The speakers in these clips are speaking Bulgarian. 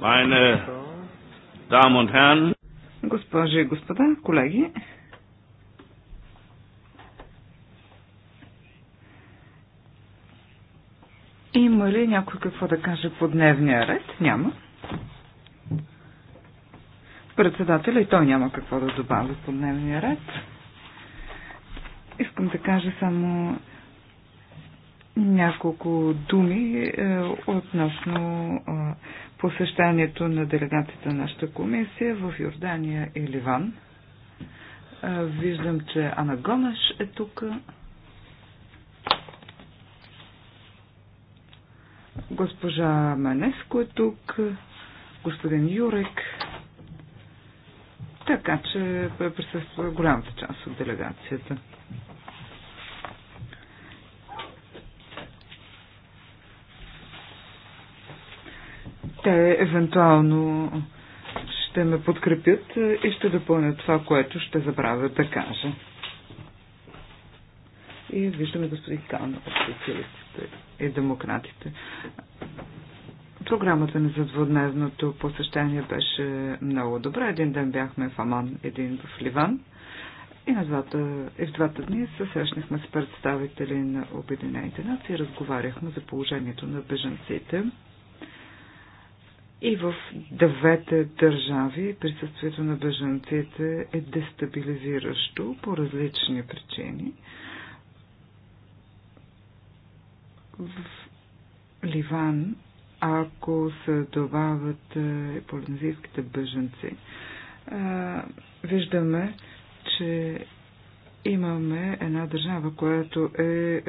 Meine Damen und Herren, госпожи и господа, колеги, има ли някой какво да каже по дневния ред? Няма. Председателя и той няма какво да добави по дневния ред. Искам да кажа само няколко думи е, относно е, Посещанието на делегацията на нашата комисия в Йордания и Ливан. Виждам, че Ана Гомеш е тук. Госпожа Манеско е тук. Господин Юрек. Така че присъства голямата част от делегацията. те евентуално ще ме подкрепят и ще допълнят това, което ще забравя да кажа. И виждаме господин Кална от социалистите и демократите. Програмата ни за двудневното посещение беше много добра. Един ден бяхме в Аман, един в Ливан. И, на двата, и в двата дни се срещнахме с представители на Обединените нации и разговаряхме за положението на бежанците. И в двете държави присъствието на бежанците е дестабилизиращо по различни причини. В Ливан, ако се добавят е, полинезийските бежанци, е, виждаме, че имаме една държава, която е, е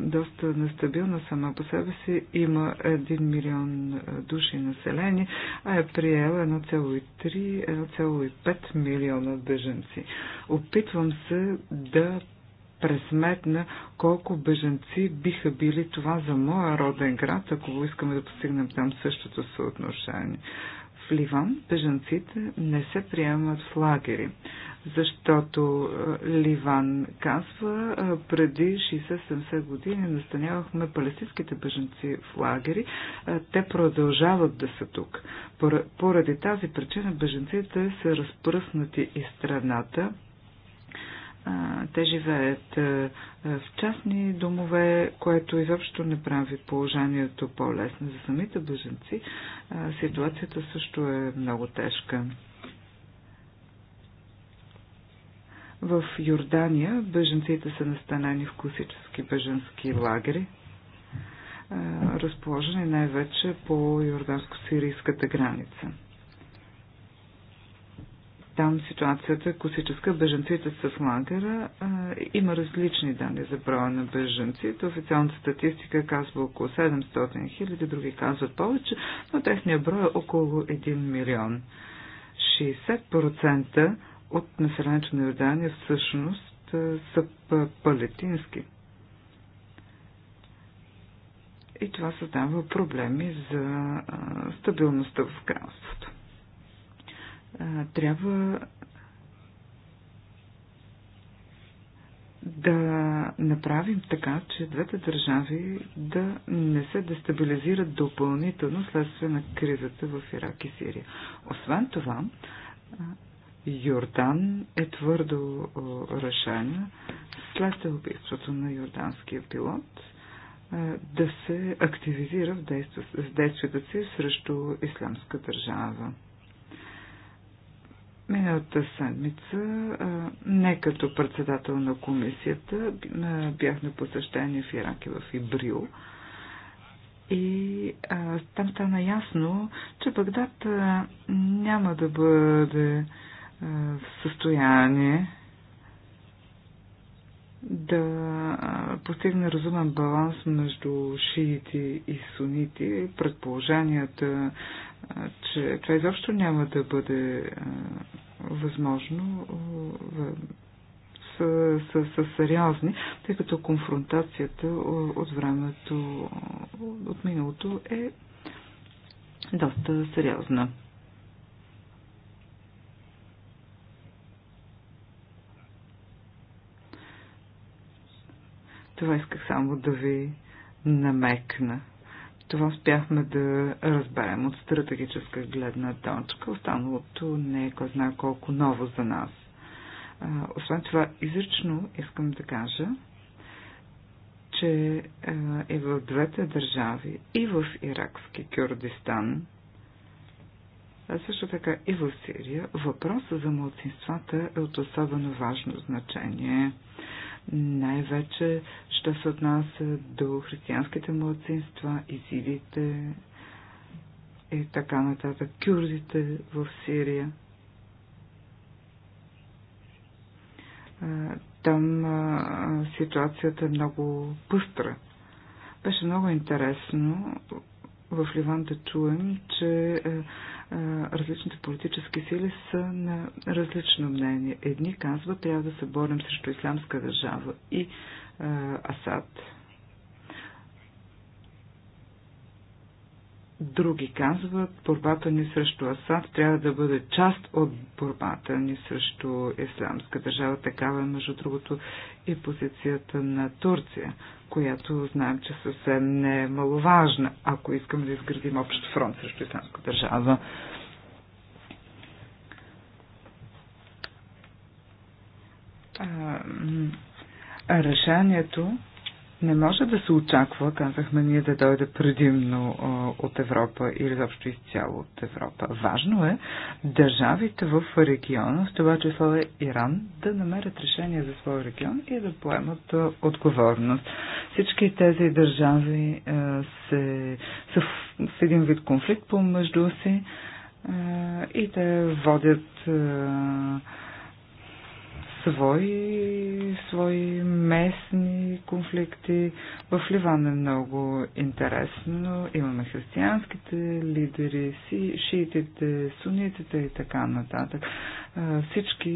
доста нестабилна сама по себе си, има 1 милион е, души население, а е приела 1,3-1,5 милиона беженци. Опитвам се да пресметна колко беженци биха били това за моя роден град, ако искаме да постигнем там същото съотношение. В Ливан беженците не се приемат в лагери защото е, Ливан казва, е, преди 60-70 години настанявахме палестинските беженци в лагери, е, те продължават да са тук. Поради тази причина беженците са разпръснати из страната. Те живеят в частни домове, което изобщо не прави положението по-лесно. За самите беженци ситуацията също е много тежка. В Йордания беженците са настанени в класически беженски лагери, разположени най-вече по йорданско-сирийската граница. Там ситуацията е класическа. Беженците са в лагера. Има различни данни за броя на беженците. Официалната статистика казва около 700 хиляди, други казват повече, но техния брой е около 1 милион. 60% от населението на Йордания всъщност е, са палетински. И това създава проблеми за е, стабилността в кралството. Е, трябва да направим така, че двете държави да не се дестабилизират допълнително следствие на кризата в Ирак и Сирия. Освен това, Йордан е твърдо решена след убийството на йорданския пилот е, да се активизира в действията си срещу исламска държава. Миналата седмица, е, не като председател на комисията, е, бях на посещение в Ирак и в Ибрил. И а, там стана ясно, че Багдад няма да бъде а, в състояние да постигне разумен баланс между шиити и сунити. Предположенията, че това изобщо няма да бъде възможно, са, са, са сериозни, тъй като конфронтацията от времето, от миналото е доста сериозна. Това исках само да ви намекна. Това успяхме да разберем от стратегическа гледна точка. Останалото не е кой знае колко ново за нас. Освен това, изрично искам да кажа, че и в двете държави, и в иракски Кюрдистан, а също така и в Сирия, въпросът за младсинствата е от особено важно значение най-вече, що се отнася до християнските младсинства, изидите и така нататък, кюрдите в Сирия. Там ситуацията е много пъстра. Беше много интересно в Ливан да чуем, че е, е, различните политически сили са на различно мнение. Едни казват, трябва да се борим срещу ислямска държава и е, Асад. Други казват, борбата ни срещу Асад трябва да бъде част от борбата ни срещу ислямска държава. Такава е, между другото, и позицията на Турция която знаем, че е съвсем не е маловажна, ако искаме да изградим общ фронт срещу исламска държава. А, решението не може да се очаква, казахме ние, да дойде предимно от Европа или заобщо изцяло от Европа. Важно е държавите в региона, в това число е Иран, да намерят решение за своя регион и да поемат отговорност. Всички тези държави се, са в, в един вид конфликт помежду си и те водят свои, свои местни конфликти. В Ливан е много интересно. Имаме християнските лидери, шиитите, сунитите и така нататък. Всички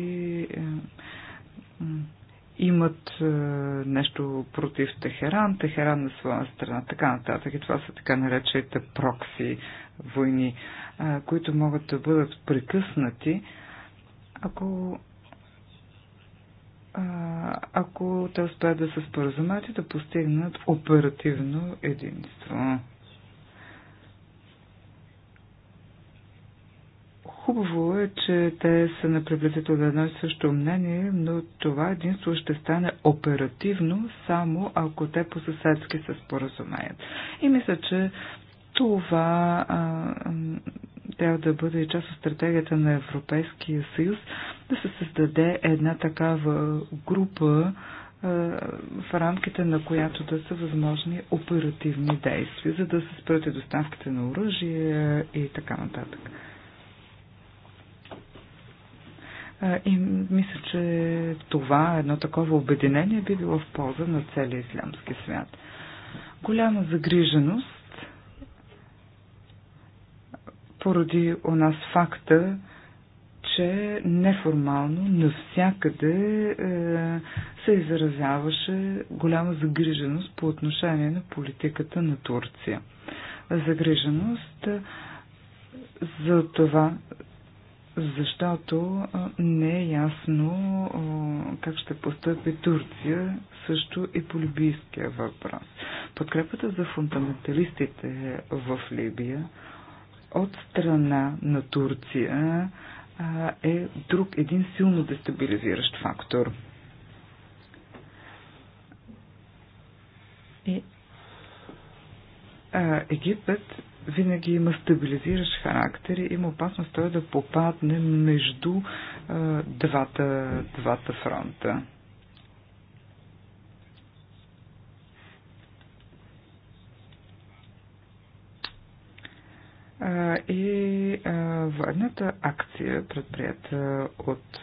е, имат е, нещо против Техеран, Техеран на своя страна, така нататък. И това са така наречените прокси войни, е, които могат да бъдат прекъснати, ако ако те успеят да се споразумят и да постигнат оперативно единство. Хубаво е, че те са на приблизително едно и също мнение, но това единство ще стане оперативно само ако те по съседски се споразумеят. И мисля, че това а, трябва да бъде и част от стратегията на Европейския съюз, да се създаде една такава група, в рамките на която да са възможни оперативни действия, за да се спрати доставките на оръжие и така нататък. И мисля, че това, едно такова обединение би било в полза на целия ислямски свят. Голяма загриженост поради у нас факта, че неформално навсякъде е, се изразяваше голяма загриженост по отношение на политиката на Турция. Загриженост е, за това, защото е, не е ясно е, как ще постъпи Турция, също и по либийския въпрос. Подкрепата за фундаменталистите в Либия от страна на Турция е друг един силно дестабилизиращ фактор. И Египет винаги има стабилизиращ характер и има опасност той да попадне между а, двата, двата фронта. и военната акция, предприята от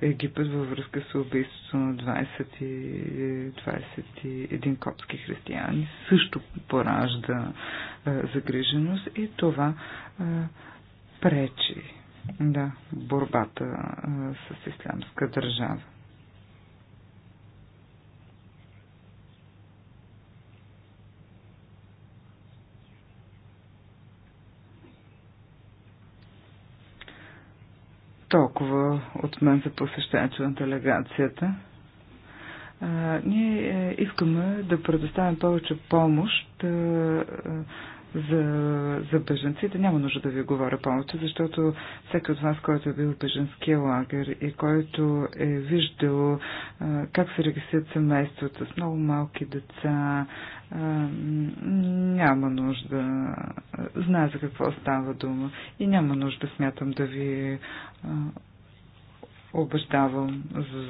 Египет във връзка с убийството на 20 и 21 копски християни също поражда загриженост и това пречи да, борбата с ислямска държава. Толкова от мен за посещението на делегацията. А, ние е, искаме да предоставим повече помощ а, е, за, за беженците няма нужда да ви говоря повече, защото всеки от вас, който е бил в беженския лагер и който е виждал а, как се регистрират семействата с много малки деца, а, няма нужда, знае за какво става дума и няма нужда, смятам, да ви а, обещавам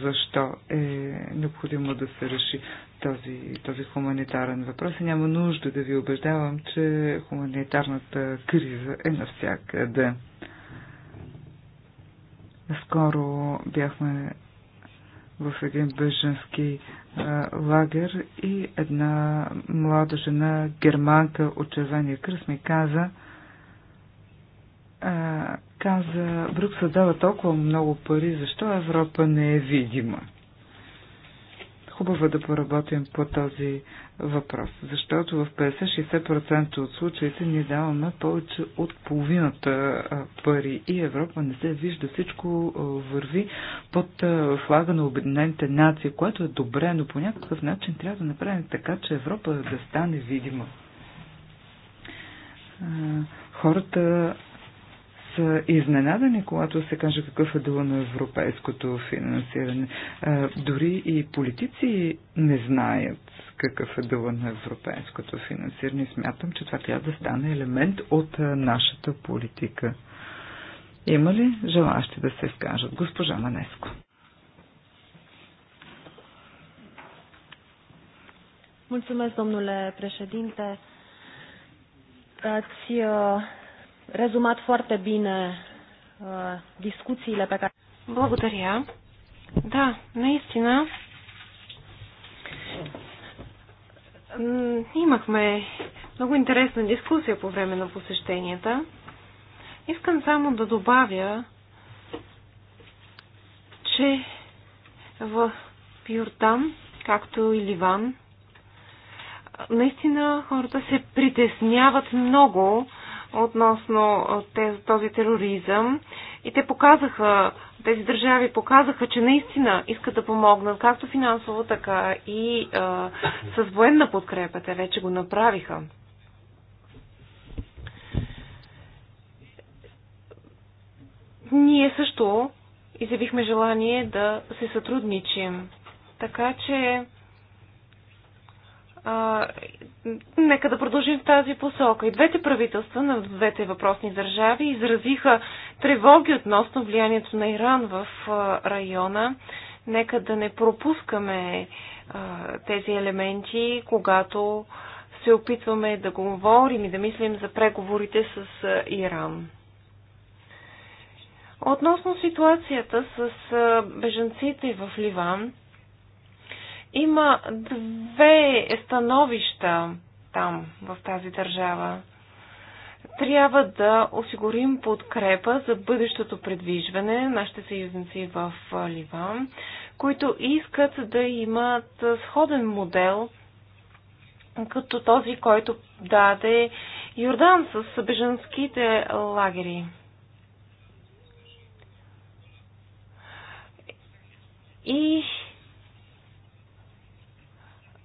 защо е необходимо да се реши този, този хуманитарен въпрос и няма нужда да ви убеждавам, че хуманитарната криза е навсякъде. Скоро бяхме в един беженски лагер и една млада жена, германка от Червения кръст, ми каза, а, каза, Брюксел дава толкова много пари, защо Европа не е видима? Хубаво е да поработим по този въпрос, защото в 50-60% от случаите ние даваме повече от половината пари и Европа не се вижда. Всичко върви под флага на Обединените нации, което е добре, но по някакъв начин трябва да направим така, че Европа да стане видима. Хората са изненадани, когато се каже какъв е дела на европейското финансиране. Дори и политици не знаят какъв е дела на европейското финансиране. Смятам, че това трябва да стане елемент от нашата политика. Има ли желащи да се изкажат? Госпожа Манеско. Mulțumesc, domnule președinte. Ați rezumat foarte bine uh, discuțiile pe care... Благодаря. Да, наистина. Имахме много интересна дискусия по време на посещенията. Искам само да добавя, че в Йордан, както и Ливан, наистина хората се притесняват много относно този тероризъм. И те показаха, тези държави показаха, че наистина искат да помогнат, както финансово, така и а, с военна подкрепа. Те вече го направиха. Ние също изявихме желание да се сътрудничим. Така че а, нека да продължим в тази посока. И двете правителства на двете въпросни държави изразиха тревоги относно влиянието на Иран в а, района. Нека да не пропускаме а, тези елементи, когато се опитваме да говорим и да мислим за преговорите с а, Иран. Относно ситуацията с а, бежанците в Ливан, има две становища там, в тази държава. Трябва да осигурим подкрепа за бъдещото предвижване, нашите съюзници в Ливан, които искат да имат сходен модел като този, който даде Йордан с бежанските лагери. И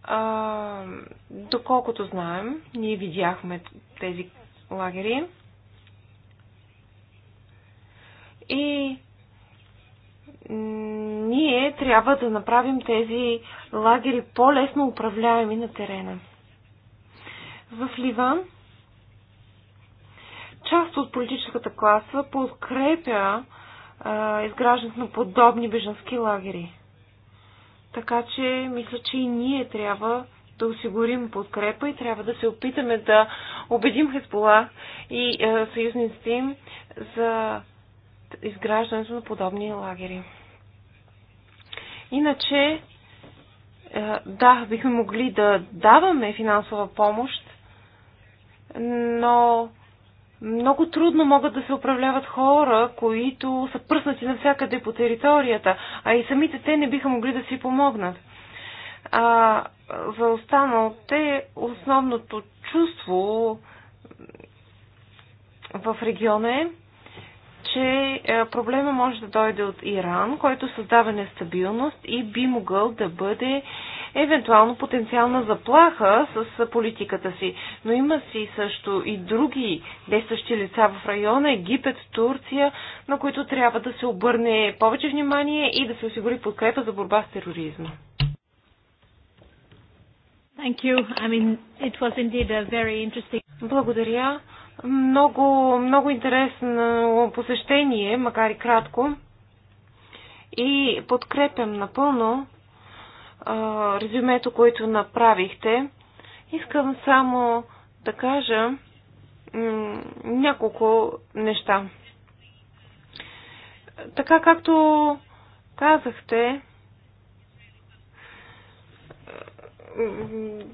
а, доколкото знаем, ние видяхме тези лагери. И ние трябва да направим тези лагери по-лесно управляеми на терена. В Ливан част от политическата класа подкрепя изграждането на подобни бежански лагери. Така че мисля, че и ние трябва да осигурим подкрепа и трябва да се опитаме да убедим Хезбола и е, съюзниците им за изграждането на подобни лагери. Иначе, е, да, бихме могли да даваме финансова помощ, но много трудно могат да се управляват хора, които са пръснати навсякъде по територията, а и самите те не биха могли да си помогнат. А, за останалите основното чувство в региона е, че е, проблема може да дойде от Иран, който създава нестабилност и би могъл да бъде евентуално потенциална заплаха с политиката си. Но има си също и други действащи лица в района, Египет, Турция, на които трябва да се обърне повече внимание и да се осигури подкрепа за борба с тероризма. Thank you. I mean, it was indeed a very interesting... Благодаря. Много, много интересно посещение, макар и кратко. И подкрепям напълно резюмето, което направихте. Искам само да кажа няколко неща. Така както казахте,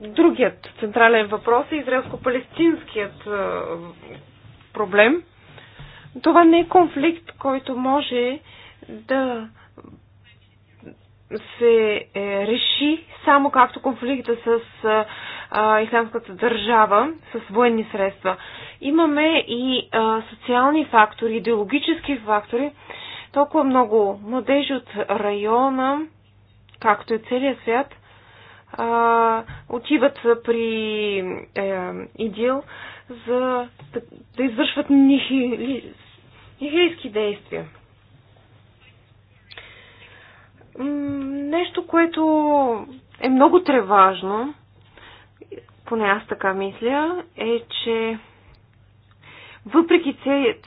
другият централен въпрос е израелско-палестинският проблем. Това не е конфликт, който може да се е, реши само както конфликта с исламската държава, с военни средства. Имаме и социални фактори, идеологически фактори. Толкова много младежи от района, както и целият свят, отиват при е, ИДИЛ за да извършват нихилистски действия нещо, което е много треважно, поне аз така мисля, е, че въпреки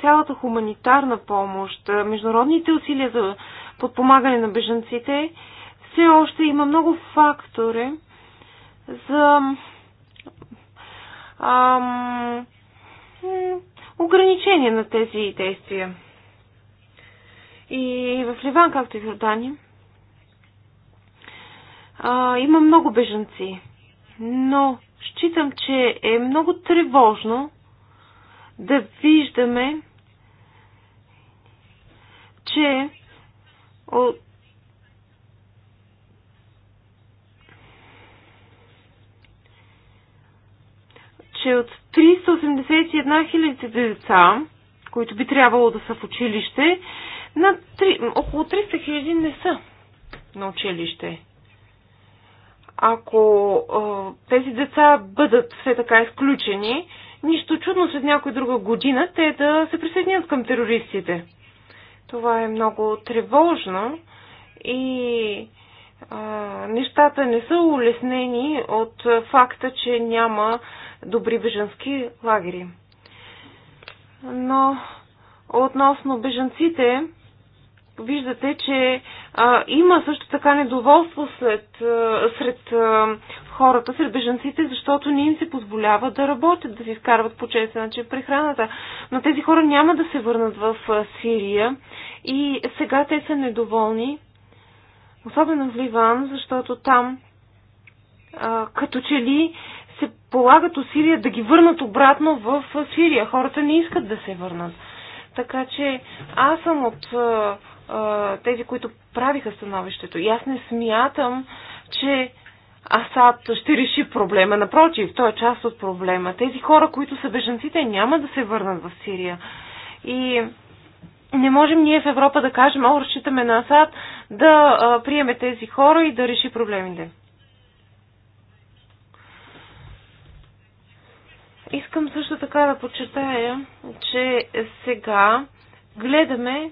цялата хуманитарна помощ, международните усилия за подпомагане на бежанците, все още има много фактори за ам, ограничение на тези действия. И в Ливан, както и в Йордания, а, има много бежанци. Но считам, че е много тревожно да виждаме, че от че от 381 хиляди деца, които би трябвало да са в училище, на 3, около 300 хиляди не са на училище ако а, тези деца бъдат все така изключени, нищо чудно след някоя друга година те да се присъединят към терористите. Това е много тревожно и а, нещата не са улеснени от факта, че няма добри беженски лагери. Но относно беженците, виждате, че а, има също така недоволство след, а, сред а, хората, сред беженците, защото не им се позволява да работят, да си изкарват по честен начин прехраната. Но тези хора няма да се върнат в а, Сирия и сега те са недоволни, особено в Ливан, защото там а, като че ли се полагат усилия да ги върнат обратно в Сирия. Хората не искат да се върнат. Така че аз съм от тези, които правиха становището. И аз не смятам, че Асад ще реши проблема. Напротив, той е част от проблема. Тези хора, които са беженците, няма да се върнат в Сирия. И не можем ние в Европа да кажем, о, разчитаме на Асад да а, приеме тези хора и да реши проблемите. Искам също така да подчертая, че сега гледаме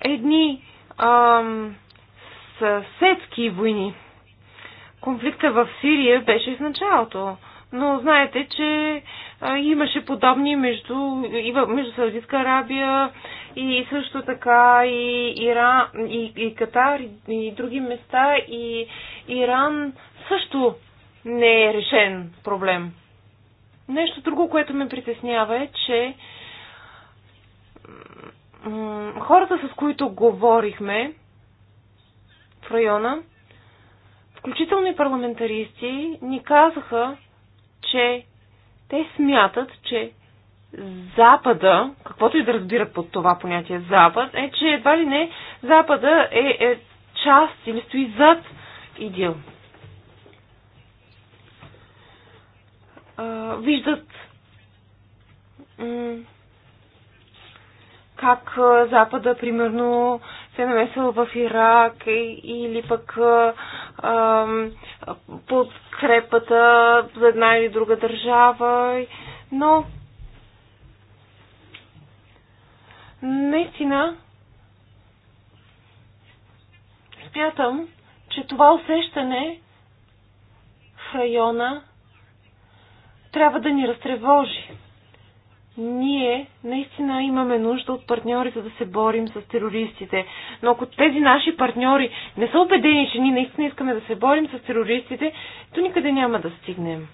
едни ам, съседски войни. Конфликта в Сирия беше в началото, но знаете, че а, имаше подобни между, между Саудитска Арабия и също така и Иран, и, и Катар, и, и други места, и Иран също не е решен проблем. Нещо друго, което ме притеснява е, че хората, с които говорихме в района, включително и парламентаристи, ни казаха, че те смятат, че Запада, каквото и да разбират под това понятие Запад, е, че едва ли не Запада е, е част или стои зад идил. виждат как Запада, примерно, се е намесва в Ирак или пък подкрепата за една или друга държава. Но наистина смятам, че това усещане в района трябва да ни разтревожи ние наистина имаме нужда от партньори, за да се борим с терористите. Но ако тези наши партньори не са убедени, че ние наистина искаме да се борим с терористите, то никъде няма да стигнем.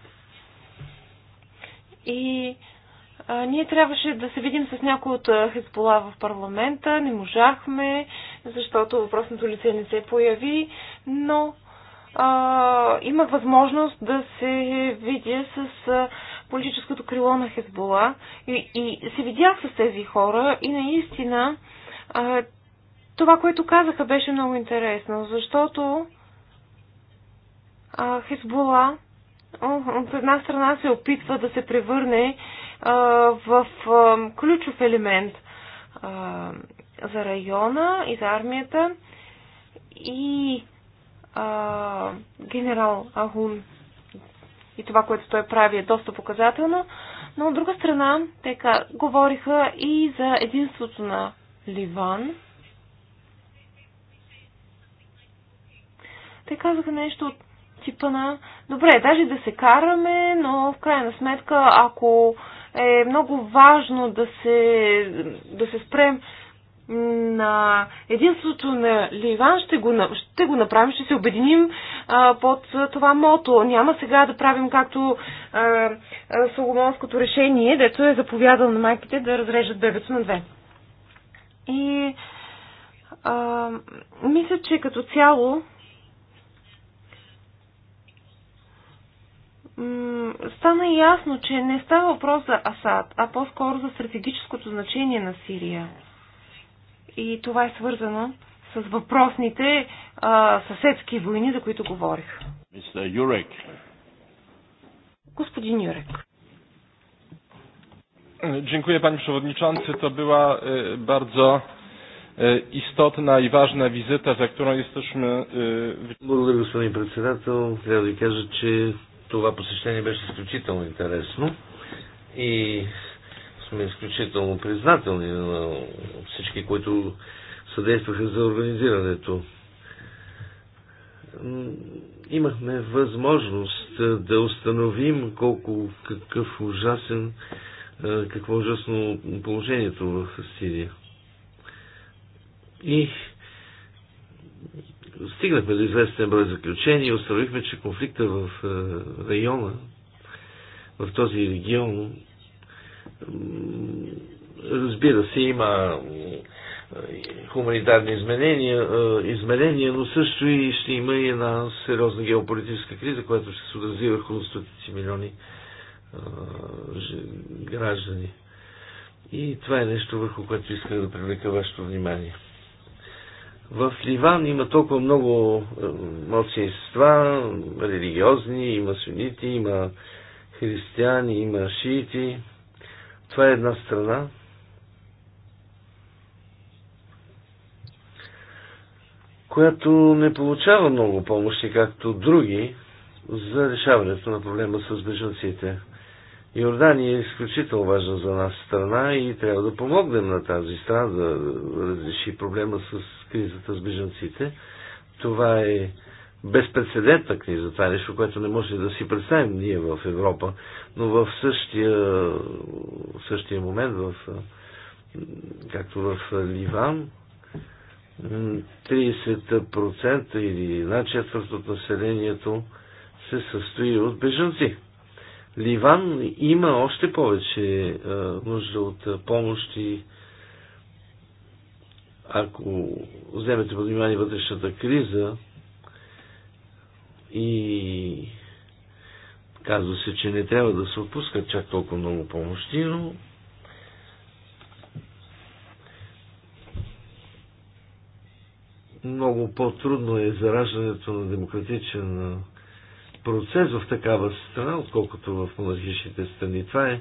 И а, ние трябваше да се видим с някой от Хезбола в парламента. Не можахме, защото въпросното лице не се появи, но а, имах възможност да се видя с. А, политическото крило на Хезбола и, и се видях с тези хора и наистина а, това, което казаха, беше много интересно, защото а, Хезбола от една страна се опитва да се превърне а, в а, ключов елемент а, за района и за армията и а, генерал Ахун и това, което той прави е доста показателно, но от друга страна те говориха и за единството на Ливан. Те казаха нещо от типа на добре, даже да се караме, но в крайна сметка, ако е много важно да се, да се спрем на единството на Ливан ще го, ще го направим, ще се обединим а, под това мото. Няма сега да правим както а, а, Соломонското решение, дето е заповядал на майките да разрежат бебето на две. И а, мисля, че като цяло стана ясно, че не става въпрос за Асад, а по-скоро за стратегическото значение на Сирия и това е свързано с въпросните а, съседски войни, за които говорих. Юрек. Господин Юрек. Е, Dziękuję Panie Przewodniczący. To była e, bardzo e, istotna i ważna wizyta, za którą jesteśmy... E, Благодаря, господин председател. Трябва да ви кажа, че това посещение беше изключително интересно и сме изключително признателни на всички, които съдействаха за организирането. Имахме възможност да установим колко, какъв ужасен, какво ужасно положението в Сирия. И стигнахме до известен брой заключения и установихме, че конфликта в района, в този регион Разбира се, има хуманитарни изменения, изменения, но също и ще има и една сериозна геополитическа криза, която ще се отрази върху стотици милиони граждани. И това е нещо, върху което исках да привлека вашето внимание. В Ливан има толкова много младсинства, религиозни, има сунити, има християни, има шиити. Това е една страна. която не получава много помощи, както други, за решаването на проблема с бежанците. Йордания е изключително важна за нас страна и трябва да помогнем на тази страна да разреши проблема с кризата с бежанците. Това е безпредседентна криза. Това е нещо, което не може да си представим ние в Европа, но в същия, в същия момент, в, както в Ливан, 30% или една четвърт от населението се състои от бежанци. Ливан има още повече а, нужда от помощ и ако вземете под внимание вътрешната криза, и казва се, че не трябва да се отпускат чак толкова много помощи, но много по-трудно е зараждането на демократичен процес в такава страна, отколкото в монархичните страни. Това е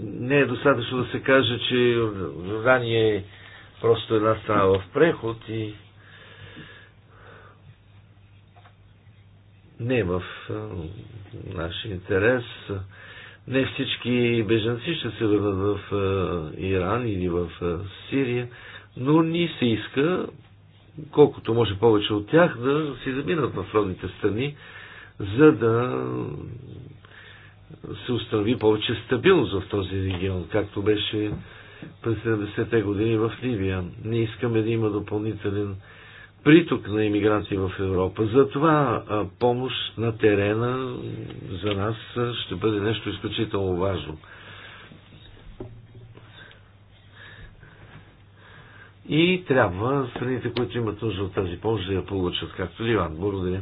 не е достатъчно да се каже, че Йордания е просто една страна в преход и не е в наш интерес. Не всички бежанци ще се върнат в Иран или в Сирия, но ни се иска, колкото може повече от тях, да си заминат в родните страни, за да се установи повече стабилност в този регион, както беше през 70-те години в Ливия. Не искаме да има допълнителен приток на иммигранти в Европа. Затова помощ на терена за нас ще бъде нещо изключително важно. И трябва страните, които имат нужда от тази помощ, да я получат, както Ливан. Благодаря.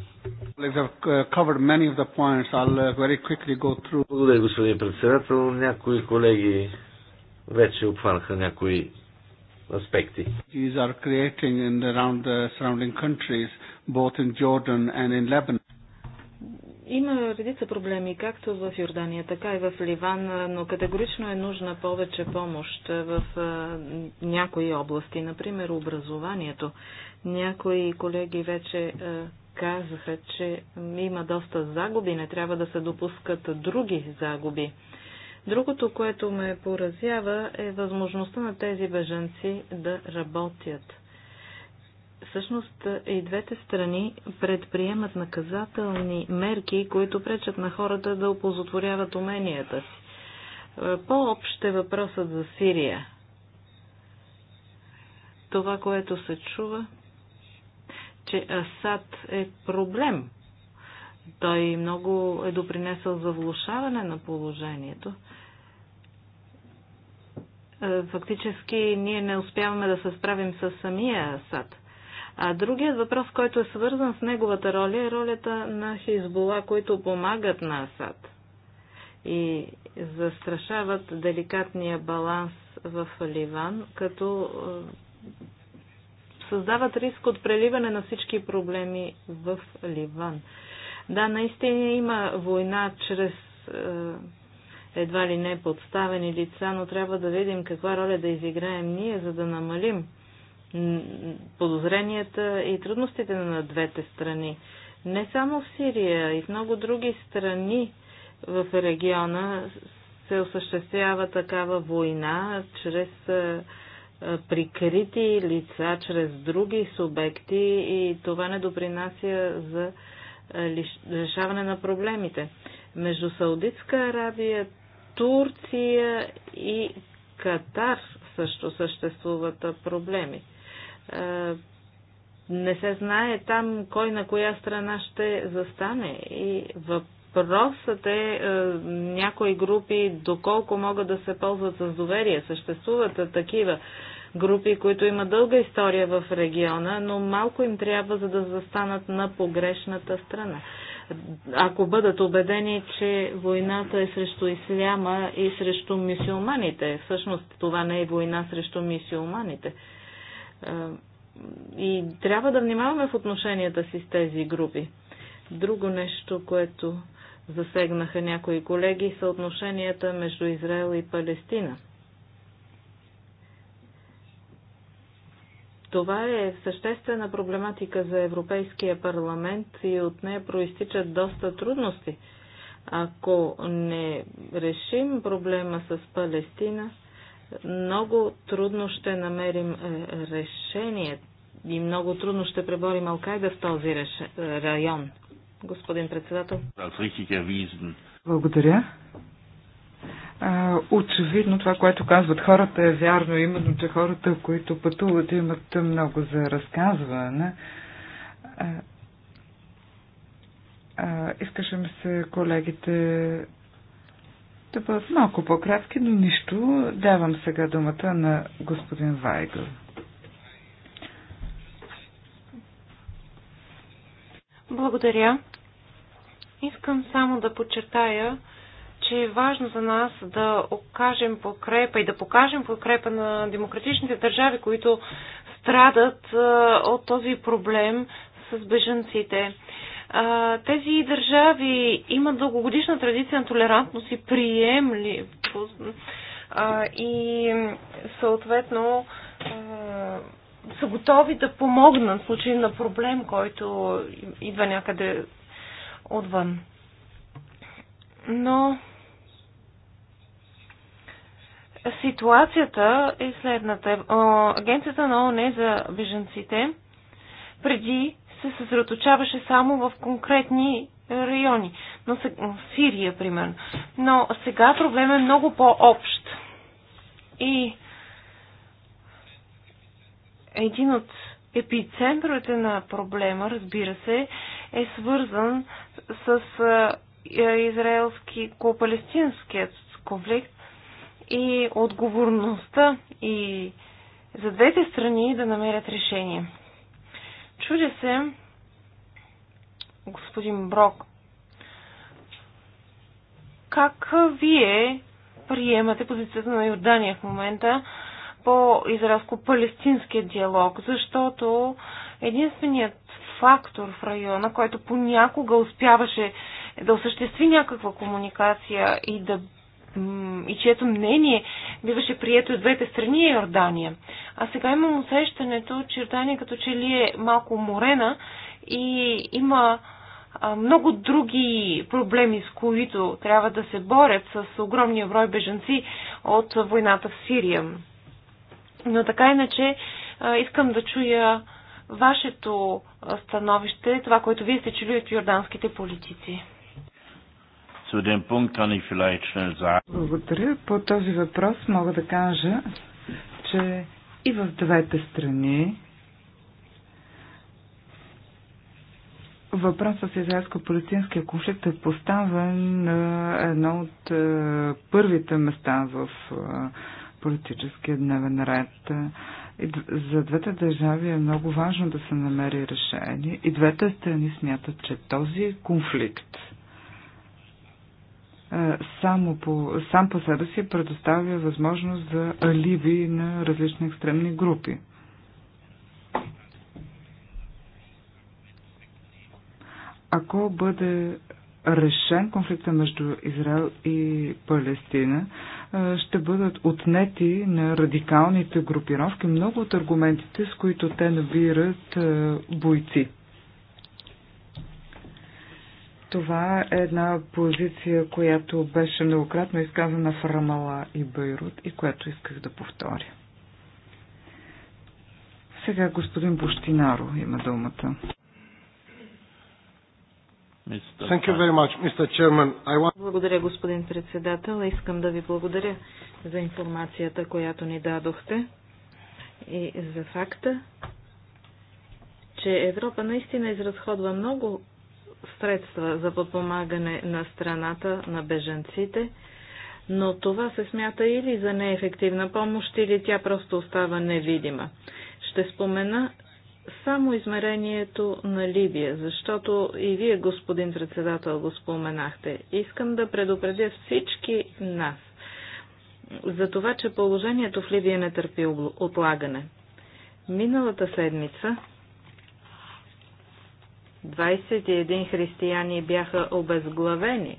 Uh, uh, Благодаря, господин председател. Някои колеги вече обхванаха някои аспекти. Има редица проблеми, както в Йордания, така и в Ливан, но категорично е нужна повече помощ в някои области, например образованието. Някои колеги вече казаха, че има доста загуби, не трябва да се допускат други загуби. Другото, което ме поразява, е възможността на тези бежанци да работят. Всъщност и двете страни предприемат наказателни мерки, които пречат на хората да опозотворяват уменията си. По-общ е въпросът за Сирия. Това, което се чува, че Асад е проблем – той много е допринесъл за влушаване на положението. Е, фактически ние не успяваме да се справим с самия Асад. А другият въпрос, който е свързан с неговата роля, е ролята на Хизбола, които помагат на Асад и застрашават деликатния баланс в Ливан, като е, създават риск от преливане на всички проблеми в Ливан. Да, наистина има война чрез е, едва ли не подставени лица, но трябва да видим каква роля да изиграем ние, за да намалим подозренията и трудностите на двете страни. Не само в Сирия, и в много други страни в региона се осъществява такава война чрез е, е, прикрити лица, чрез други субекти и това не допринася за е, решаване на проблемите между Саудитска Арабия, Турция и Катар също съществуват проблеми. Е, не се знае там кой на коя страна ще застане и въпросът е, е някои групи доколко могат да се ползват с доверие. Съществуват такива групи, които имат дълга история в региона, но малко им трябва, за да застанат на погрешната страна. Ако бъдат убедени, че войната е срещу исляма и срещу мисиоманите, всъщност това не е война срещу мисиоманите. Е, и трябва да внимаваме в отношенията си с тези групи. Друго нещо, което засегнаха някои колеги, са отношенията между Израел и Палестина – Това е съществена проблематика за Европейския парламент и от нея проистичат доста трудности. Ако не решим проблема с Палестина, много трудно ще намерим е, решение и много трудно ще преборим Алкайда в този район. Господин председател. Благодаря очевидно това, което казват хората е вярно, именно, че хората, които пътуват, имат много за разказване. Искаше ми се колегите да бъдат малко по-кратки, но нищо. Давам сега думата на господин Вайгъл. Благодаря. Искам само да подчертая, че е важно за нас да окажем подкрепа и да покажем подкрепа на демократичните държави, които страдат от този проблем с бежанците. Тези държави имат дългогодишна традиция на толерантност и приемли и съответно са готови да помогнат в случай на проблем, който идва някъде отвън. Но Ситуацията е следната. Агенцията на ООН за беженците преди се съсредоточаваше само в конкретни е, райони. Но сега, Сирия, примерно. Но сега проблем е много по-общ. И един от епицентровете на проблема, разбира се, е свързан с е, израелски-палестинският конфликт и отговорността и за двете страни да намерят решение. Чудя се, господин Брок, как вие приемате позицията на Йордания в момента по израелско-палестинския диалог, защото единственият фактор в района, който понякога успяваше да осъществи някаква комуникация и да и чието мнение биваше прието от двете страни е Йордания. А сега имам усещането, че Йордания като че ли е малко уморена и има много други проблеми, с които трябва да се борят с огромния брой бежанци от войната в Сирия. Но така иначе искам да чуя вашето становище, това, което вие сте чули от йорданските политици. Zu dem Punkt kann ich vielleicht schnell sagen. Благодаря. По този въпрос мога да кажа, че и в двете страни Въпросът с израелско-палестинския конфликт е поставен на едно от е, първите места в е, политическия дневен ред. И за двете държави е много важно да се намери решение и двете страни смятат, че този конфликт само по, сам по себе си предоставя възможност за аливи на различни екстремни групи. Ако бъде решен конфликта между Израел и Палестина, ще бъдат отнети на радикалните групировки много от аргументите, с които те набират бойци. Това е една позиция, която беше многократно изказана в Рамала и Бейрут и която исках да повторя. Сега господин Буштинаро има думата. Благодаря, господин председател. Искам да ви благодаря за информацията, която ни дадохте и за факта, че Европа наистина изразходва много средства за подпомагане на страната на беженците, но това се смята или за неефективна помощ, или тя просто остава невидима. Ще спомена само измерението на Либия, защото и вие, господин председател, го споменахте. Искам да предупредя всички нас за това, че положението в Либия не търпи отлагане. Миналата седмица 21 християни бяха обезглавени.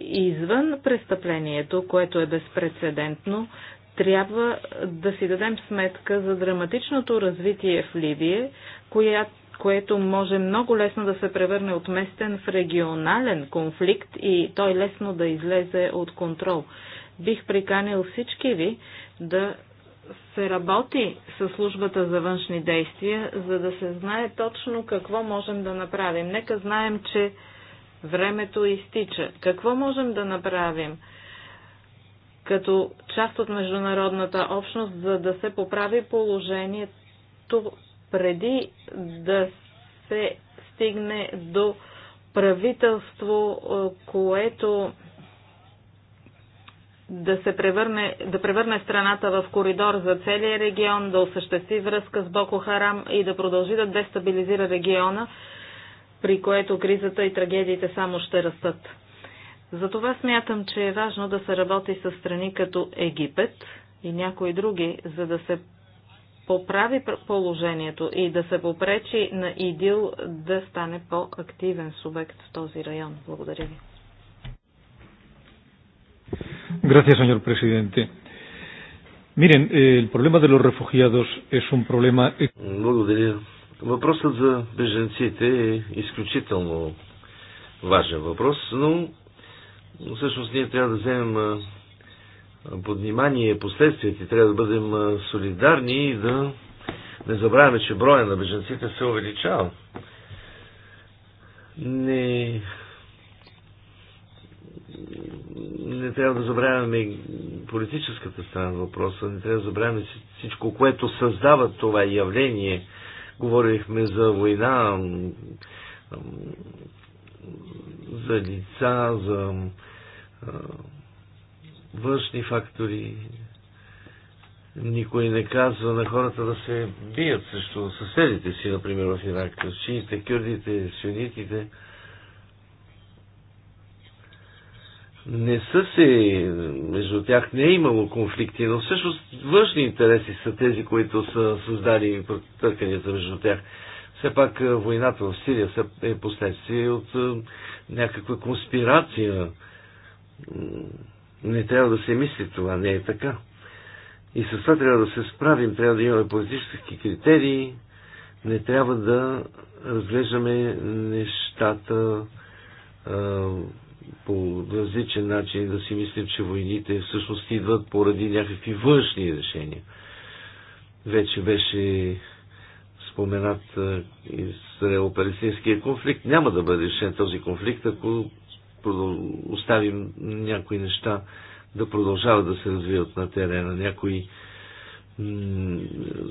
Извън престъплението, което е безпредседентно, трябва да си дадем сметка за драматичното развитие в Ливия, коя, което може много лесно да се превърне от местен в регионален конфликт и той лесно да излезе от контрол. Бих приканил всички ви да се работи със службата за външни действия, за да се знае точно какво можем да направим. Нека знаем, че времето изтича. Какво можем да направим като част от международната общност, за да се поправи положението преди да се стигне до правителство, което да се превърне, да превърне страната в коридор за целия регион, да осъществи връзка с Боко Харам и да продължи да дестабилизира региона, при което кризата и трагедиите само ще растат. Затова смятам, че е важно да се работи с страни като Египет и някои други, за да се поправи положението и да се попречи на ИДИЛ да стане по-активен субект в този район. Благодаря ви. Gracias, señor presidente. Miren, eh, el problema de los refugiados es un problema... Благодаря. Въпросът за беженците е изключително важен въпрос, но всъщност ние трябва да вземем под внимание последствията. Трябва да бъдем солидарни и да не забравяме, че броя на беженците се е увеличава. Не не трябва да забравяме политическата страна на въпроса, не трябва да забравяме всичко, което създава това явление. Говорихме за война, за лица, за външни фактори. Никой не казва на хората да се бият срещу съседите си, например в Ирак, шиите, кюрдите, сюнитите. не са се, между тях не е имало конфликти, но всъщност външни интереси са тези, които са създали търканията между тях. Все пак е, войната в Сирия е последствие от е, някаква конспирация. Не трябва да се мисли това, не е така. И с това трябва да се справим, трябва да имаме политически критерии, не трябва да разглеждаме нещата е, по различен начин да си мислим, че войните всъщност идват поради някакви външни решения. Вече беше споменат израело-палестинския конфликт. Няма да бъде решен този конфликт, ако оставим някои неща да продължават да се развиват на терена. Някои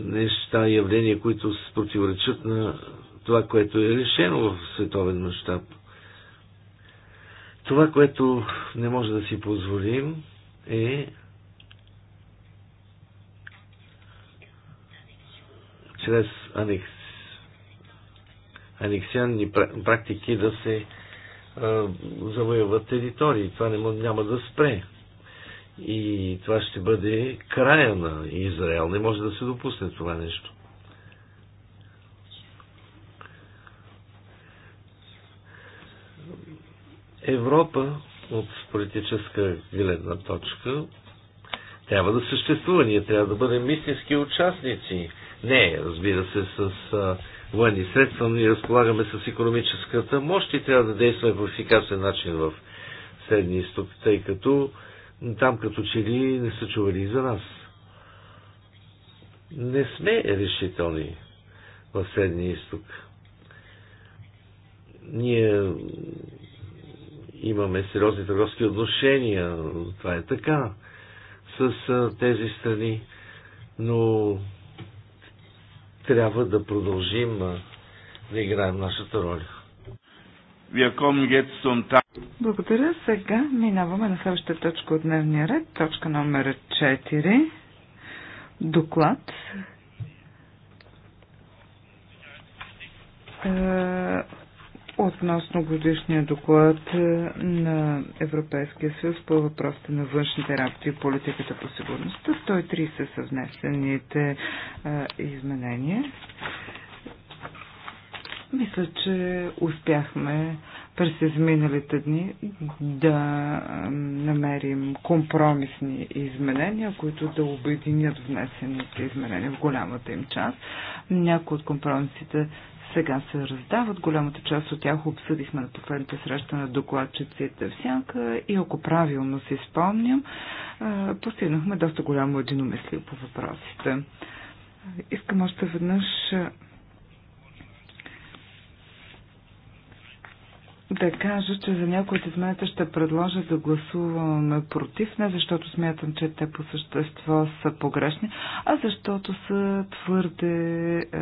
неща, явления, които се противоречат на това, което е решено в световен мащаб. Това, което не може да си позволим е чрез анекс... анексионни практики да се а, завоеват територии. Това не, няма да спре. И това ще бъде края на Израел. Не може да се допусне това нещо. Европа от политическа гледна точка трябва да съществува. Ние трябва да бъдем истински участници. Не, разбира се, с а, военни средства ние разполагаме с економическата мощ и трябва да действаме по ефикасен начин в Средния изток, тъй като там като че ли не са чували и за нас. Не сме решителни в Средния изток. Ние имаме сериозни търговски отношения. Това е така с тези страни. Но трябва да продължим да играем нашата роля. Благодаря. Сега минаваме на следващата точка от дневния ред. Точка номер 4. Доклад е, относно годишния доклад е, на Европейския съюз по въпросите на външните работи и политиката по сигурността. 130 са внесените е, изменения. Мисля, че успяхме през изминалите дни да е, намерим компромисни изменения, които да обединят внесените изменения в голямата им част. Някои от компромисите сега се раздават. Голямата част от тях обсъдихме на последната среща на докладчиците в Сянка и ако правилно си спомням, постигнахме доста голямо единомислие по въпросите. Искам още веднъж да кажа, че за някои от измените ще предложа да гласуваме против, не защото смятам, че те по същество са погрешни, а защото са твърде, е,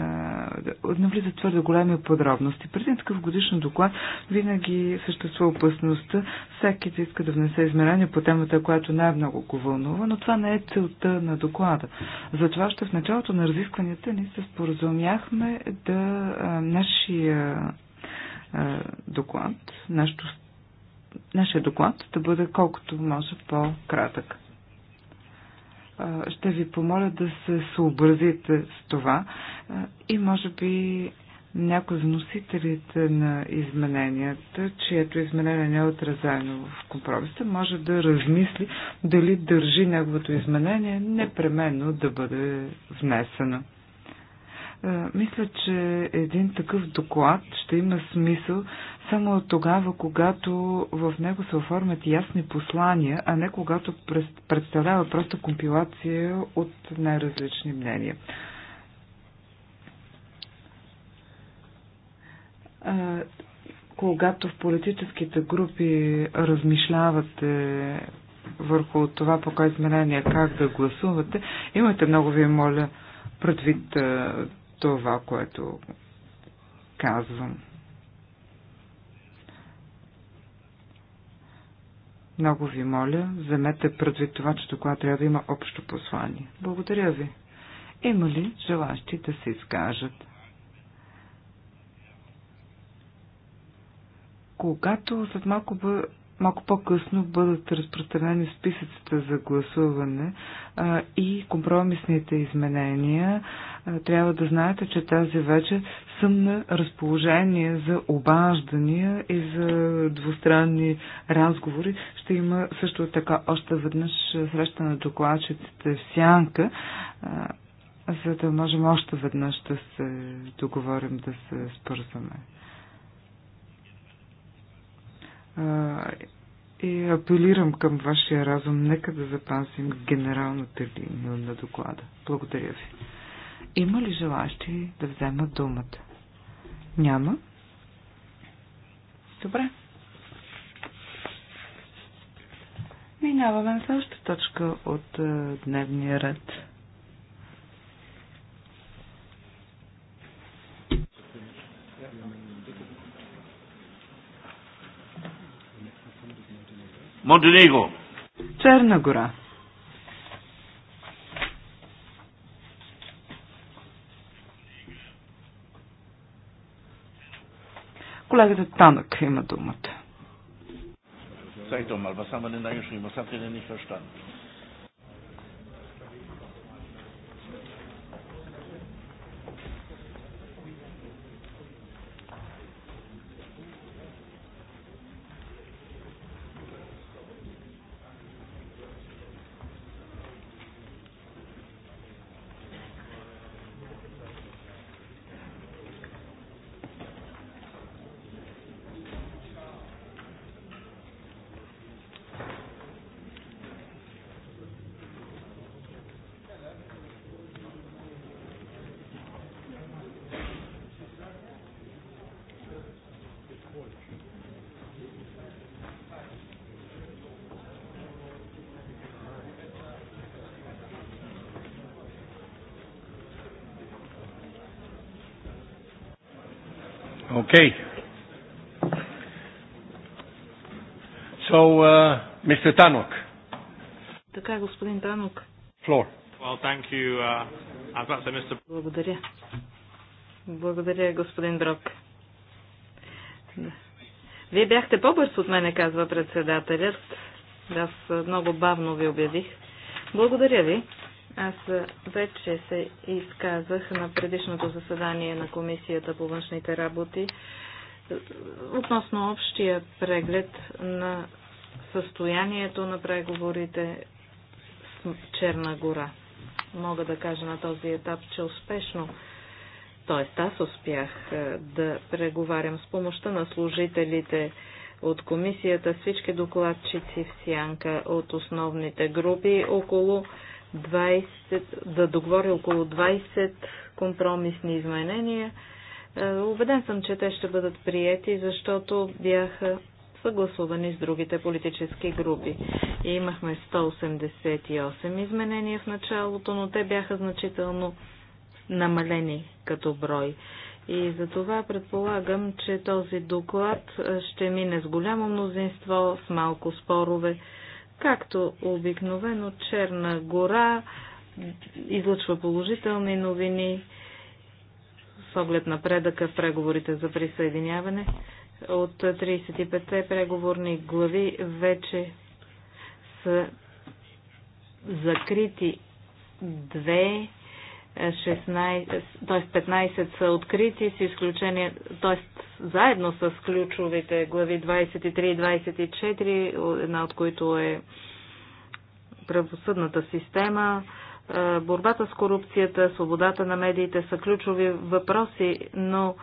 навлизат твърде големи подробности. Преди такъв годишен доклад винаги съществува опасността, всеки да иска да внесе измерение по темата, която най-много го вълнува, но това не е целта на доклада. Затова ще в началото на разискванията ни се споразумяхме да е, нашия доклад, нашето, нашия доклад да бъде колкото може по-кратък. Ще ви помоля да се съобразите с това и може би някои вносителите на измененията, чието изменение не е отразено в компромиса, може да размисли дали държи неговото изменение непременно да бъде внесено. Е, мисля, че един такъв доклад ще има смисъл само от тогава, когато в него се оформят ясни послания, а не когато представлява просто компилация от най-различни мнения. Е, когато в политическите групи размишлявате върху това по кой изменение как да гласувате, имате много ви моля предвид е, това, което казвам. Много ви моля, вземете предвид това, че доклад трябва да има общо послание. Благодаря ви. Има ли желащи да се изкажат? Когато след малко бъ малко по-късно бъдат разпространени списъците за гласуване а, и компромисните изменения. А, трябва да знаете, че тази вече съм на разположение за обаждания и за двустранни разговори. Ще има също така още веднъж среща на докладчиците в Сянка. А, за да можем още веднъж да се договорим да се спързваме и апелирам към вашия разум, нека да запазим генералната линия на доклада. Благодаря ви. Има ли желащи да вземат думата? Няма? Добре. Минаваме на следващата точка от дневния ред. Монтенегро. Черна гора. Колегата Танък има думата. Sag doch mal, was haben wir denn da geschrieben? Was habt ihr denn nicht verstanden? So, uh, Mr. Tanok. Така, господин Танок. Floor. Well, thank you. Uh, I've got to Mr. Благодаря. Благодаря, господин Брок. Да. Вие бяхте по-бърз от мене, казва председателят. Аз много бавно ви обявих. Благодаря ви. Аз вече се изказах на предишното заседание на Комисията по външните работи относно общия преглед на състоянието на преговорите с Черна гора. Мога да кажа на този етап, че успешно, т.е. аз успях е, да преговарям с помощта на служителите от комисията, всички докладчици в сянка от основните групи, около 20, да договоря около 20 компромисни изменения. Е, убеден съм, че те ще бъдат приети, защото бяха съгласувани с другите политически групи. И имахме 188 изменения в началото, но те бяха значително намалени като брой. И за това предполагам, че този доклад ще мине с голямо мнозинство, с малко спорове. Както обикновено Черна гора излъчва положителни новини с оглед напредъка в преговорите за присъединяване от 35-те преговорни глави вече са закрити 2, 16, т.е. 15 са открити с изключение, т.е. заедно с ключовите глави 23 и 24, една от които е правосъдната система. Борбата с корупцията, свободата на медиите са ключови въпроси, но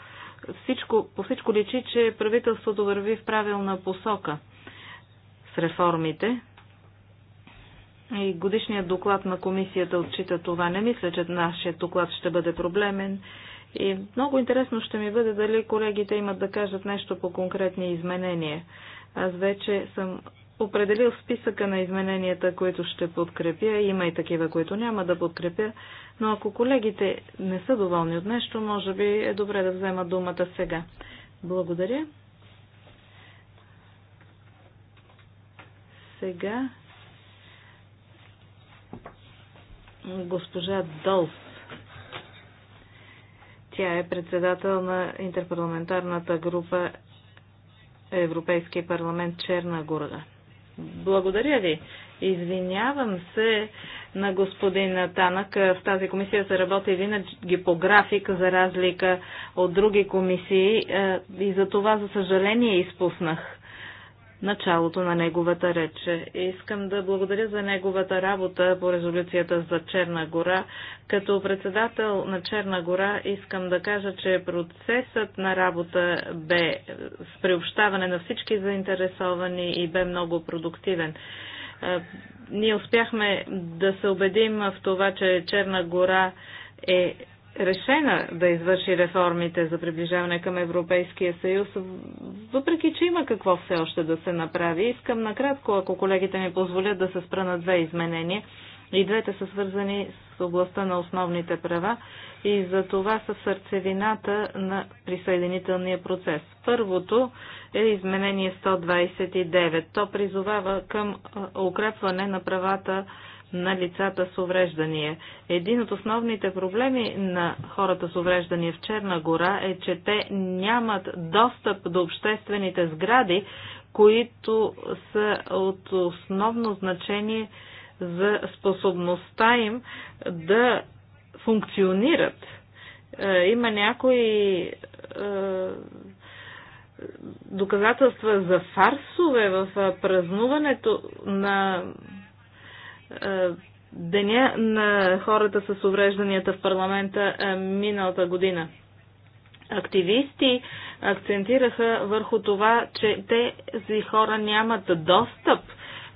всичко, по всичко личи, че правителството върви в правилна посока с реформите. И годишният доклад на комисията отчита това. Не мисля, че нашият доклад ще бъде проблемен. И много интересно ще ми бъде дали колегите имат да кажат нещо по конкретни изменения. Аз вече съм определил списъка на измененията, които ще подкрепя. Има и такива, които няма да подкрепя. Но ако колегите не са доволни от нещо, може би е добре да взема думата сега. Благодаря. Сега госпожа Долс. Тя е председател на интерпарламентарната група Европейския парламент Черна Горда. Благодаря ви. Извинявам се на господин Танък. В тази комисия се работи винаги по график, за разлика от други комисии. Е, и за това, за съжаление, изпуснах началото на неговата И Искам да благодаря за неговата работа по резолюцията за Черна гора. Като председател на Черна гора искам да кажа, че процесът на работа бе с приобщаване на всички заинтересовани и бе много продуктивен ние успяхме да се убедим в това, че Черна гора е решена да извърши реформите за приближаване към Европейския съюз, въпреки че има какво все още да се направи. Искам накратко, ако колегите ми позволят да се спра на две изменения. И двете са свързани с областта на основните права и за това са сърцевината на присъединителния процес. Първото е изменение 129. То призовава към укрепване на правата на лицата с увреждания. Един от основните проблеми на хората с увреждания в Черна гора е, че те нямат достъп до обществените сгради, които са от основно значение за способността им да функционират. Е, има някои е, доказателства за фарсове в празнуването на е, деня на хората с уврежданията в парламента е, миналата година. Активисти акцентираха върху това, че тези хора нямат достъп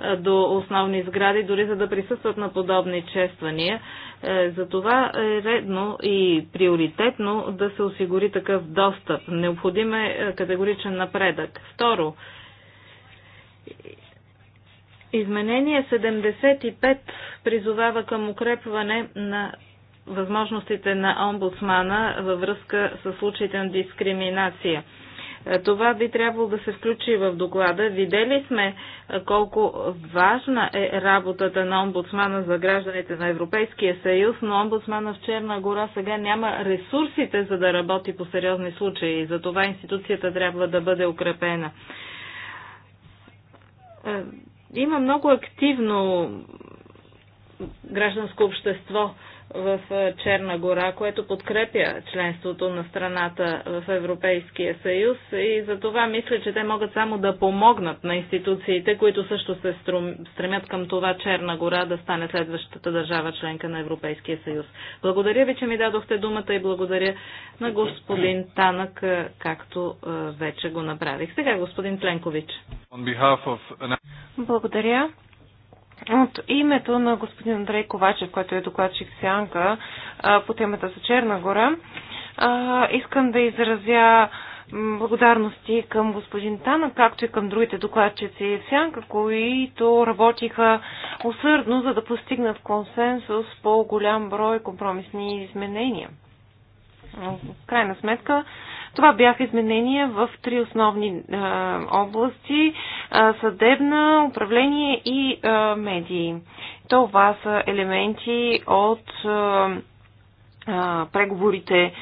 е, до основни сгради, дори за да присъстват на подобни чествания. Затова е редно и приоритетно да се осигури такъв достъп. Необходим е категоричен напредък. Второ, Изменение 75 призовава към укрепване на възможностите на омбудсмана във връзка с случаите на дискриминация. Е, това би трябвало да се включи в доклада. Видели сме е, колко важна е работата на омбудсмана за гражданите на Европейския съюз, но омбудсмана в Черна гора сега няма ресурсите за да работи по сериозни случаи. Затова институцията трябва да бъде укрепена е, има много активно гражданско общество в е, Черна гора, което подкрепя членството на страната в Европейския съюз и за това мисля, че те могат само да помогнат на институциите, които също се стремят към това Черна гора да стане следващата държава членка на Европейския съюз. Благодаря ви, че ми дадохте думата и благодаря на господин Танък, е, както е, вече го направих. Сега господин Пленкович. Благодаря. От името на господин Андрей Ковачев, който е докладчик Сянка по темата за Черна гора, искам да изразя благодарности към господин Тана, както и към другите докладчици Сянка, които работиха усърдно, за да постигнат консенсус по голям брой компромисни изменения. В крайна сметка, това бяха изменения в три основни е, области е, съдебна, управление и е, медии. Това са елементи от преговорите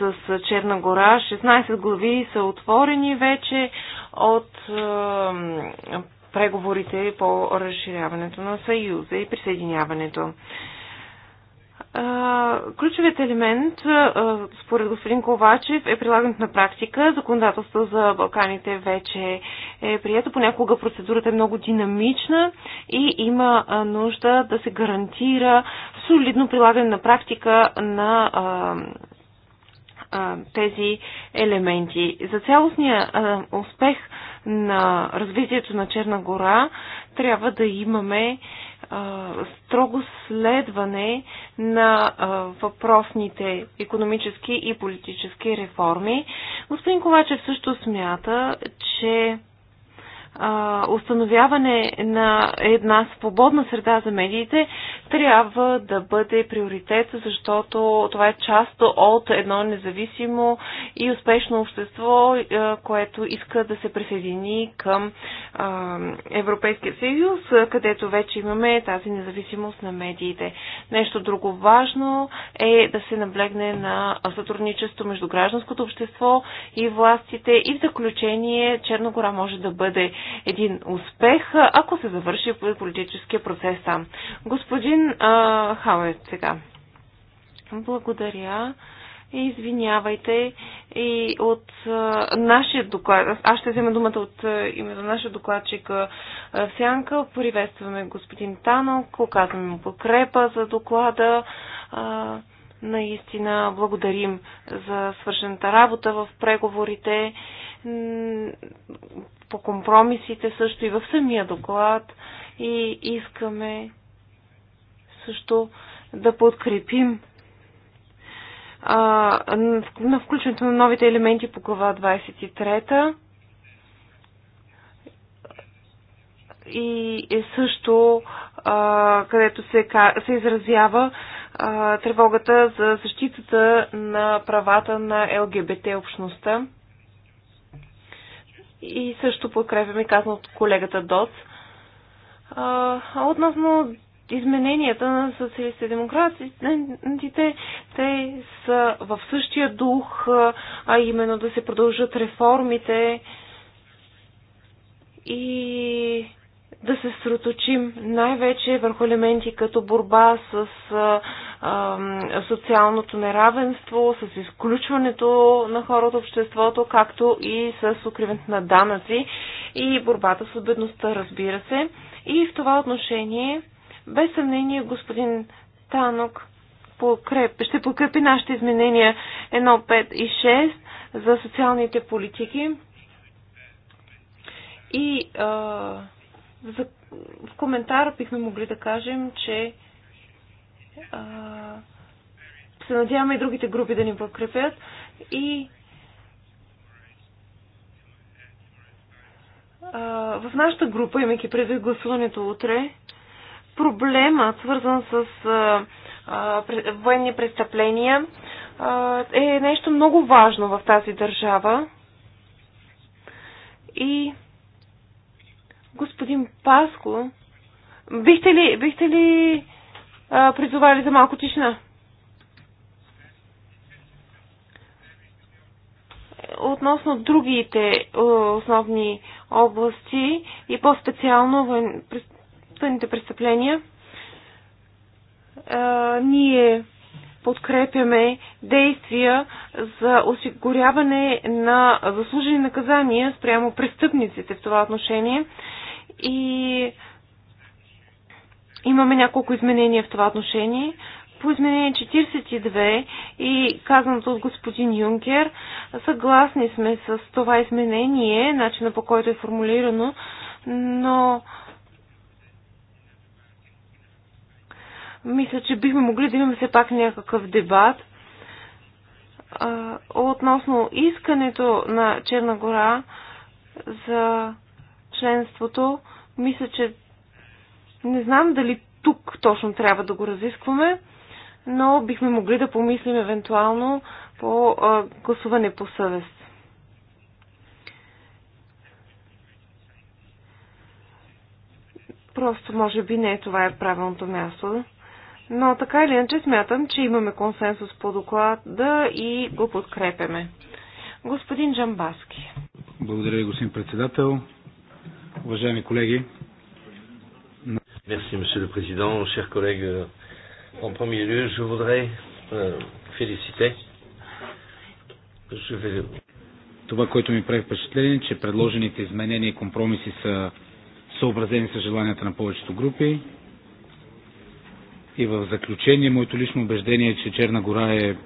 с Черна гора. 16 глави са отворени вече от преговорите по разширяването на Съюза и присъединяването. Ключовият елемент, според господин Ковачев, е прилагането на практика. Законодателство за Балканите вече е прието. Понякога процедурата е много динамична и има нужда да се гарантира солидно прилагане на практика на тези елементи. За цялостния успех на развитието на Черна гора трябва да имаме строго следване на въпросните економически и политически реформи. Господин Ковачев също смята, че а, установяване на една свободна среда за медиите трябва да бъде приоритет, защото това е част от едно независимо и успешно общество, което иска да се присъедини към а, Европейския съюз, където вече имаме тази независимост на медиите. Нещо друго важно е да се наблегне на сътрудничество между гражданското общество и властите и в заключение Черногора може да бъде един успех, ако се завърши политическия процес там. Господин а, Хамед, сега. Благодаря. Извинявайте и от а, нашия доклад, аз ще взема думата от а, името на нашия докладчик Сянка. Приветстваме господин Танок, оказваме му подкрепа за доклада. А, наистина благодарим за свършената работа в преговорите по компромисите също и в самия доклад и искаме също да подкрепим а, на включването на новите елементи по глава 23 и е също а, където се, се изразява а, тревогата за защитата на правата на ЛГБТ общността и също подкрепяме казано от колегата Доц. А, относно измененията на социалистите демократите, те са в същия дух, а именно да се продължат реформите и да се сроточим най-вече върху елементи като борба с а, а, социалното неравенство, с изключването на хората от обществото, както и с укриването на данъци и борбата с бедността, разбира се. И в това отношение, без съмнение, господин Танок покреп, ще покрепи нашите изменения 1, 5 и 6 за социалните политики. И а, за, в коментар бихме могли да кажем, че а, се надяваме и другите групи да ни подкрепят и а, в нашата група, имайки предвид гласуването утре, проблема, свързан с а, а, военни престъпления, а, е нещо много важно в тази държава. И Господин Паско, бихте ли, бихте ли а, призовали за малко тишина? Относно другите основни области и по-специално военните престъпления, а, ние подкрепяме действия за осигуряване на заслужени наказания спрямо престъпниците в това отношение и имаме няколко изменения в това отношение. По изменение 42 и казаното от господин Юнкер, съгласни сме с това изменение, начина по който е формулирано, но мисля, че бихме могли да имаме все пак някакъв дебат относно искането на Черна гора за членството, мисля, че не знам дали тук точно трябва да го разискваме, но бихме могли да помислим евентуално по гласуване по съвест. Просто може би не това е правилното място. Но така или иначе смятам, че имаме консенсус по доклада и го подкрепяме. Господин Джамбаски. Благодаря ви, господин председател. Уважаеми колеги. Merci, Monsieur le Président. Chers collègues, euh, en premier lieu, je voudrais euh, féliciter. Je vais... Това, което ми прави впечатление, че предложените изменения и компромиси са съобразени с желанията на повечето групи. И в заключение, моето лично убеждение е, че Черна гора е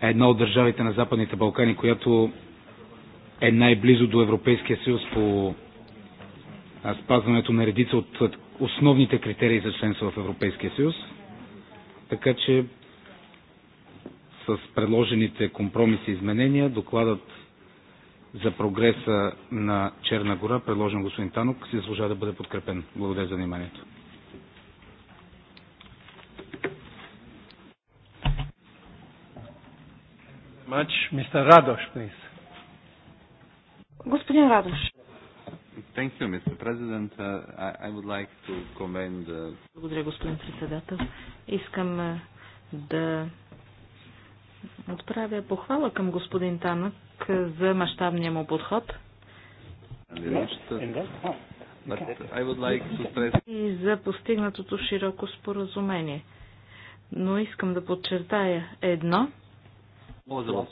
една от държавите на Западните Балкани, която е най-близо до Европейския съюз по спазването на редица от основните критерии за членство в Европейския съюз. Така че с предложените компромиси и изменения докладът за прогреса на Черна гора, предложен господин Танок, се заслужава да бъде подкрепен. Благодаря за вниманието. Мач, мистер Радош, please. Господин Радош. Thank you, Mr. President. Uh, I, would like to commend... Uh, Благодаря, господин председател. Искам да отправя похвала към господин Танък за мащабния му подход. И за постигнатото широко споразумение. Но искам да подчертая едно – Uh,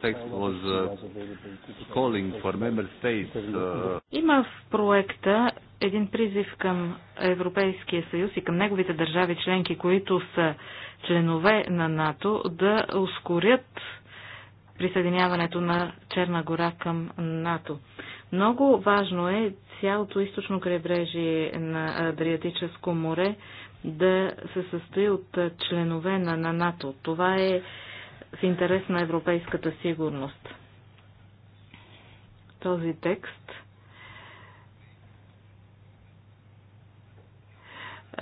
uh, Има в проекта един призив към Европейския съюз и към неговите държави членки, които са членове на НАТО, да ускорят присъединяването на Черна гора към НАТО. Много важно е цялото източно крайбрежие на Адриатическо море да се състои от членове на, на НАТО. Това е в интерес на европейската сигурност. Този текст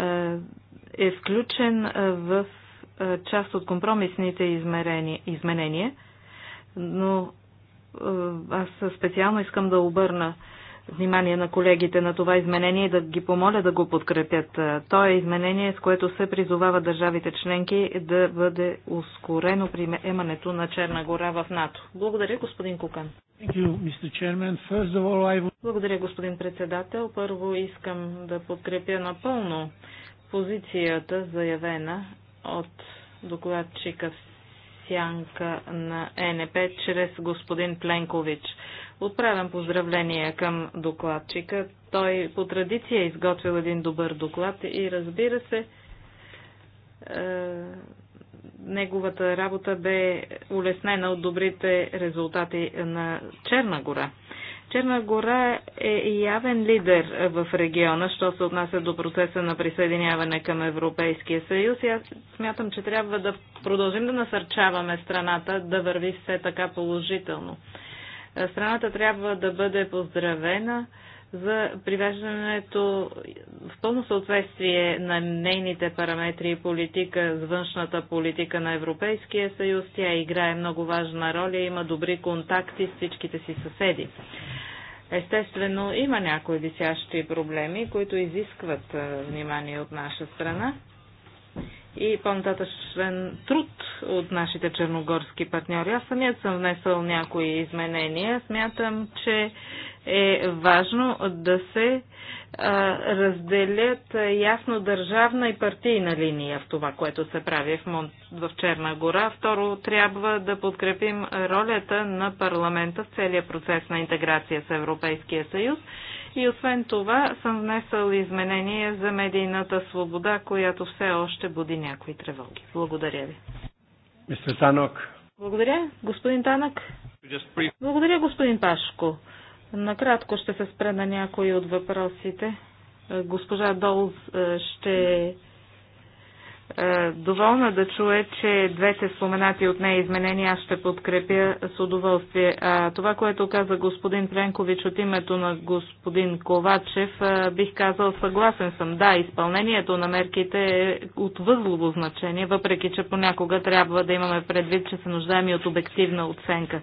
е, е включен в е, част от компромисните изменения, но е, аз специално искам да обърна внимание на колегите на това изменение и да ги помоля да го подкрепят. То е изменение, с което се призовава държавите членки да бъде ускорено приемането на Черна гора в НАТО. Благодаря, господин Кукан. Благодаря, господин председател. Първо искам да подкрепя напълно позицията, заявена от докладчика сянка на е НП чрез господин Пленкович. Отправям поздравления към докладчика. Той по традиция е изготвил един добър доклад и разбира се, е, неговата работа бе улеснена от добрите резултати на Черна гора. Черна гора е явен лидер в региона, що се отнася до процеса на присъединяване към Европейския съюз. И аз смятам, че трябва да продължим да насърчаваме страната да върви все така положително. Е, страната трябва да бъде поздравена за привеждането в пълно съответствие на нейните параметри и политика с външната политика на Европейския съюз. Тя играе много важна роля и има добри контакти с всичките си съседи. Естествено, има някои висящи проблеми, които изискват е, внимание от наша страна и по-нататъчен труд от нашите черногорски партньори. Аз самият съм внесъл някои изменения. Смятам, че е важно да се разделят ясно държавна и партийна линия в това, което се прави в, Мон... в Черна гора. Второ, трябва да подкрепим ролята на парламента в целия процес на интеграция с Европейския съюз и освен това съм внесъл изменение за медийната свобода, която все още буди някои тревоги. Благодаря ви. Мистер Танок. Благодаря, господин Танък. Благодаря, господин Пашко. Накратко ще се спре на някои от въпросите. Госпожа Долз е, ще е, доволна да чуя, че двете споменати от нея изменения аз ще подкрепя с удоволствие. А, това, което каза господин Пренкович от името на господин Ковачев, а, е, бих казал съгласен съм. Да, изпълнението на мерките е от възлово значение, въпреки че понякога трябва да имаме предвид, че се нуждаем и от обективна оценка.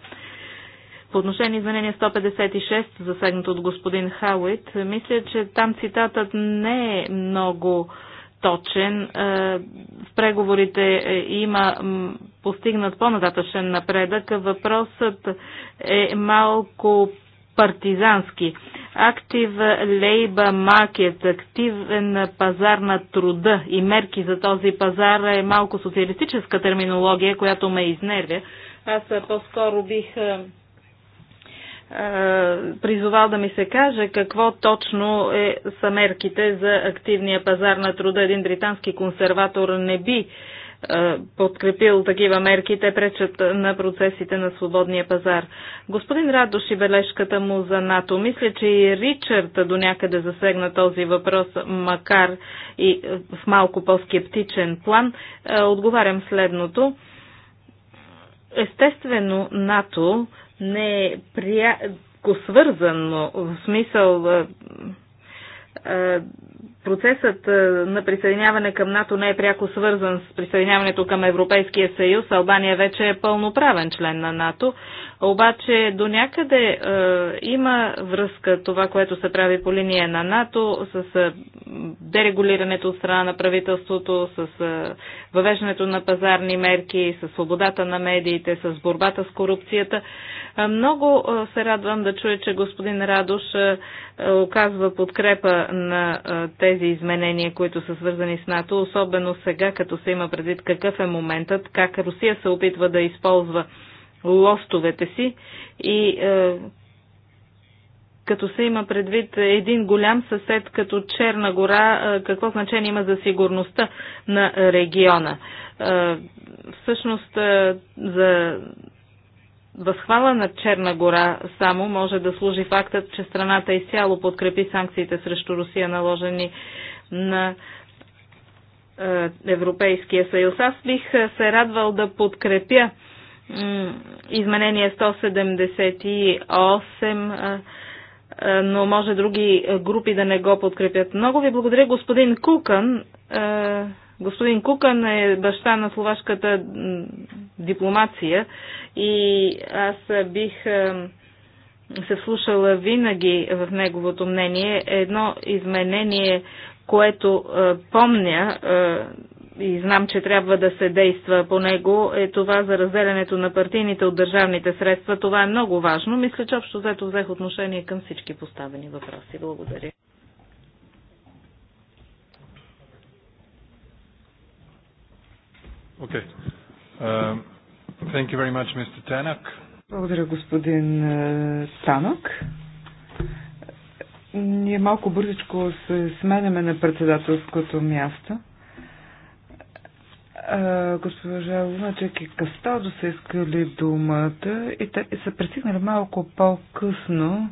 По отношение изменение 156, засегнато от господин Хауит, мисля, че там цитатът не е много точен. Е, в преговорите е, има постигнат по-нататъчен напредък. Въпросът е малко партизански. Актив лейба маркет, активен пазар на труда и мерки за този пазар е малко социалистическа терминология, която ме изнервя. Аз е, по-скоро бих е, призовал да ми се каже какво точно е, са мерките за активния пазар на труда. Един британски консерватор не би е, подкрепил такива мерки, те пречат на процесите на свободния пазар. Господин Радош и бележката му за НАТО. Мисля, че и Ричард до някъде засегна този въпрос, макар и в малко по-скептичен план. Е, отговарям следното. Естествено, НАТО не е прия... свързан, но в смисъл е, е, процесът е, на присъединяване към НАТО не е пряко свързан с присъединяването към Европейския съюз. Албания вече е пълноправен член на НАТО. Обаче до някъде е, има връзка това, което се прави по линия на НАТО с е, дерегулирането от страна на правителството, с е, въвеждането на пазарни мерки, с свободата на медиите, с борбата с корупцията. Е, много се радвам да чуя, че господин Радош оказва подкрепа на тези изменения, които са свързани с НАТО, особено сега, като се има предвид какъв е моментът, как Русия се опитва да използва лостовете си и като се има предвид един голям съсед като Черна гора, какво значение има за сигурността на региона. Всъщност за възхвала на Черна гора само може да служи фактът, че страната изцяло подкрепи санкциите срещу Русия, наложени на е, Европейския съюз. Аз бих е, се радвал да подкрепя изменение 178 е, но може други групи да не го подкрепят. Много ви благодаря, господин Кукън. Господин Кукан е баща на словашката дипломация и аз бих се слушала винаги в неговото мнение. Едно изменение, което помня и знам, че трябва да се действа по него, е това за разделянето на партийните от държавните средства. Това е много важно. Мисля, че общо взето взех отношение към всички поставени въпроси. Благодаря. Okay. Uh, thank you very much, Mr. Tanak. Благодаря, господин е, Танок. Ние малко бързичко се сменяме на председателското място. Е, госпожа Луначек и Кастадо са искали думата и, те, са пристигнали малко по-късно.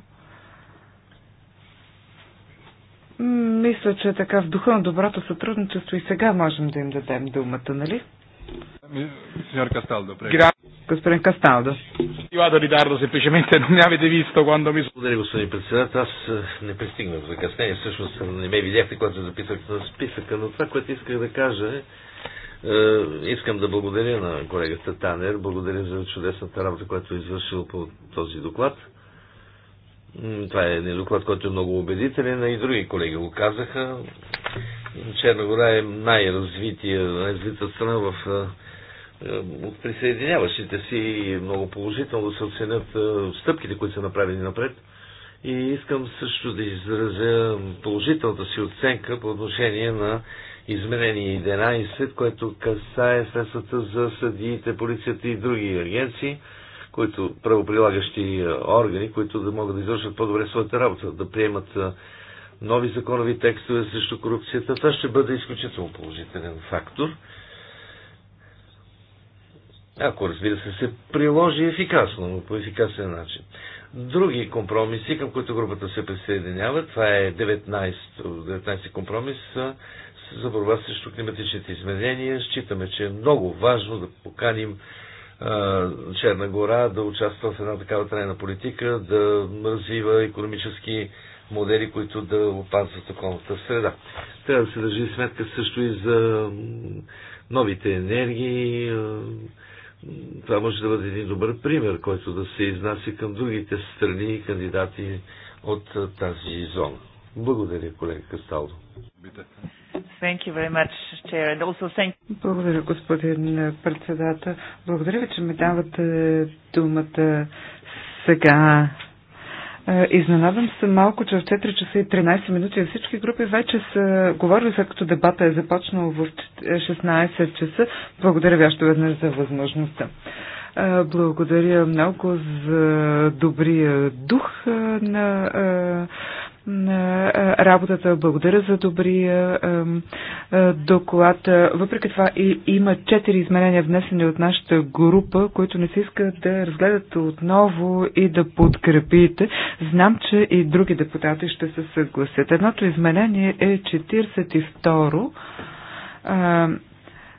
Мисля, че е така в духа на доброто сътрудничество и сега можем да им дадем думата, нали? Signor Castaldo, prego. Grazie. Castaldo. Io vado in ritardo, semplicemente non mi avete visto quando mi... sono... impressionato, Благодаря, господин председател. Аз е, не пристигнах в закъснение. Всъщност не ме видяхте, когато се записах на che non това, което che да кажа е, искам да благодаря на колегата Танер. Благодаря за чудесната работа, която е извършил по този доклад. Това е един доклад, който е много убедителен, а и други колеги го казаха. Черна гора е най-развития, най злита страна в от присъединяващите си много положително да се оценят стъпките, които са направени напред. И искам също да изразя положителната си оценка по отношение на изменение 11, което касае средствата за съдиите, полицията и други агенции, които правоприлагащи органи, които да могат да извършат по-добре своята работа, да приемат нови законови текстове срещу корупцията. Това ще бъде изключително положителен фактор. Ако, разбира се, се приложи ефикасно, но по ефикасен начин. Други компромиси, към които групата се присъединява, това е 19, 19 компромис за борба срещу климатичните изменения. Считаме, че е много важно да поканим Черна гора да участва в една такава трайна политика, да развива економически модели, които да опазват околната среда. Трябва да се държи сметка също и за новите енергии. Е, това може да бъде един добър пример, който да се изнася към другите страни и кандидати от е, тази зона. Благодаря, колега Касталдо. Much, Благодаря, господин председател. Благодаря ви, че ми давате думата сега. Е, Изненадам се малко, че в 4 часа и 13 минути всички групи вече са говорили, след като дебата е започнал в 16 е, часа. Благодаря ви още веднъж за възможността. Е, благодаря много за добрия дух на на работата. Благодаря за добрия доклад. Въпреки това има четири изменения внесени от нашата група, които не се искат да разгледат отново и да подкрепите. Знам, че и други депутати ще се съгласят. Едното изменение е 42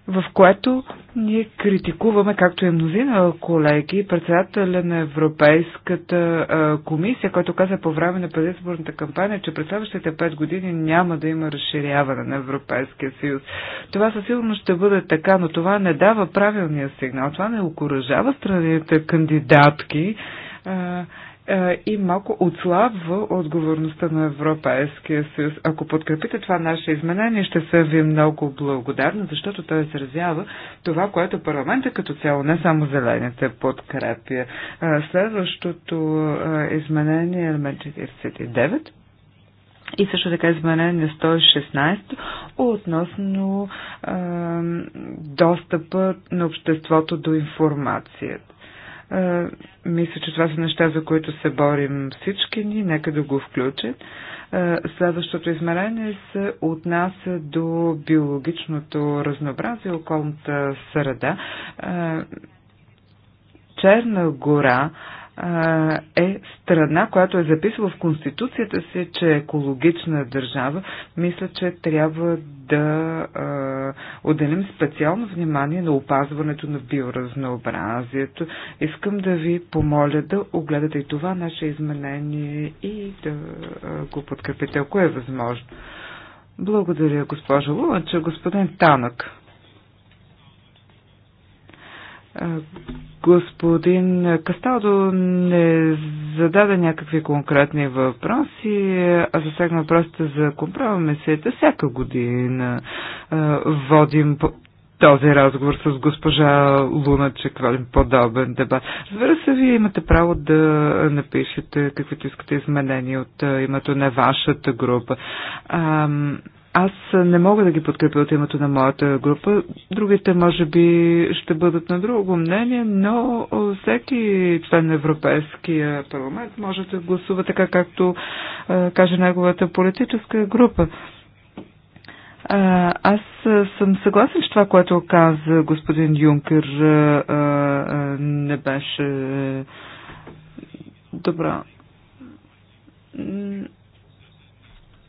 в което ние критикуваме, както и мнозина колеги, председателя на Европейската комисия, който каза по време на предизборната кампания, че през следващите 5 години няма да има разширяване на Европейския съюз. Това със сигурност ще бъде така, но това не дава правилния сигнал. Това не окоръжава страните кандидатки е, и малко отслабва отговорността на Европейския съюз. Ако подкрепите това наше изменение, ще са ви много благодарна, защото той изразява това, което парламента като цяло, не само зелените, подкрепя. Е, следващото е, изменение е елемент 49 и също така изменение 116 относно е, достъпа на обществото до информацията. Е, мисля, че това са неща, за които се борим всички ни. Нека да го включат. Е, следващото измерение се отнася до биологичното разнообразие, околната среда. Е, Черна гора е страна, която е записала в Конституцията си, че е екологична държава, мисля, че трябва да отделим специално внимание на опазването на биоразнообразието. Искам да ви помоля да огледате и това наше изменение и да го подкрепите, ако е възможно. Благодаря, госпожа че господин Танък. Господин Касталдо не зададе някакви конкретни въпроси, а засегна въпросите за компромисите. Всяка година водим този разговор с госпожа Луначек, водим подобен дебат. Разбира се, вие имате право да напишете каквито искате изменения от името на вашата група. Ам, аз не мога да ги подкрепя от името на моята група. Другите, може би, ще бъдат на друго мнение, но всеки член на Европейския парламент може да гласува така, както каже неговата политическа група. Аз съм съгласен с това, което каза господин Юнкер. Не беше добра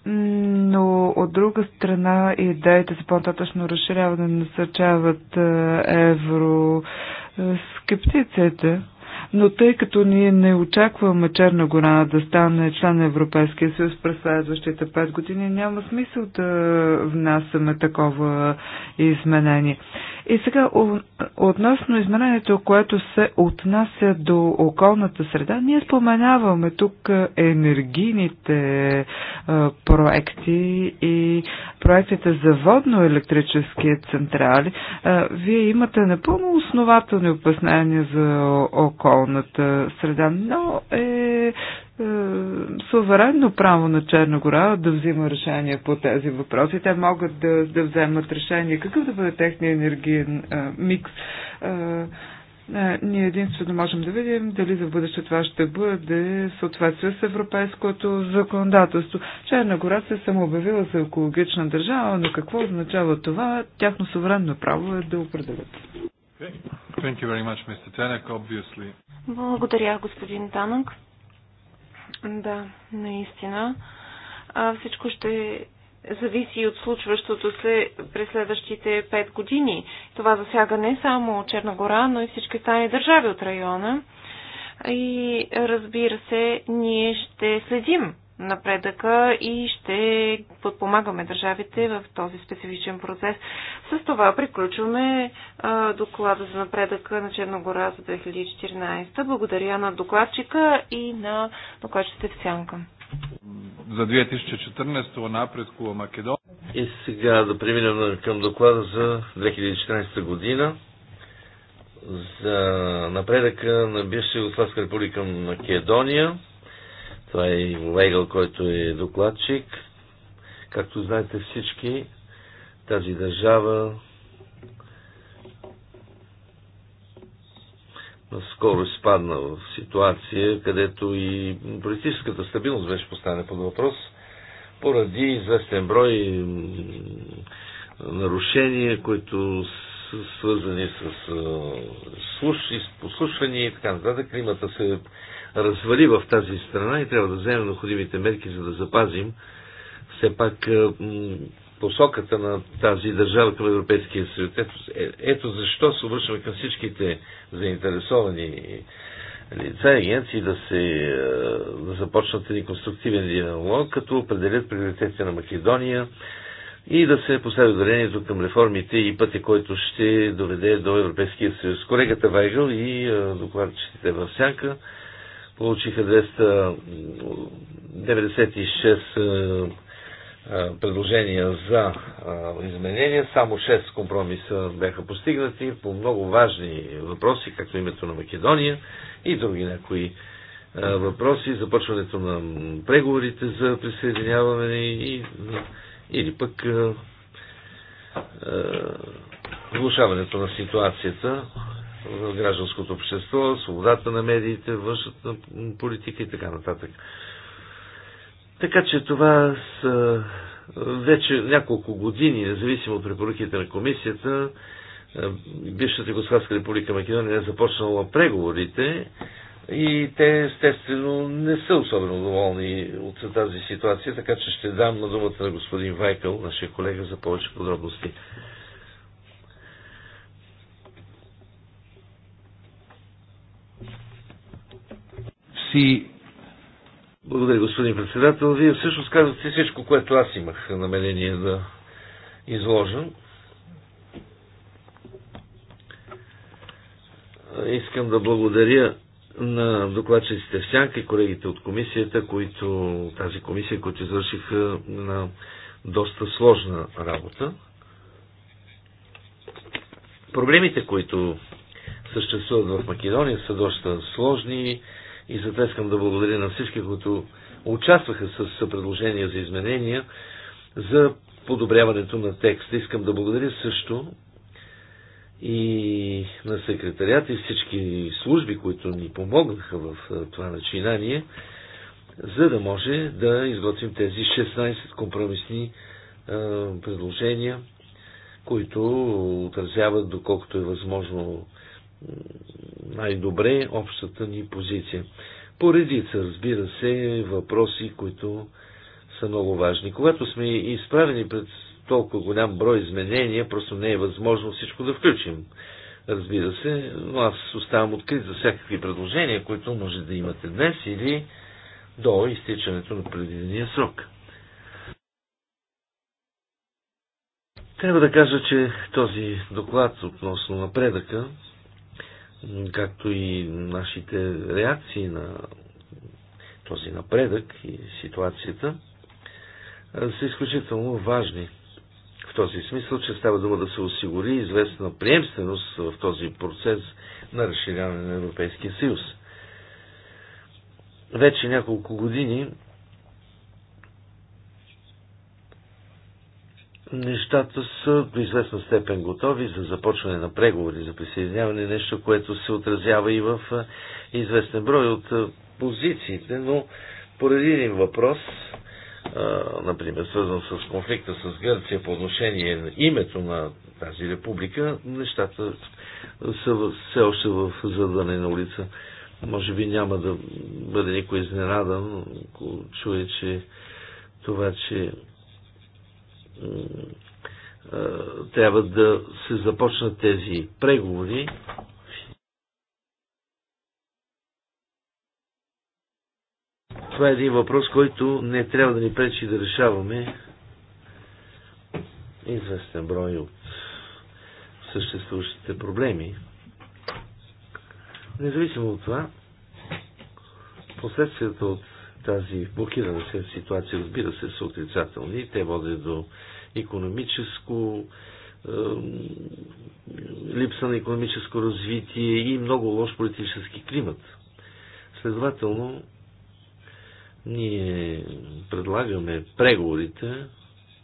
но от друга страна идеите за по-нататъчно разширяване насърчават е, евроскептиците. Но тъй като ние не очакваме Черна гора да стане член на Европейския съюз през следващите 5 години, няма смисъл да внасяме такова изменение. И сега, относно изменението, което се отнася до околната среда, ние споменаваме тук енергийните проекти и проектите за водно-електрически централи. Вие имате напълно основателни опаснения за околната околната среда, но е, е суверенно право на Черна гора да взима решения по тези въпроси. Те могат да, да вземат решение какъв да бъде техния енергиен е, микс. Е, е, ние единствено можем да видим дали за бъдеще това ще бъде в съответствие с европейското законодателство. Черна гора се самообявила за екологична държава, но какво означава това? Тяхно суверенно право е да определят. Thank you very much, Mr. obviously. Благодаря, господин Танък. Да, наистина. А, всичко ще зависи от случващото се през следващите пет години. Това засяга не само Черна гора, но и всички тайни държави от района. И разбира се, ние ще следим напредъка и ще подпомагаме държавите в този специфичен процес. С това приключваме доклада за напредъка на Черногора за 2014. Благодаря на докладчика и на докладчите в сянка. За 2014 напредку в Македония. И сега да преминем към доклада за 2014 година за напредъка на бивша Югославска република Македония. Това е Вейгъл, който е докладчик. Както знаете всички, тази държава скоро изпадна в ситуация, където и политическата стабилност беше поставена под въпрос, поради известен брой нарушения, които са свързани с послушвания и така нататък. Климата се развали в тази страна и трябва да вземем необходимите мерки, за да запазим все пак е, посоката на тази държава към Европейския съюз. Ето, е, ето защо се обръщаме към всичките заинтересовани лица и агенции да се е, да започнат един конструктивен диалог, като определят приоритетите на Македония и да се постави ударението към реформите и пътя, който ще доведе до Европейския съюз. Колегата Вайгъл и докладчиците в Сянка Получиха 296 е, е, предложения за е, изменения. Само 6 компромиса бяха постигнати по много важни въпроси, както името на Македония и други някои въпроси, започването на преговорите за присъединяване и, или пък влушаването на ситуацията гражданското общество, свободата на медиите, външната политика и така нататък. Така че това са вече няколко години, независимо от препоръките на комисията, бившата Югославска република Македония е започнала преговорите и те естествено не са особено доволни от тази ситуация, така че ще дам на думата на господин Вайкъл, нашия колега, за повече подробности. си... Благодаря, господин председател. Вие всъщност казвате всичко, което аз имах намерение да изложа. Искам да благодаря на докладчиците в Сянка и колегите от комисията, които, тази комисия, които извършиха на доста сложна работа. Проблемите, които съществуват в Македония, са доста сложни и затова искам да благодаря на всички, които участваха с предложения за изменения за подобряването на текста. Искам да благодаря също и на секретарията и всички служби, които ни помогнаха в това начинание, за да може да изготвим тези 16 компромисни предложения, които отразяват доколкото е възможно най-добре общата ни позиция. Поредица, разбира се, въпроси, които са много важни. Когато сме изправени пред толкова голям брой изменения, просто не е възможно всичко да включим. Разбира се, но аз оставам открит за всякакви предложения, които може да имате днес или до изтичането на предвидения срок. Трябва да кажа, че този доклад относно напредъка както и нашите реакции на този напредък и ситуацията, са изключително важни. В този смисъл, че става дума да се осигури известна приемственост в този процес на разширяване на Европейския съюз. Вече няколко години нещата са до известна степен готови за започване на преговори за присъединяване, нещо, което се отразява и в известен брой от позициите, но поради един въпрос, например, свързан с конфликта с Гърция по отношение на името на тази република, нещата са все още в задване на улица. Може би няма да бъде никой изненадан, ако чуе, че това, че трябва да се започнат тези преговори. Това е един въпрос, който не трябва да ни пречи да решаваме известен брой от съществуващите проблеми. Независимо от това, последствията от тази блокирана ситуация, разбира се, са отрицателни. Те водят до економическо е, липса на економическо развитие и много лош политически климат. Следователно, ние предлагаме преговорите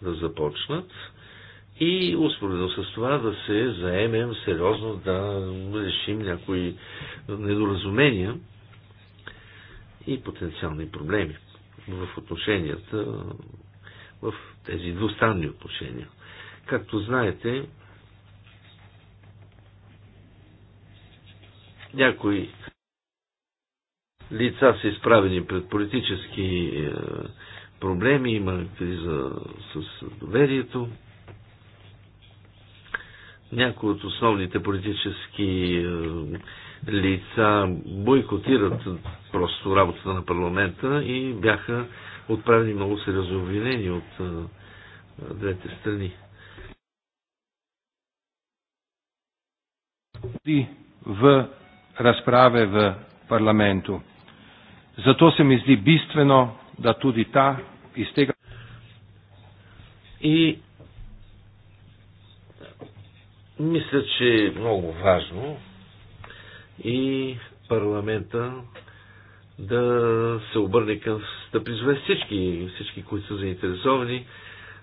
да започнат и успоредно с това да се заемем сериозно да решим някои недоразумения, и потенциални проблеми в отношенията, в тези двустранни отношения. Както знаете, някои лица са изправени пред политически е, проблеми, има криза с доверието. Някои от основните политически е, лица бойкотират просто работата на парламента и бяха отправени много сериозни обвинения от а, двете страни. В разправе в парламенту. Зато се ми зди bistveno, да туди та iz И мисля, че е много важно и парламента да се обърне към, да призове всички, всички, които са заинтересовани,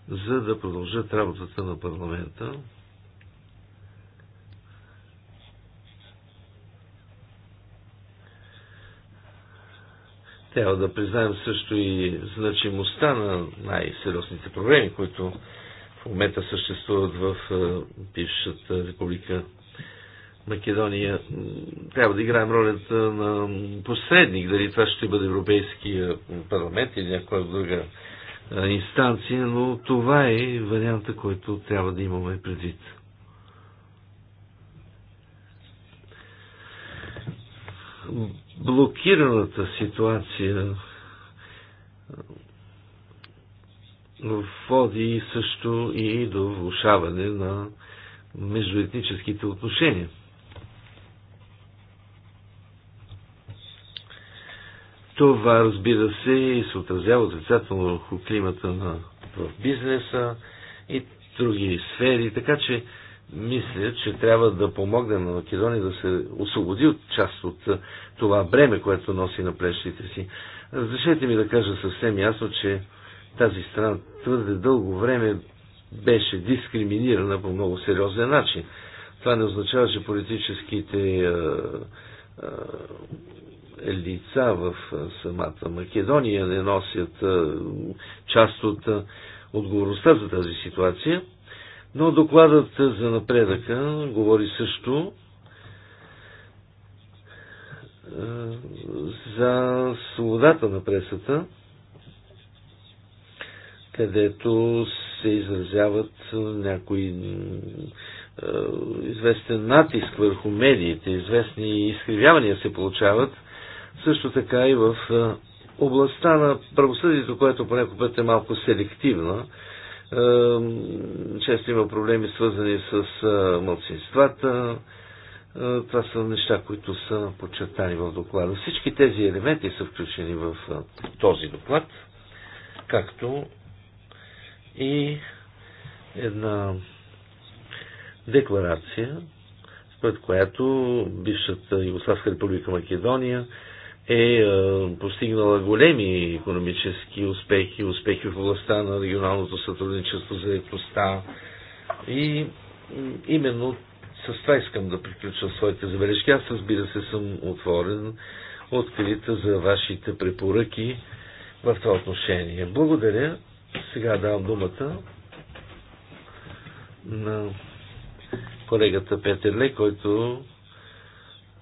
за да продължат работата на парламента. Трябва да признаем също и значимостта на най-сериозните проблеми, които в момента съществуват в е, бившата република Македония трябва да играем ролята на посредник, дали това ще бъде Европейския парламент или някоя друга инстанция, но това е варианта, който трябва да имаме предвид. Блокираната ситуация води също и до влушаване на междуетническите отношения. Това, разбира се, се отразява отрицателно върху климата на, в бизнеса и други сфери, така че мисля, че трябва да помогнем на Македония да се освободи от част от това бреме, което носи на плещите си. Разрешете ми да кажа съвсем ясно, че тази страна твърде дълго време беше дискриминирана по много сериозен начин. Това не означава, че политическите лица в самата Македония не носят част от отговорността за тази ситуация. Но докладът за напредъка говори също за свободата на пресата, където се изразяват някои известен натиск върху медиите, известни изкривявания се получават също така и в е, областта на правосъдието, което по някой път е малко селективна, е, често има проблеми свързани с е, младсинствата. Това са неща, които са подчертани в доклада. Всички тези елементи са включени в този доклад, както и една декларация, според която бившата Югославска република Македония е, е постигнала големи економически успехи, успехи в областта на регионалното сътрудничество, за заедността. И именно с това искам да приключа своите забележки. Аз разбира се съм отворен, открит за вашите препоръки в това отношение. Благодаря. Сега давам думата на колегата Петерле, Ле, който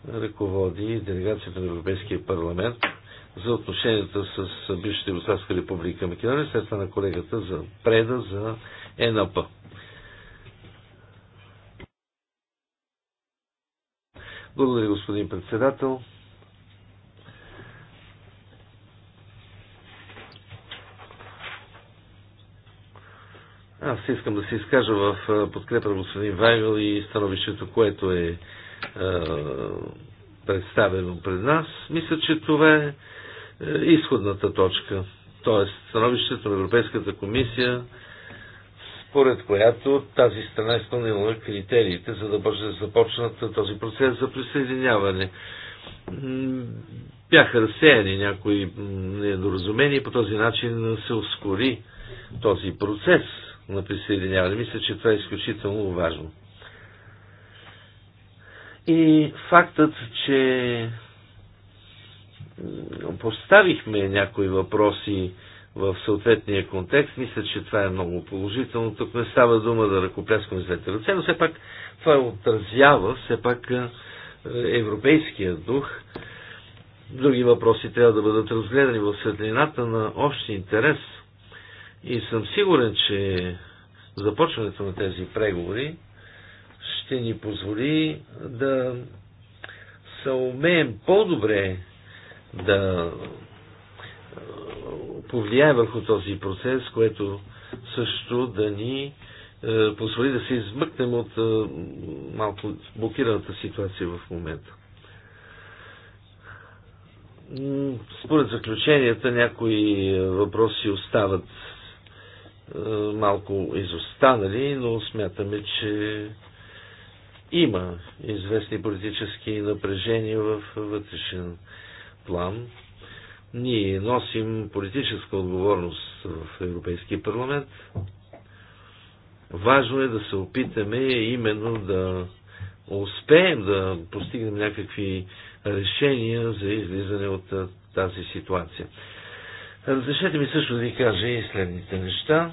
ръководи делегацията на Европейския парламент за отношенията с бившата Югославска република Македония, след това на колегата за преда за ЕНАП. Благодаря, господин председател. Аз искам да се изкажа в подкрепа на господин Вайвел и становището, което е е, представено пред нас, мисля, че това е, е изходната точка. Тоест, становището на Европейската комисия, според която тази страна е изпълнила критериите, за да може да започнат този процес за присъединяване. Бяха разсеяни някои недоразумения и по този начин се ускори този процес на присъединяване. Мисля, че това е изключително важно. И фактът, че поставихме някои въпроси в съответния контекст, мисля, че това е много положително. Тук не става дума да ръкопляскаме след ръце, но все пак това отразява все пак е, европейския дух. Други въпроси трябва да бъдат разгледани в светлината на общ интерес. И съм сигурен, че започването на тези преговори ще ни позволи да се умеем по-добре да повлияе върху този процес, което също да ни е, позволи да се измъкнем от е, малко блокираната ситуация в момента. Според заключенията някои е, въпроси остават малко изостанали, но смятаме, че има известни политически напрежения в вътрешен план. Ние носим политическа отговорност в Европейския парламент. Важно е да се опитаме именно да успеем да постигнем някакви решения за излизане от тази ситуация. Разрешете ми също да ви кажа и следните неща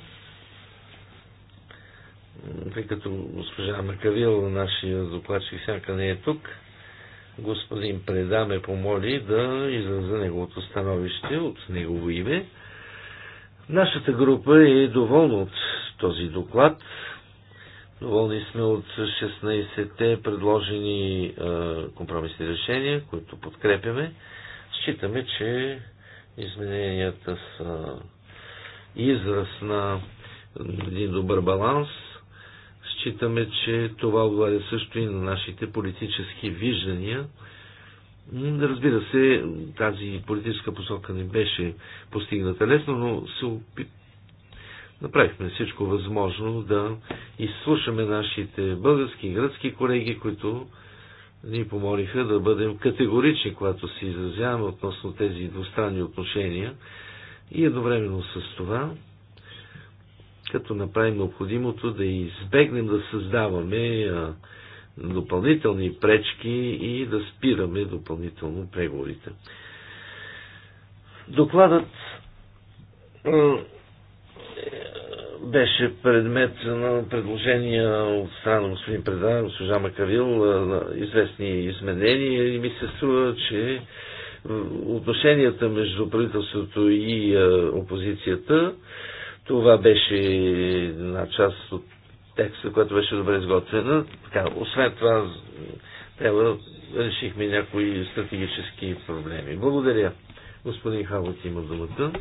тъй като госпожа Макавил, нашия докладчик, всяка не е тук, господин Преда ме помоли да израза неговото становище от негово име. Нашата група е доволна от този доклад. Доволни сме от 16-те предложени компромисни решения, които подкрепяме. Считаме, че измененията са израз на един добър баланс Считаме, че това отговаря също и на нашите политически виждания. Разбира се, тази политическа посока не беше постигната лесно, но се опи... направихме всичко възможно да изслушаме нашите български и гръцки колеги, които ни помолиха да бъдем категорични, когато се изразяваме относно тези двустранни отношения. И едновременно с това като направим необходимото да избегнем да създаваме допълнителни пречки и да спираме допълнително преговорите. Докладът е, беше предмет на предложения от страна на господин Предан, госпожа Макавил, на известни изменения и ми се струва, че отношенията между правителството и опозицията това беше една част от текста, която беше добре изготвена. Така, освен това, трябва да решихме някои стратегически проблеми. Благодаря. Господин Хавот има думата.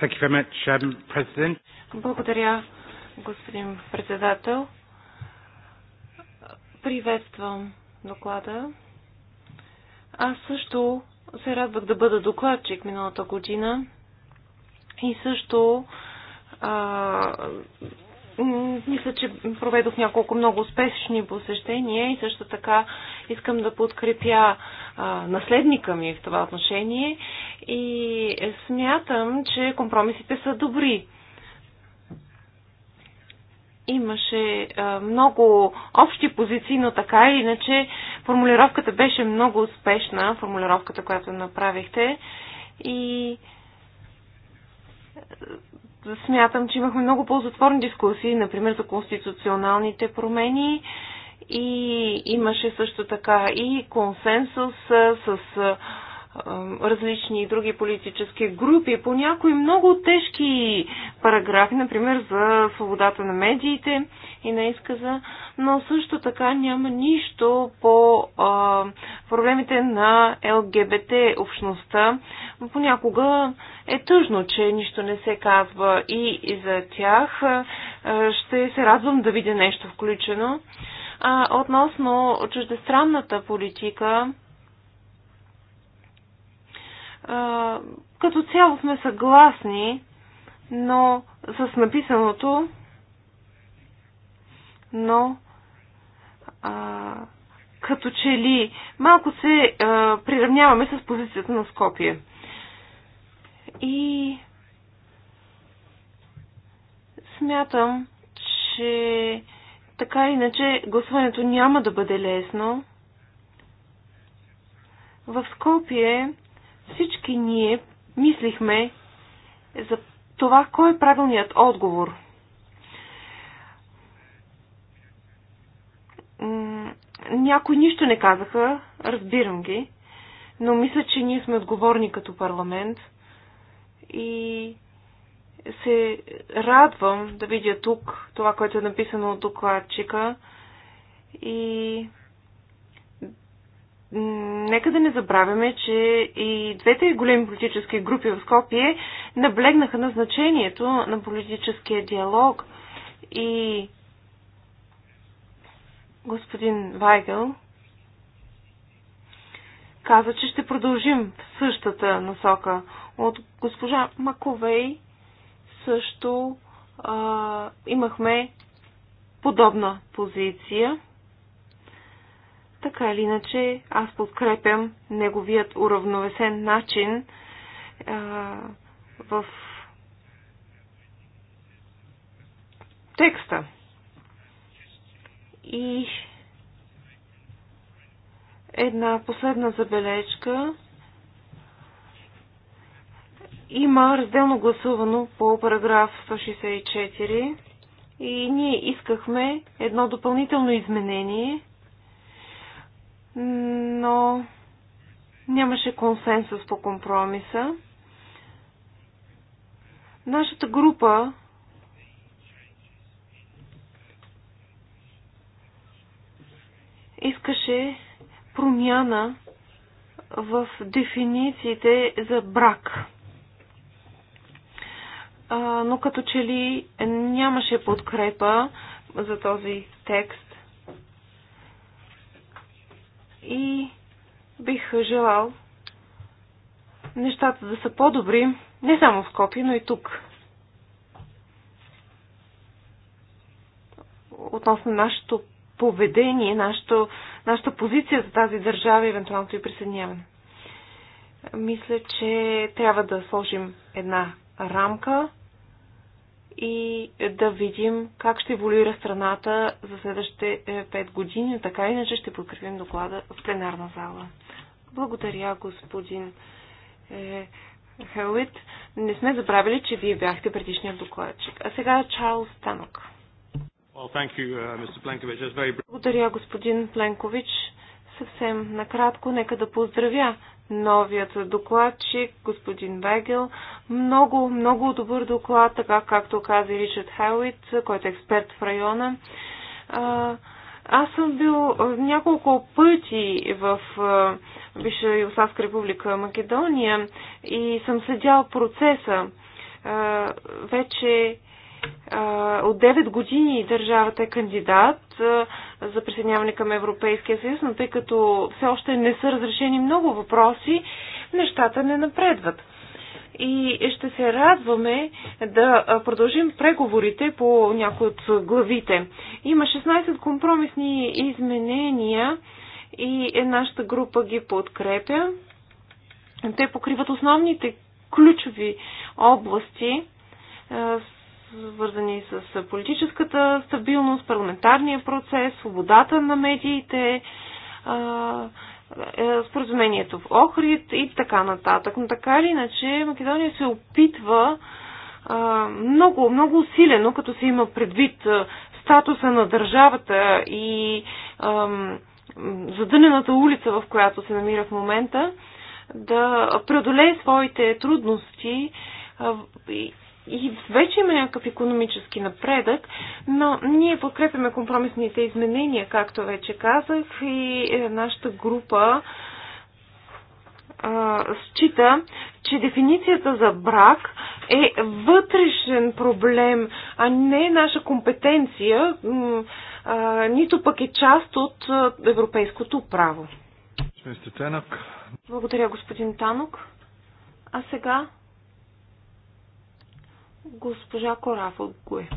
Um, Благодаря, господин председател. Приветствам доклада. Аз също се радвах да бъда докладчик миналата година и също а, мисля, че проведох няколко много успешни посещения и също така искам да подкрепя а, наследника ми в това отношение и смятам, че компромисите са добри. Имаше а, много общи позиции, но така или иначе формулировката беше много успешна, формулировката, която направихте. И смятам, че имахме много ползотворни дискусии, например за конституционалните промени и имаше също така и консенсус с различни други политически групи по някои много тежки параграфи, например за свободата на медиите и на изказа, но също така няма нищо по а, проблемите на ЛГБТ общността. Понякога е тъжно, че нищо не се казва и, и за тях. А, ще се радвам да видя нещо включено. А, относно чуждестранната политика, като цяло сме съгласни, но с написаното, но а, като че ли малко се а, приравняваме с позицията на Скопие. И смятам, че така иначе гласуването няма да бъде лесно. В Скопие всички ние мислихме за това, кой е правилният отговор. Някои нищо не казаха, разбирам ги, но мисля, че ние сме отговорни като парламент и се радвам да видя тук това, което е написано от докладчика и нека да не забравяме, че и двете големи политически групи в Скопие наблегнаха на значението на политическия диалог и господин Вайгъл каза, че ще продължим в същата насока. От госпожа Маковей също а, имахме подобна позиция. Така или иначе, аз подкрепям неговият уравновесен начин а, в текста. И една последна забележка. Има разделно гласувано по параграф 164 и ние искахме едно допълнително изменение – но нямаше консенсус по компромиса. Нашата група искаше промяна в дефинициите за брак. но като че ли нямаше подкрепа за този текст и бих желал нещата да са по-добри, не само в Скопие, но и тук. Относно нашето поведение, нашето, нашата позиция за тази държава и евентуалното и присъединяване. Мисля, че трябва да сложим една рамка, и да видим как ще еволюира страната за следващите 5 е, години. Така иначе ще подкрепим доклада в пленарна зала. Благодаря, господин е, Хелит. Не сме забравили, че вие бяхте предишният докладчик. А сега Чарлз Танок. Uh, Благодаря, господин Пленкович. Съвсем накратко, нека да поздравя новият докладчик, господин Вегел. Много, много добър доклад, така както каза Ричард Хелвит, който е експерт в района. Аз съм бил няколко пъти в Виша Югославска република Македония и съм следял процеса. Вече от 9 години държавата е кандидат за присъединяване към Европейския съюз, но тъй като все още не са разрешени много въпроси, нещата не напредват. И ще се радваме да продължим преговорите по някои от главите. Има 16 компромисни изменения и е, нашата група ги подкрепя. Те покриват основните ключови области, свързани с политическата стабилност, парламентарния процес, свободата на медиите, е, споразумението в Охрид и така нататък. Но така или иначе Македония се опитва много, много усилено, като се има предвид статуса на държавата и задънената улица, в която се намира в момента, да преодолее своите трудности и вече има някакъв економически напредък, но ние подкрепяме компромисните изменения, както вече казах, и е, нашата група счита, че дефиницията за брак е вътрешен проблем, а не е наша компетенция, нито пък е част от европейското право. Благодаря, господин Танок. А сега Госпожа Корафа от ГУЕ.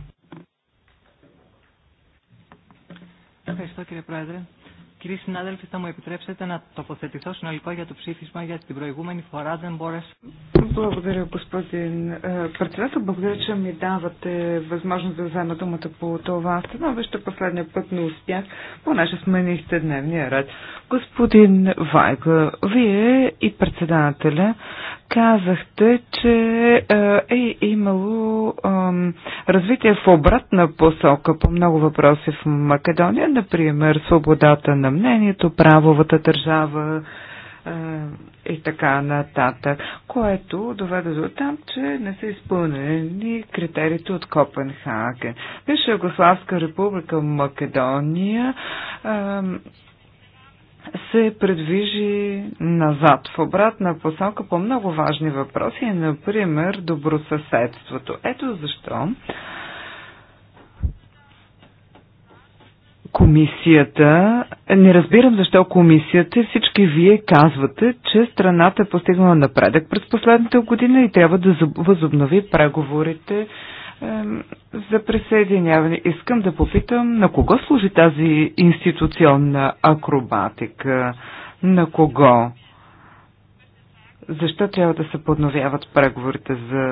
Ευχαριστώ κύριε Πρόεδρε. Κύριοι συνάδελφοι, θα μου επιτρέψετε να τοποθετηθώ συνολικά για το ψήφισμα για την προηγούμενη φορά δεν μπόρεσα. Благодаря, господин е, председател. Благодаря, че ми давате възможност да взема думата по това становище. Последния път не успях, понеже сменихте дневния ред. Господин Вайга, вие и председателя казахте, че е, е имало развитие в обратна посока по много въпроси в Македония, например свободата на мнението, правовата държава е, и така нататък, което доведе до там, че не са изпълнени критериите от Копенхаген. Виж Югославска република Македония се предвижи назад, в обратна посока по много важни въпроси, например добросъседството. Ето защо комисията, не разбирам защо комисията всички вие казвате, че страната е постигнала напредък през последната година и трябва да възобнови преговорите за присъединяване. Искам да попитам на кого служи тази институционна акробатика? На кого? Защо трябва да се подновяват преговорите за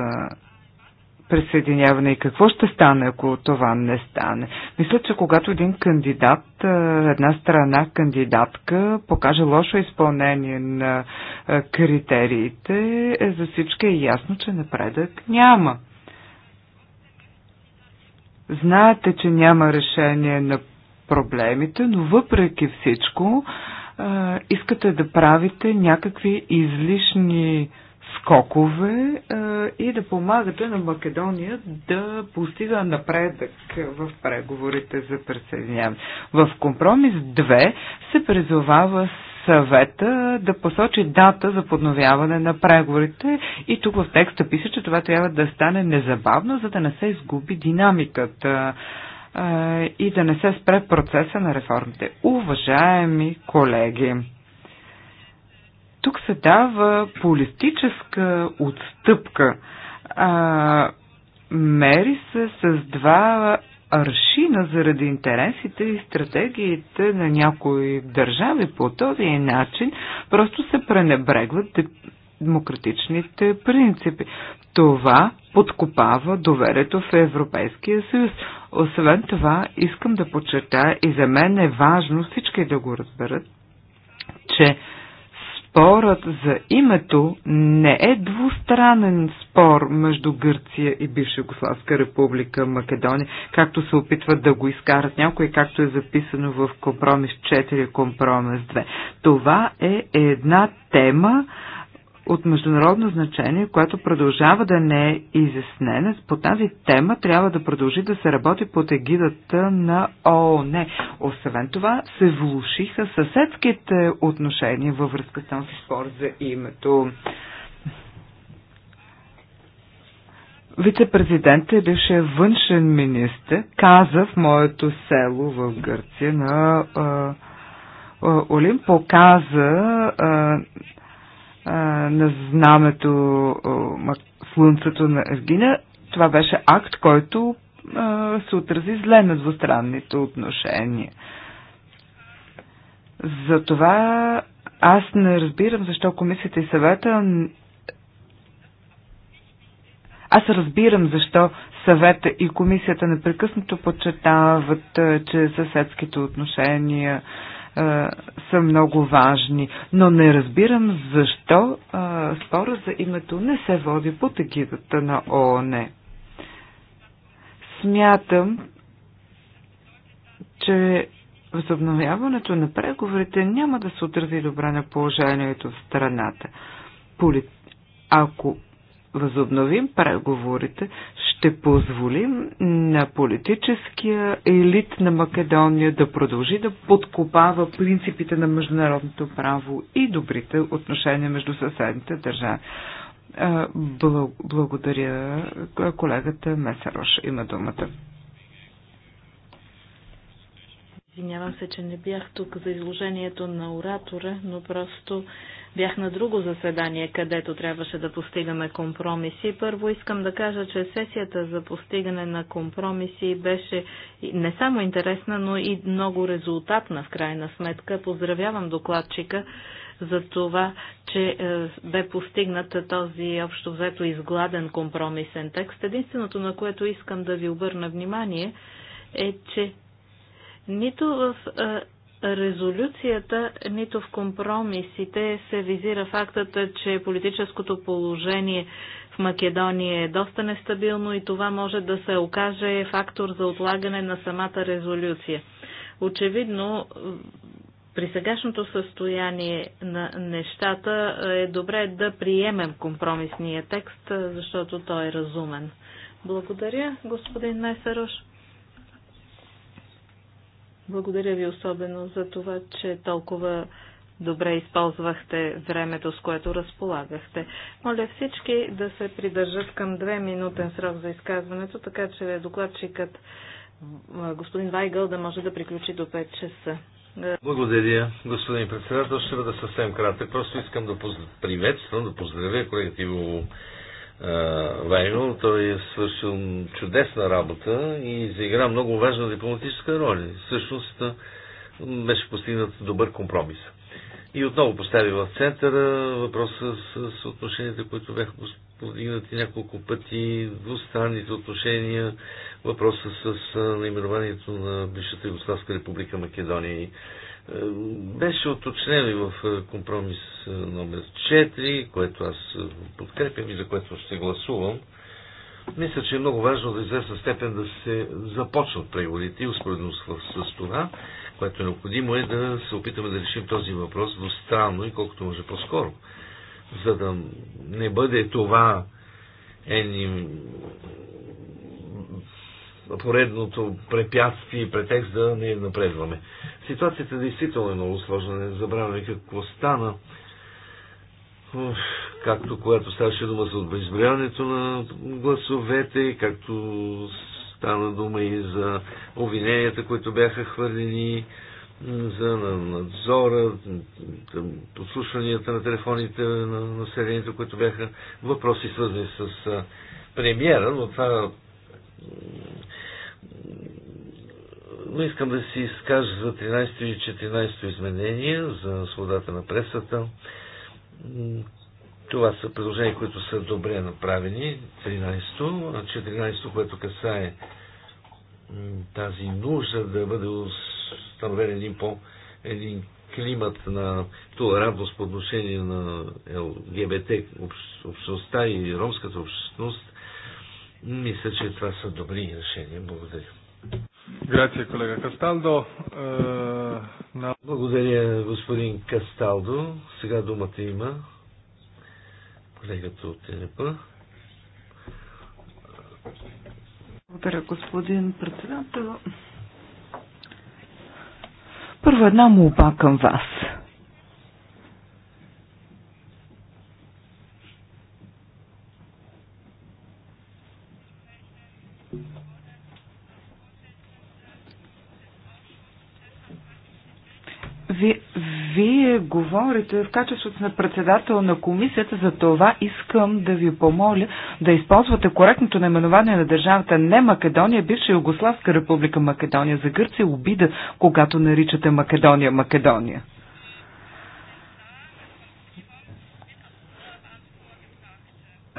присъединяване и какво ще стане, ако това не стане. Мисля, че когато един кандидат, е, една страна кандидатка покаже лошо изпълнение на е, критериите, е, за всички е ясно, че напредък няма. Знаете, че няма решение на проблемите, но въпреки всичко а, искате да правите някакви излишни скокове а, и да помагате на Македония да постига напредък в преговорите за присъединяване. В компромис 2 се призовава съвета да посочи дата за подновяване на преговорите и тук в текста пише, че това трябва да стане незабавно, за да не се изгуби динамиката и да не се спре процеса на реформите. Уважаеми колеги, тук се дава политическа отстъпка. А, мери се с два аршина заради интересите и стратегиите на някои държави по този начин просто се пренебрегват демократичните принципи. Това подкопава доверието в Европейския съюз. Освен това, искам да подчертая и за мен е важно всички да го разберат, че Спорът за името не е двустранен спор между Гърция и бивша Югославска република Македония, както се опитват да го изкарат някой, както е записано в компромис 4 компромис 2. Това е една тема, от международно значение, което продължава да не е изяснена. По тази тема трябва да продължи да се работи под егидата на ООН. Освен това се влушиха съседските отношения във връзка с този спор за името. Вице-президентът, беше външен министр, каза в моето село в Гърция на а, Олим, показа а, на знамето Слънцето на Евгина, това беше акт, който се отрази зле на двустранните отношения. Затова аз не разбирам защо комисията и съвета. Аз разбирам защо съвета и комисията непрекъснато подчертават, че съседските отношения са много важни. Но не разбирам защо а, спора за името не се води по тегидата на ООН. Смятам, че възобновяването на преговорите няма да се отрази добре на положението в страната. Поли... Ако възобновим преговорите, ще позволим на политическия елит на Македония да продължи да подкопава принципите на международното право и добрите отношения между съседните държави. Благодаря. Колегата Месарош има думата. Извинявам се, че не бях тук за изложението на оратора, но просто бях на друго заседание, където трябваше да постигаме компромиси. Първо искам да кажа, че сесията за постигане на компромиси беше не само интересна, но и много резултатна в крайна сметка. Поздравявам докладчика за това, че е, бе постигнат този общо взето изгладен компромисен текст. Единственото, на което искам да ви обърна внимание, е, че нито в е, резолюцията, нито в компромисите се визира фактът, че политическото положение в Македония е доста нестабилно и това може да се окаже фактор за отлагане на самата резолюция. Очевидно, при сегашното състояние на нещата е добре да приемем компромисния текст, защото той е разумен. Благодаря, господин Найсарош. Благодаря ви особено за това, че толкова добре използвахте времето, с което разполагахте. Моля всички да се придържат към две минутен срок за изказването, така че докладчикът господин Вайгъл да може да приключи до 5 часа. Благодаря, господин председател. Ще бъда съвсем кратък. Просто искам да приветствам, да поздравя колегите Иво Вайнол. Той е свършил чудесна работа и заигра много важна дипломатическа роля. Всъщност беше постигнат добър компромис. И отново постави в центъра въпроса с, с отношенията, които бяха повдигнати няколко пъти, двустранните отношения, въпроса с наименованието на бившата Югославска република Македония е, беше оточнено и в е, компромис е, номер 4, което аз подкрепям и за което ще гласувам. Мисля, че е много важно да известна степен да се започнат преговорите и успоредно с това, което е необходимо е да се опитаме да решим този въпрос двустранно и колкото може по-скоро. За да не бъде това едни поредното препятствие и претекст да не напредваме. Ситуацията действително е много сложна. Не забравяме какво стана. както когато ставаше дума за изброяването на гласовете, както стана дума и за обвиненията, които бяха хвърлени за надзора, подслушванията на телефоните на населението, които бяха въпроси свързани с премиера, но това но искам да си изкажа за 13 и 14 изменения за свободата на пресата. Това са предложения, които са добре направени. 13-то, а 14-то, което касае тази нужда да бъде установен един по един климат на толерантност по отношение на ЛГБТ общността и ромската общност мисля, че това са добри решения. Благодаря. Грация, колега Касталдо. Е, Благодаря, господин Касталдо. Сега думата има колегата от ТНП. Благодаря, господин председател. Първо една молба към вас. Ви, вие говорите в качеството на председател на комисията, за това искам да ви помоля да използвате коректното наименование на държавата не Македония, бивша Югославска република Македония. За Гърция обида, когато наричате Македония Македония.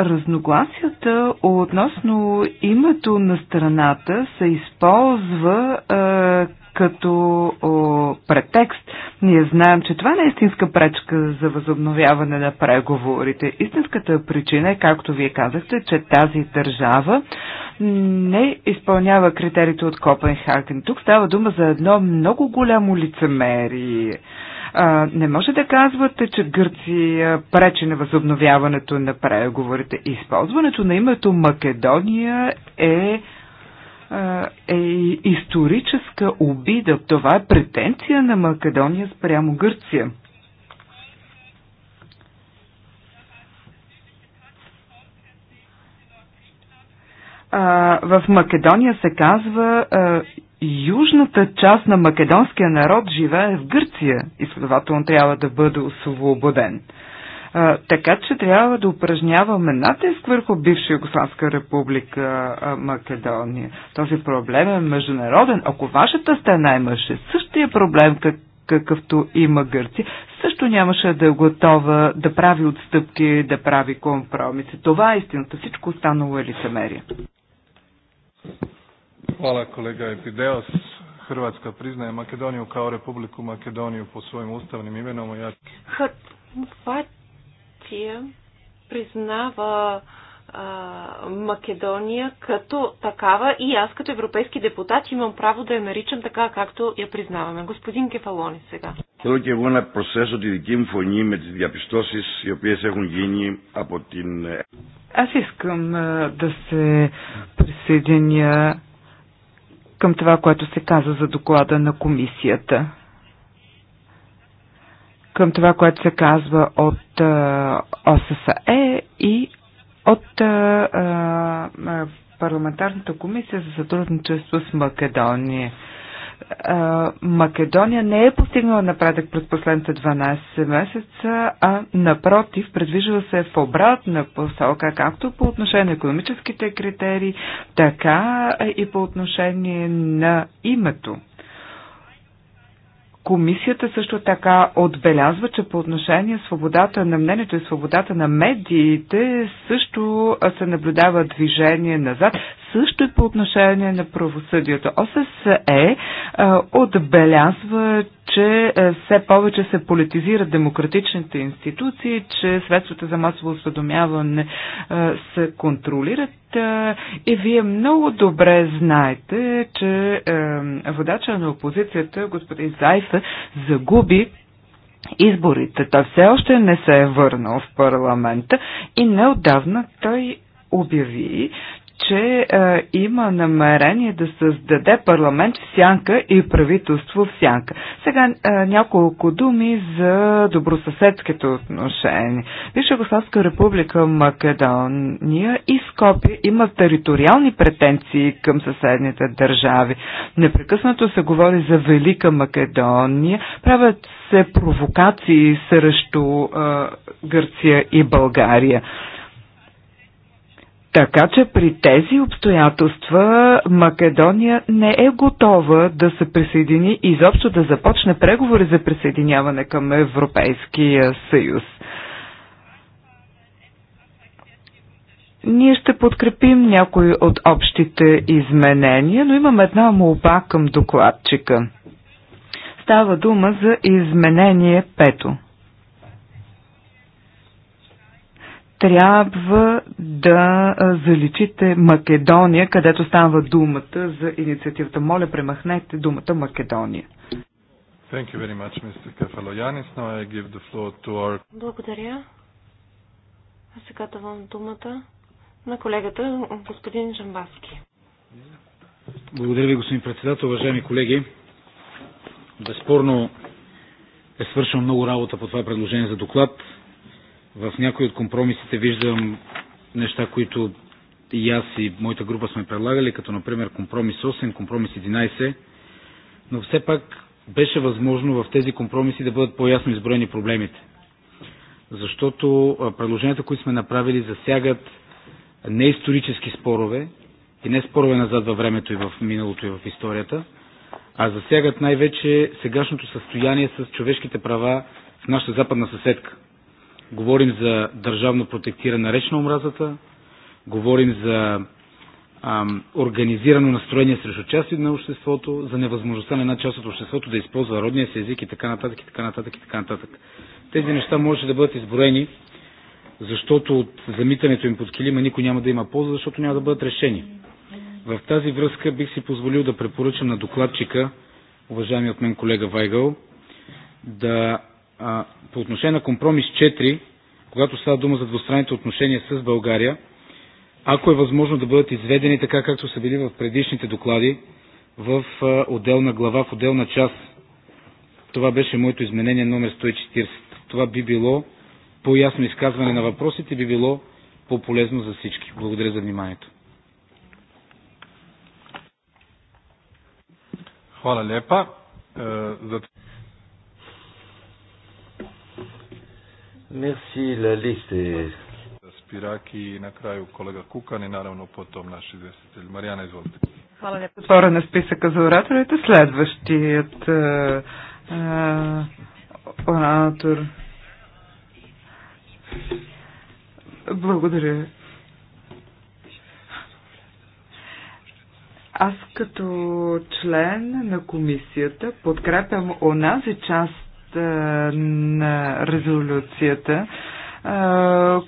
Разногласията относно името на страната се използва а, е, като о, претекст. Ние знаем, че това не е истинска пречка за възобновяване на преговорите. Истинската причина е, както вие казахте, че тази държава не изпълнява критериите от Копенхаген. Тук става дума за едно много голямо лицемерие. А, не може да казвате, че Гърция пречи на възобновяването на преговорите. Използването на името Македония е е историческа обида. Това е претенция на Македония спрямо Гърция. в Македония се казва южната част на македонския народ живее в Гърция и следователно трябва да бъде освободен. А, така че трябва да упражняваме натиск върху бивша Югославска република а, Македония. Този проблем е международен. Ако вашата страна имаше същия проблем, как, какъвто има Гърция, също нямаше да е готова да прави отстъпки, да прави компромиси. Това е истината. Всичко останало е лицемерие. Hvala kolega Epideos. Hrvatska priznaje Makedoniju kao Republiku Makedoniju po svojim ustavnim imenom. Ja... Hrvatska признава а, Македония като такава и аз като европейски депутат имам право да я наричам така, както я признаваме. Господин Кефалони сега. Θέλω και εγώ να προσθέσω τη δική μου φωνή με τις διαπιστώσεις οι οποίες έχουν γίνει από την... Аз искам да се присъединя към това, което се каза за доклада на комисията. Към това, което се казва от ОССЕ и от парламентарната комисия за сътрудничество с Македония. Македония не е постигнала напредък през последните 12 месеца, а напротив, предвижила се в обратна посока, както по отношение на економическите критерии, така и по отношение на името. Комисията също така отбелязва, че по отношение свободата на мнението и свободата на медиите също се наблюдава движение назад също и е по отношение на правосъдието. ОССЕ е, отбелязва, че е, все повече се политизират демократичните институции, че средствата за масово осведомяване се контролират и вие много добре знаете, че водача на опозицията, господин Зайфе, загуби изборите. Той все още не се е върнал в парламента и неодавна той обяви, че е, има намерение да създаде парламент в сянка и правителство в сянка. Сега е, няколко думи за добросъседските отношения. Виж Югославска република Македония и Скопия имат териториални претенции към съседните държави. Непрекъснато се говори за Велика Македония, правят се провокации срещу е, Гърция и България. Така че при тези обстоятелства Македония не е готова да се присъедини и изобщо да започне преговори за присъединяване към Европейския съюз. Ние ще подкрепим някои от общите изменения, но имам една молба към докладчика. Става дума за изменение пето. трябва да заличите Македония, където става думата за инициативата. Моля, премахнете думата Македония. Thank you very much, Mr. Kefaloyanis. Now I give the floor to our... Благодаря. А сега давам думата на колегата господин Жамбаски. Благодаря ви, господин председател. Уважаеми колеги, безспорно е свършено много работа по това предложение за доклад. В някои от компромисите виждам неща, които и аз и моята група сме предлагали, като например компромис 8, компромис 11, но все пак беше възможно в тези компромиси да бъдат по-ясно изброени проблемите. Защото предложенията, които сме направили, засягат не исторически спорове и не спорове назад във времето и в миналото и в историята, а засягат най-вече сегашното състояние с човешките права в нашата западна съседка – Говорим за държавно протектирана реч на омразата, говорим за ам, организирано настроение срещу части на обществото, за невъзможността на една част от обществото да използва родния си език и така нататък, и така нататък, и така нататък. Тези неща може да бъдат изброени, защото от замитането им под килима никой няма да има полза, защото няма да бъдат решени. В тази връзка бих си позволил да препоръчам на докладчика, уважаемият мен колега Вайгъл, да по отношение на компромис 4, когато става дума за двустранните отношения с България, ако е възможно да бъдат изведени така, както са били в предишните доклади, в отделна глава, в отделна част. Това беше моето изменение номер 140. Това би било по-ясно изказване на въпросите, би било по-полезно за всички. Благодаря за вниманието. Hvala lijepa. E, Merci la liste. Spiraki i na kraju kolega Kukan i naravno potom naš izvestitelj. Marijana, izvolite. Hvala lijepo. Spora na spisaka za за ораторите. Следващият е, е, оратор. Благодаря. Аз като член на комисията подкрепям онази част на резолюцията,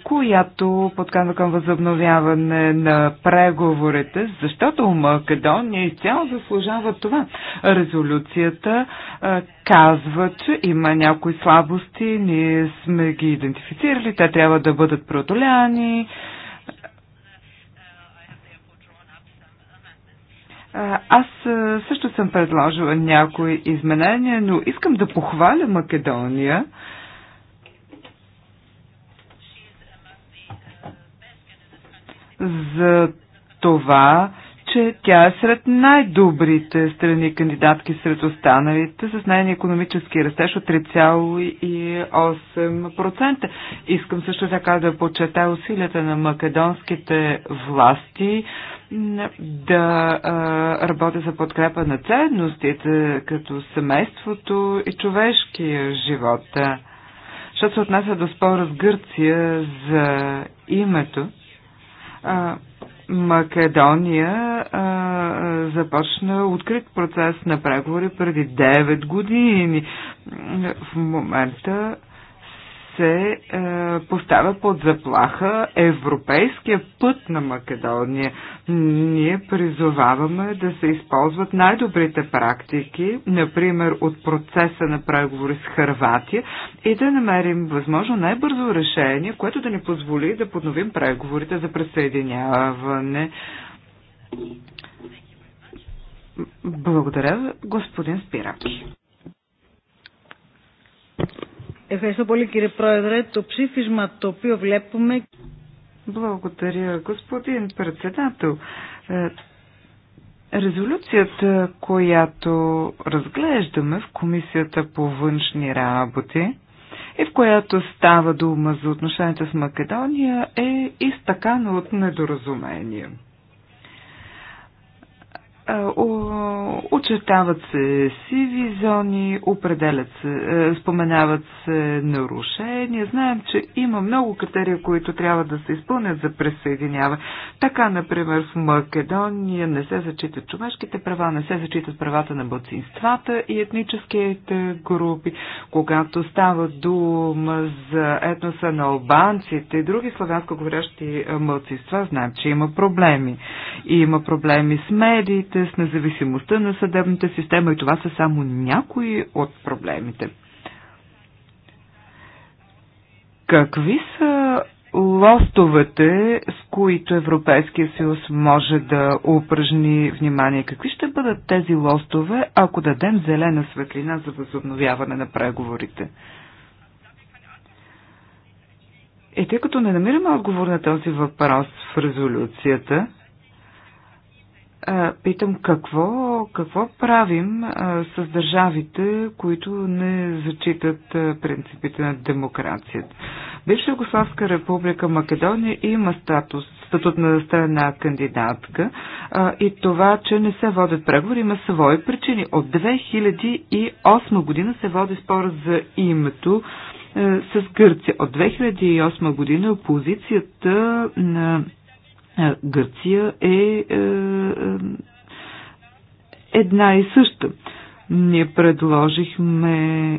която подканва към възобновяване на преговорите, защото Македония изцяло заслужава това. Резолюцията казва, че има някои слабости, ние сме ги идентифицирали, те трябва да бъдат преодоляни, Аз също съм предложила някои изменения, но искам да похваля Македония. За това, че тя е сред най-добрите страни кандидатки сред останалите, с най економически растеж от 3,8%. Искам също така да подчертая усилията на македонските власти да а, работя за подкрепа на ценностите, като семейството и човешкия живот. Що се отнася до спора с Гърция за името, а, Македония а, започна открит процес на преговори преди 9 години. В момента се е, поставя под заплаха европейския път на Македония. Ние призоваваме да се използват най-добрите практики, например от процеса на преговори с Харватия и да намерим възможно най-бързо решение, което да ни позволи да подновим преговорите за присъединяване. Благодаря, господин Спираки. Ευχαριστώ πολύ κύριε Πρόεδρε. Το ψήφισμα το οποίο βλέπουμε... Благодаря, господин председател. Е, резолюцията, която разглеждаме в Комисията по външни работи и в която става дума за отношенията с Македония, е изтъкана от недоразумение. Е, очертават се сиви зони, определят се, е, споменават се нарушения. Знаем, че има много критерия, които трябва да се изпълнят за присъединяване. Така, например, в Македония не се зачитат човешките права, не се зачитат правата на бълцинствата и етническите групи. Когато става дума за етноса на албанците и други славянско говорящи е, мълцинства, знаем, че има проблеми. И има проблеми с медиите, проблемите с независимостта на съдебната система и това са само някои от проблемите. Какви са лостовете, с които Европейския съюз може да упражни внимание? Какви ще бъдат тези лостове, ако дадем зелена светлина за възобновяване на преговорите? И тъй като не намираме отговор на този въпрос в резолюцията, питам какво, какво правим с държавите, които не зачитат принципите на демокрацията. Бивша Югославска република Македония има статус, статут на страна кандидатка а, и това, че не се водят преговори, има свои причини. От 2008 година се води спор за името а, с Гърция. От 2008 година опозицията. на Гърция е, е, е една и съща. Ние предложихме е,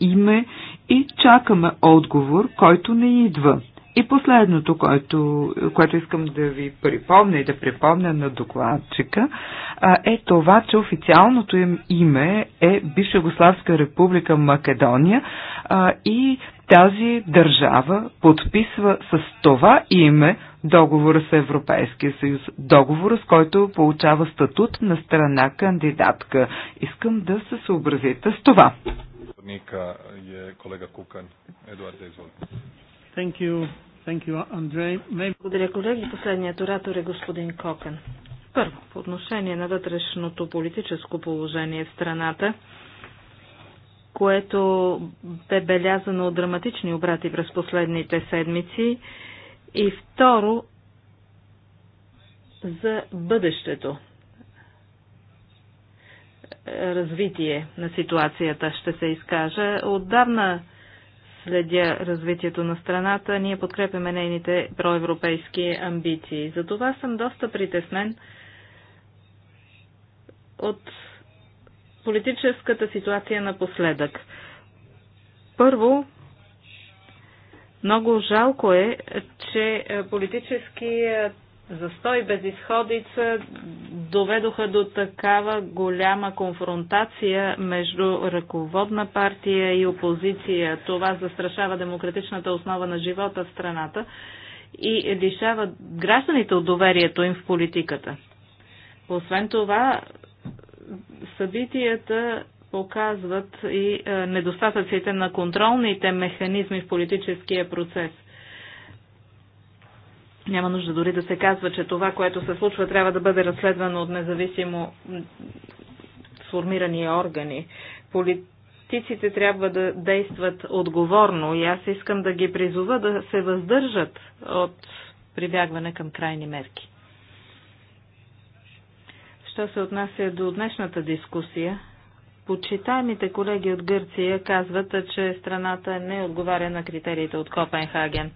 име и чакаме отговор, който не идва. И последното, което, което искам да ви припомня и да припомня на докладчика, е това, че официалното им име е Бивша Югославска република Македония и тази държава подписва с това име договора с Европейския съюз, договора с който получава статут на страна кандидатка. Искам да се съобразите с това. Е Thank you. Thank you, Maybe... Благодаря, колеги. Последният оратор е господин Кокън. Първо, по отношение на вътрешното политическо положение в страната, което бе белязано от драматични обрати през последните седмици, и второ, за бъдещето развитие на ситуацията ще се изкажа. Отдавна следя развитието на страната, ние подкрепяме нейните проевропейски амбиции. За това съм доста притеснен от политическата ситуация напоследък. Първо, много жалко е, че е, политическият е, застой без изходица доведоха до такава голяма конфронтация между ръководна партия и опозиция. Това застрашава демократичната основа на живота в страната и лишава гражданите от доверието им в политиката. Освен това, събитията показват и е, недостатъците на контролните механизми в политическия процес. Няма нужда дори да се казва, че това, което се случва, трябва да бъде разследвано от независимо сформирани органи. Политиците трябва да действат отговорно и аз искам да ги призова да се въздържат от прибягване към крайни мерки. Що се отнася до днешната дискусия, Почитаемите колеги от Гърция казват, че страната не отговаря на критериите от Копенхаген.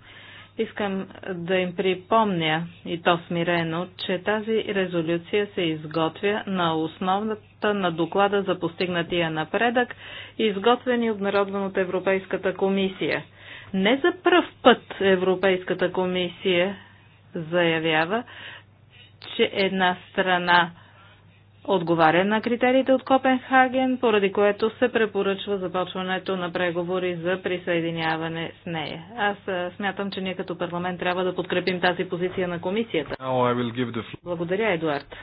Искам да им припомня, и то смирено, че тази резолюция се изготвя на основната на доклада за постигнатия напредък, изготвен и обнародван от Европейската комисия. Не за пръв път Европейската комисия заявява, че една страна отговаря на критериите от Копенхаген, поради което се препоръчва започването на преговори за присъединяване с нея. Аз смятам, че ние като парламент трябва да подкрепим тази позиция на комисията. Благодаря, Едуард.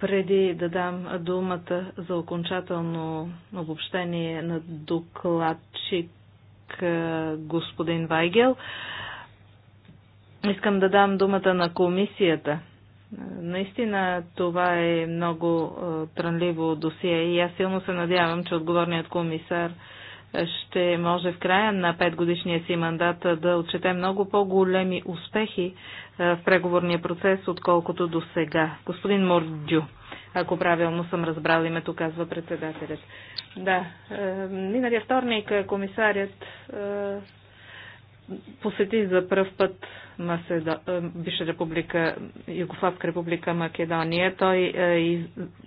Преди да дам думата за окончателно обобщение на докладчик господин Вайгел, искам да дам думата на комисията – Наистина това е много трънливо досие и аз силно се надявам, че отговорният комисар ще може в края на петгодишния си мандат да отчете много по-големи успехи в преговорния процес, отколкото до сега. Господин Мордю, ако правилно съм разбрал името, казва председателят. Да, миналия вторник комисарят посети за пръв път Маседо... Е, Бивша република, Югославска република Македония. Той е,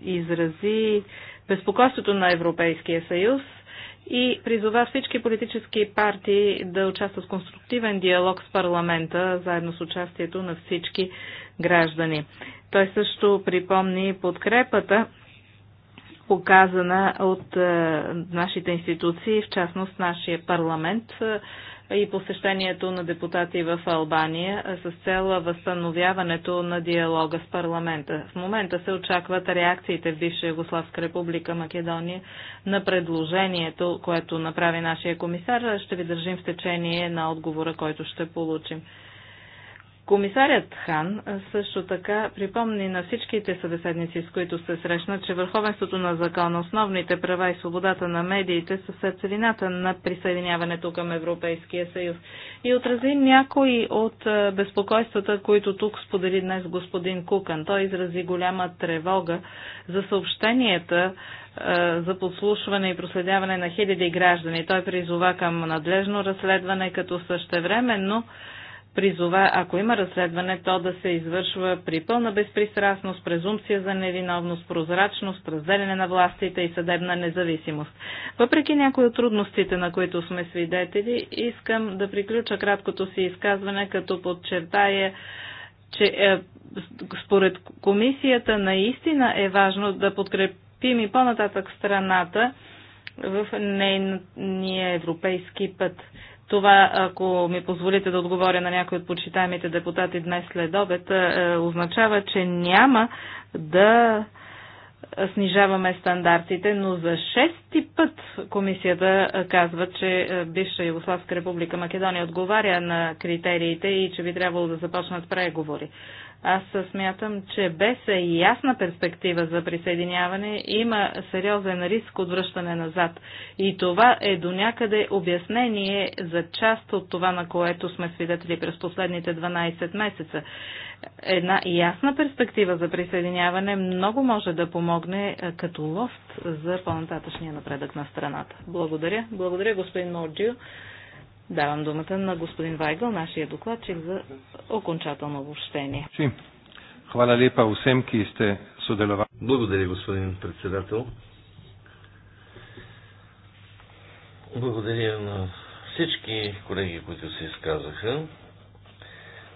изрази безпокойството на Европейския съюз и призова всички политически партии да участват в конструктивен диалог с парламента, заедно с участието на всички граждани. Той също припомни подкрепата, показана от е, нашите институции, в частност нашия парламент, и посещението на депутати в Албания с цел възстановяването на диалога с парламента. В момента се очакват реакциите в бивша Югославска република Македония на предложението, което направи нашия комисар. Ще ви държим в течение на отговора, който ще получим. Комисарят Хан също така припомни на всичките събеседници, с които се срещна, че върховенството на закона, основните права и свободата на медиите са сърцевината на присъединяването към Европейския съюз. И отрази някои от безпокойствата, които тук сподели днес господин Кукан. Той изрази голяма тревога за съобщенията за подслушване и проследяване на хиляди граждани. Той призова към надлежно разследване, като същевременно но призова, ако има разследване, то да се извършва при пълна безпристрастност, презумпция за невиновност, прозрачност, разделяне на властите и съдебна независимост. Въпреки някои от трудностите, на които сме свидетели, искам да приключа краткото си изказване, като подчертая, че е, според комисията наистина е важно да подкрепим и по-нататък страната в нейния европейски път. Това, ако ми позволите да отговоря на някои от почитаемите депутати днес след обед, е, означава, че няма да снижаваме стандартите, но за шести път комисията казва, че е, бивша Югославска република Македония отговаря на критериите и че би трябвало да започнат преговори. Аз смятам, че без ясна перспектива за присъединяване има сериозен риск от връщане назад. И това е до някъде обяснение за част от това, на което сме свидетели през последните 12 месеца. Една ясна перспектива за присъединяване много може да помогне като лост за по-нататъчния напредък на страната. Благодаря. Благодаря, господин Молджио. Давам думата на господин Вайгъл, нашия докладчик за окончателно обобщение. Хвала лепа усем, ки сте соделовали. Благодаря, господин председател. Благодаря на всички колеги, които се изказаха.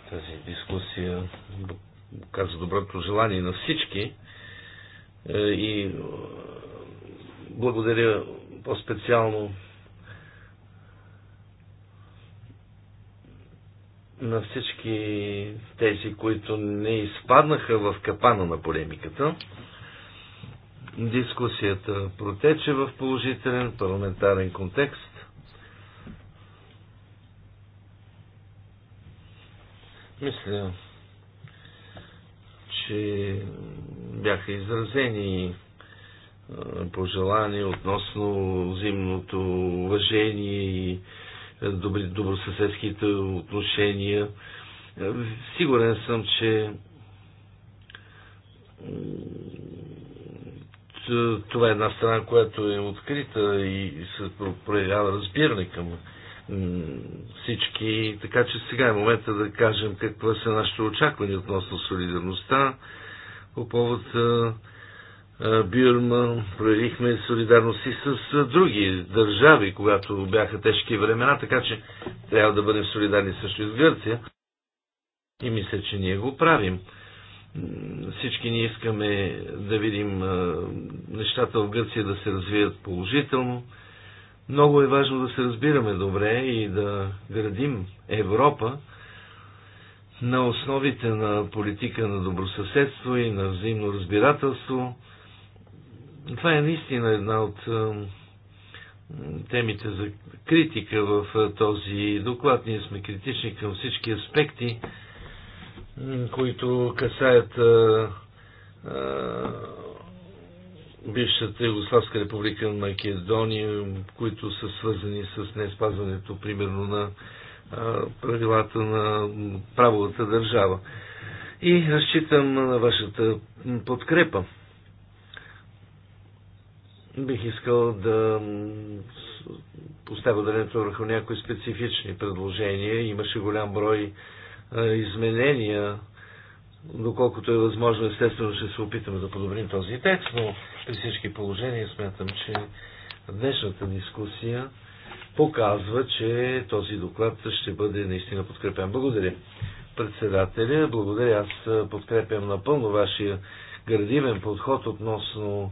Тази дискусия каза доброто желание на всички. Е, и е, благодаря по-специално на всички тези, които не изпаднаха в капана на полемиката. Дискусията протече в положителен парламентарен контекст. Мисля, че бяха изразени пожелания относно взаимното уважение и добри, добросъседските отношения. Сигурен съм, че това е една страна, която е открита и се проявява разбиране към всички. Така че сега е момента да кажем какво са нашите очаквания относно солидарността по повод Бирма, проявихме солидарност и с други държави, когато бяха тежки времена, така че трябва да бъдем солидарни също и с Гърция. И мисля, че ние го правим. Всички ние искаме да видим нещата в Гърция да се развият положително. Много е важно да се разбираме добре и да градим Европа, на основите на политика на добросъседство и на взаимно разбирателство, това е наистина една от темите за критика в този доклад. Ние сме критични към всички аспекти, които касаят бившата Югославска република Македония, които са свързани с неспазването, примерно, на правилата на правовата държава. И разчитам на вашата подкрепа. Бих искал да поставя ударението върху някои специфични предложения. Имаше голям брой изменения. Доколкото е възможно, естествено ще се опитаме да подобрим този текст, но при всички положения смятам, че днешната дискусия показва, че този доклад ще бъде наистина подкрепен. Благодаря. Председателя, благодаря. Аз подкрепям напълно вашия градивен подход относно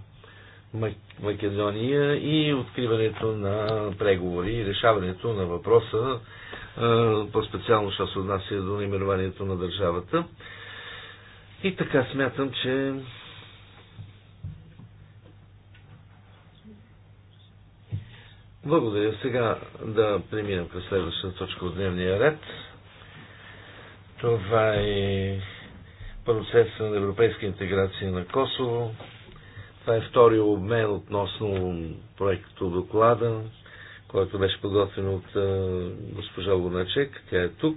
Македония и откриването на преговори и решаването на въпроса, по-специално що се отнася до наименованието на държавата. И така смятам, че Благодаря. Сега да преминем към следващата точка от дневния ред. Това е процеса на европейска интеграция на Косово. Това е втория обмен относно проекта доклада, който беше подготвен от госпожа Луначек. Тя е тук.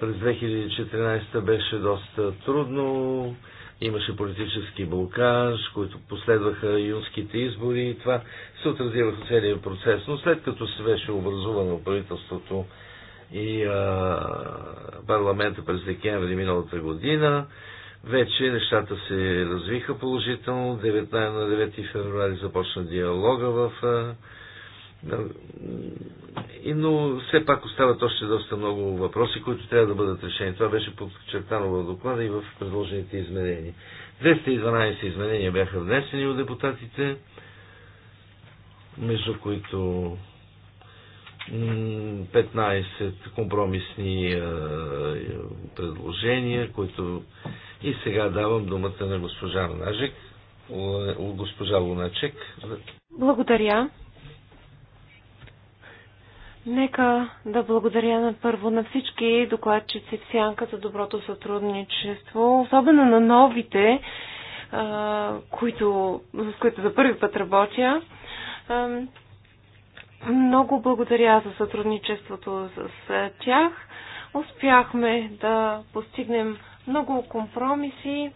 През 2014 беше доста трудно. Имаше политически блокаж, които последваха юнските избори и това се отрази в целият процес. Но след като се беше образувано правителството и а, парламента през декември миналата година, вече нещата се развиха положително. 19 на 9 февруари започна диалога в и, но все пак остават още доста много въпроси, които трябва да бъдат решени. Това беше подчертано в доклада и в предложените изменения. 212 изменения бяха внесени от депутатите, между които 15 компромисни е, предложения, които и сега давам думата на госпожа Лунажек, госпожа Луначек. Благодаря. Нека да благодаря на първо на всички докладчици в Сянка за доброто сътрудничество, особено на новите, е, които, с които за първи път работя. Много благодаря за сътрудничеството с тях. Успяхме да постигнем много компромиси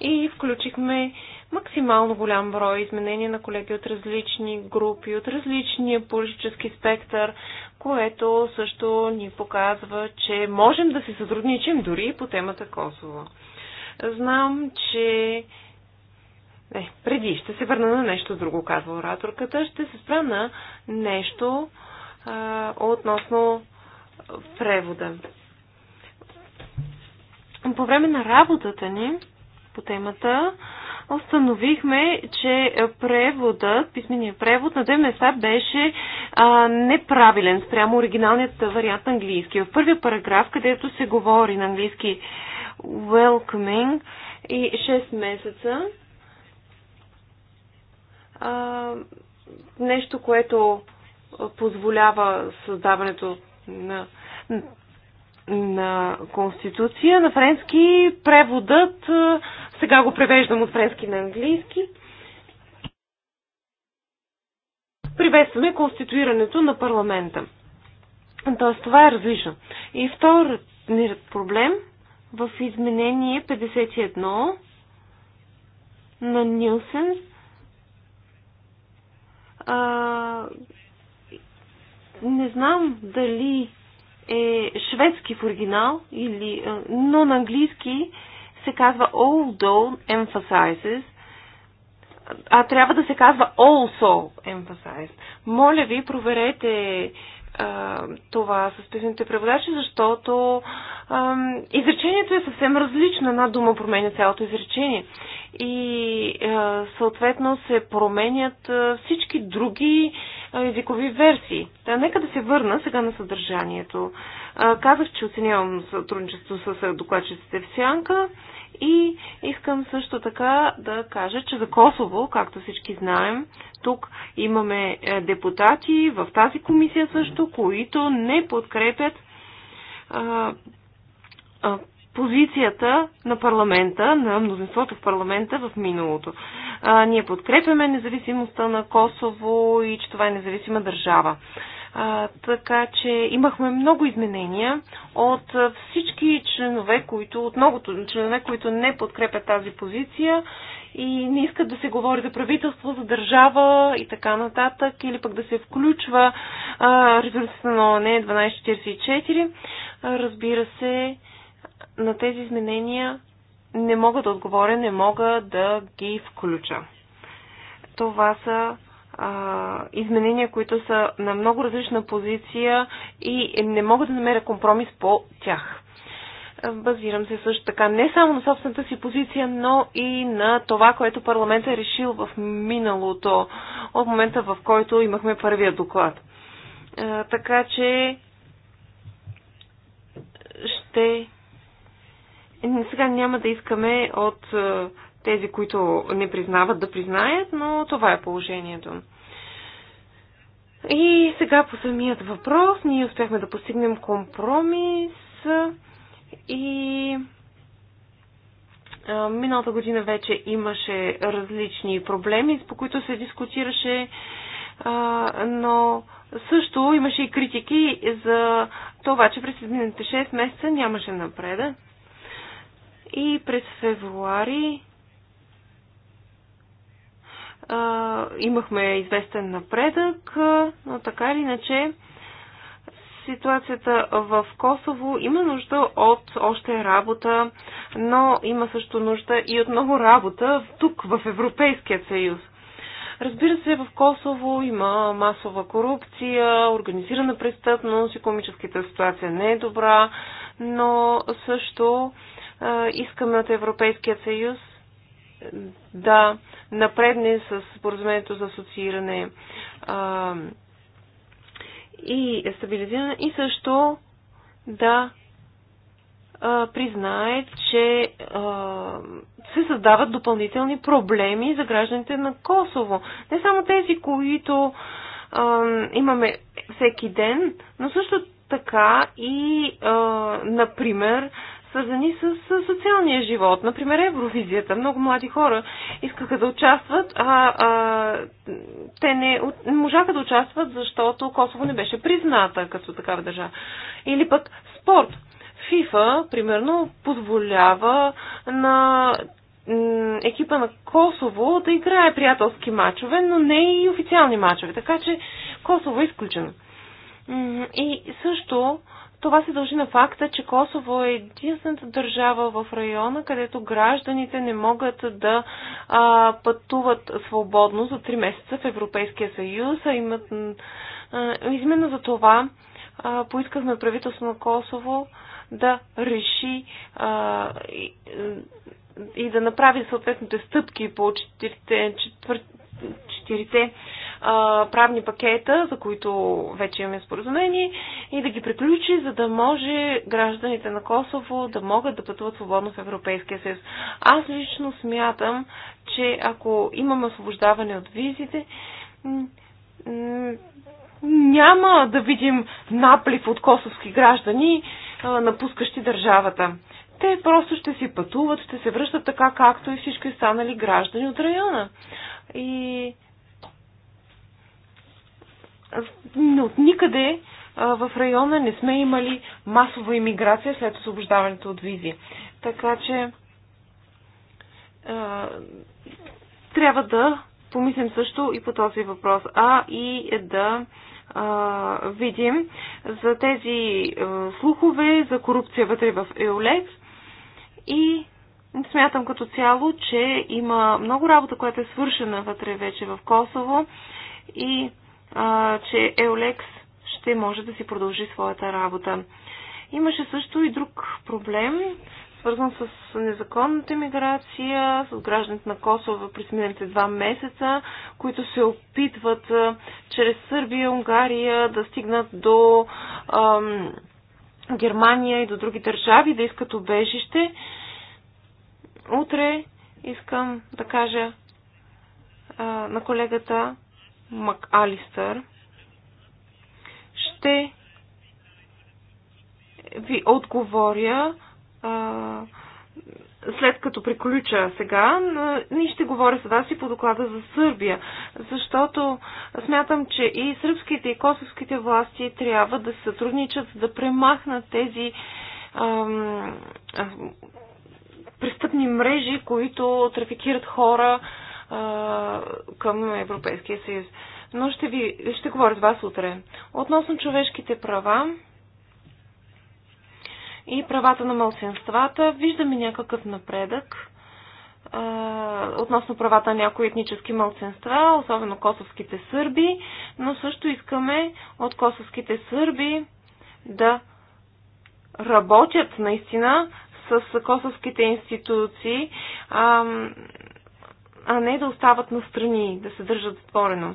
и включихме максимално голям брой изменения на колеги от различни групи, от различния политически спектър, което също ни показва, че можем да се сътрудничим дори и по темата Косово. Знам, че не, преди. Ще се върна на нещо друго, казва ораторката. Ще се спра на нещо а, относно превода. По време на работата ни по темата установихме, че преводът, писменият превод на две места беше а, неправилен спрямо оригиналният вариант на английски. В първия параграф, където се говори на английски welcoming и 6 месеца, а, нещо, което позволява създаването на, на конституция. На френски преводът, сега го превеждам от френски на английски, приветстваме конституирането на парламента. Тоест, това е различно. И вторият проблем в изменение 51 на Нилсен а, не знам дали е шведски в оригинал, или, но на английски се казва although emphasizes, а трябва да се казва also emphasized. Моля ви, проверете това с писмените преводачи, защото а, изречението е съвсем различно. Една дума променя цялото изречение. И а, съответно се променят а, всички други а, езикови версии. Та, нека да се върна сега на съдържанието. А, казах, че оценявам сътрудничество с докладчиците в Сянка и искам също така да кажа, че за Косово, както всички знаем, тук имаме е, депутати в тази комисия също, които не подкрепят а, а, позицията на парламента, на мнозинството в парламента в миналото. А, ние подкрепяме независимостта на Косово и че това е независима държава. А, а, така че имахме много изменения от всички членове, които, от многото членове, които не подкрепят тази позиция и не искат да се говори за правителство, за държава и така нататък, или пък да се включва а, резолюцията на ОНЕ 1244. разбира се, на тези изменения не мога да отговоря, не мога да ги включа. Това са изменения, които са на много различна позиция и не мога да намеря компромис по тях. Базирам се също така не само на собствената си позиция, но и на това, което парламентът е решил в миналото, от момента в който имахме първия доклад. А, така че ще сега няма да искаме от тези, които не признават, да признаят, но това е положението. И сега по самият въпрос, ние успяхме да постигнем компромис и миналата година вече имаше различни проблеми, по които се дискутираше, но също имаше и критики за това, че през следните 6 месеца нямаше напреда. И през февруари а, имахме известен напредък, а, но така или иначе ситуацията в Косово има нужда от още работа, но има също нужда и от много работа тук, в Европейския съюз. Разбира се, в Косово има масова корупция, организирана престъпност, економическата ситуация не е добра, но също искаме от Европейския съюз да напредне с споразумението за асоцииране а, и стабилизиране и също да а, признае, че а, се създават допълнителни проблеми за гражданите на Косово. Не само тези, които а, имаме всеки ден, но също така и, а, например, свързани с социалния живот. Например, Евровизията. Много млади хора искаха да участват, а, а те не, не можаха да участват, защото Косово не беше призната като такава държава. Или пък спорт. ФИФА, примерно, позволява на екипа на Косово да играе приятелски мачове, но не и официални мачове. Така че Косово е изключено. И също това се дължи на факта, че Косово е единствената държава в района, където гражданите не могат да а, пътуват свободно за 3 месеца в Европейския съюз, а имат. А, именно за това а, поискахме правителство на Косово да реши а, и, и да направи съответните стъпки по четирите, те а, правни пакета, за които вече имаме споразумение, и да ги приключи, за да може гражданите на Косово да могат да пътуват свободно в Европейския съюз. Аз лично смятам, че ако имаме освобождаване от визите, няма да видим наплив от косовски граждани, напускащи държавата. Те просто ще си пътуват, ще се връщат така, както и всички останали граждани от района. И от никъде в района не сме имали масова иммиграция след освобождаването от визи. Така че трябва да помислим също и по този въпрос, а и да а, видим за тези а, слухове за корупция вътре в Еолекс и смятам като цяло, че има много работа, която е свършена вътре вече в Косово и а, че Еолекс ще може да си продължи своята работа. Имаше също и друг проблем, свързан с незаконната миграция, с гражданите на Косово през миналите два месеца, които се опитват чрез Сърбия, Унгария да стигнат до ам, Германия и до други държави, да искат обежище. Утре искам да кажа а, на колегата, МакАлистър ще ви отговоря а, след като приключа сега, ние ще говоря с вас и по доклада за Сърбия, защото смятам, че и сръбските и косовските власти трябва да се сътрудничат, да премахнат тези престъпни мрежи, които трафикират хора към Европейския съюз. Но ще, ви, ще говоря с вас утре. Относно човешките права и правата на мълценствата, виждаме някакъв напредък относно правата на някои етнически мълценства, особено косовските сърби, но също искаме от косовските сърби да работят наистина с косовските институции, а не да остават настрани, да се държат затворено.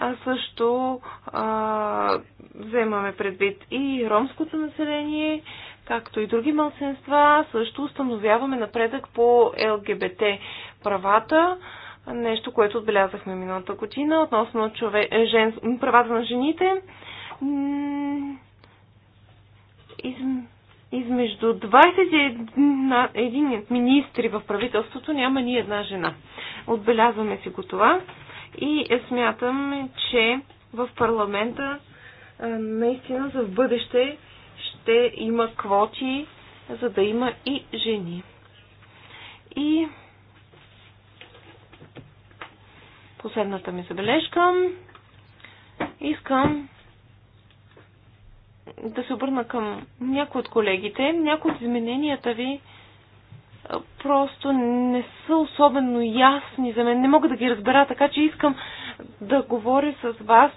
А също а, вземаме предвид и ромското население, както и други малцинства. Също установяваме напредък по ЛГБТ правата, нещо, което отбелязахме миналата година относно чове... жен... правата на жените. Из измежду 21 министри в правителството няма ни една жена. Отбелязваме си го това и смятам, че в парламента наистина за в бъдеще ще има квоти, за да има и жени. И последната ми забележка. Искам да се обърна към някои от колегите. Някои от измененията ви просто не са особено ясни за мен. Не мога да ги разбера, така че искам да говоря с вас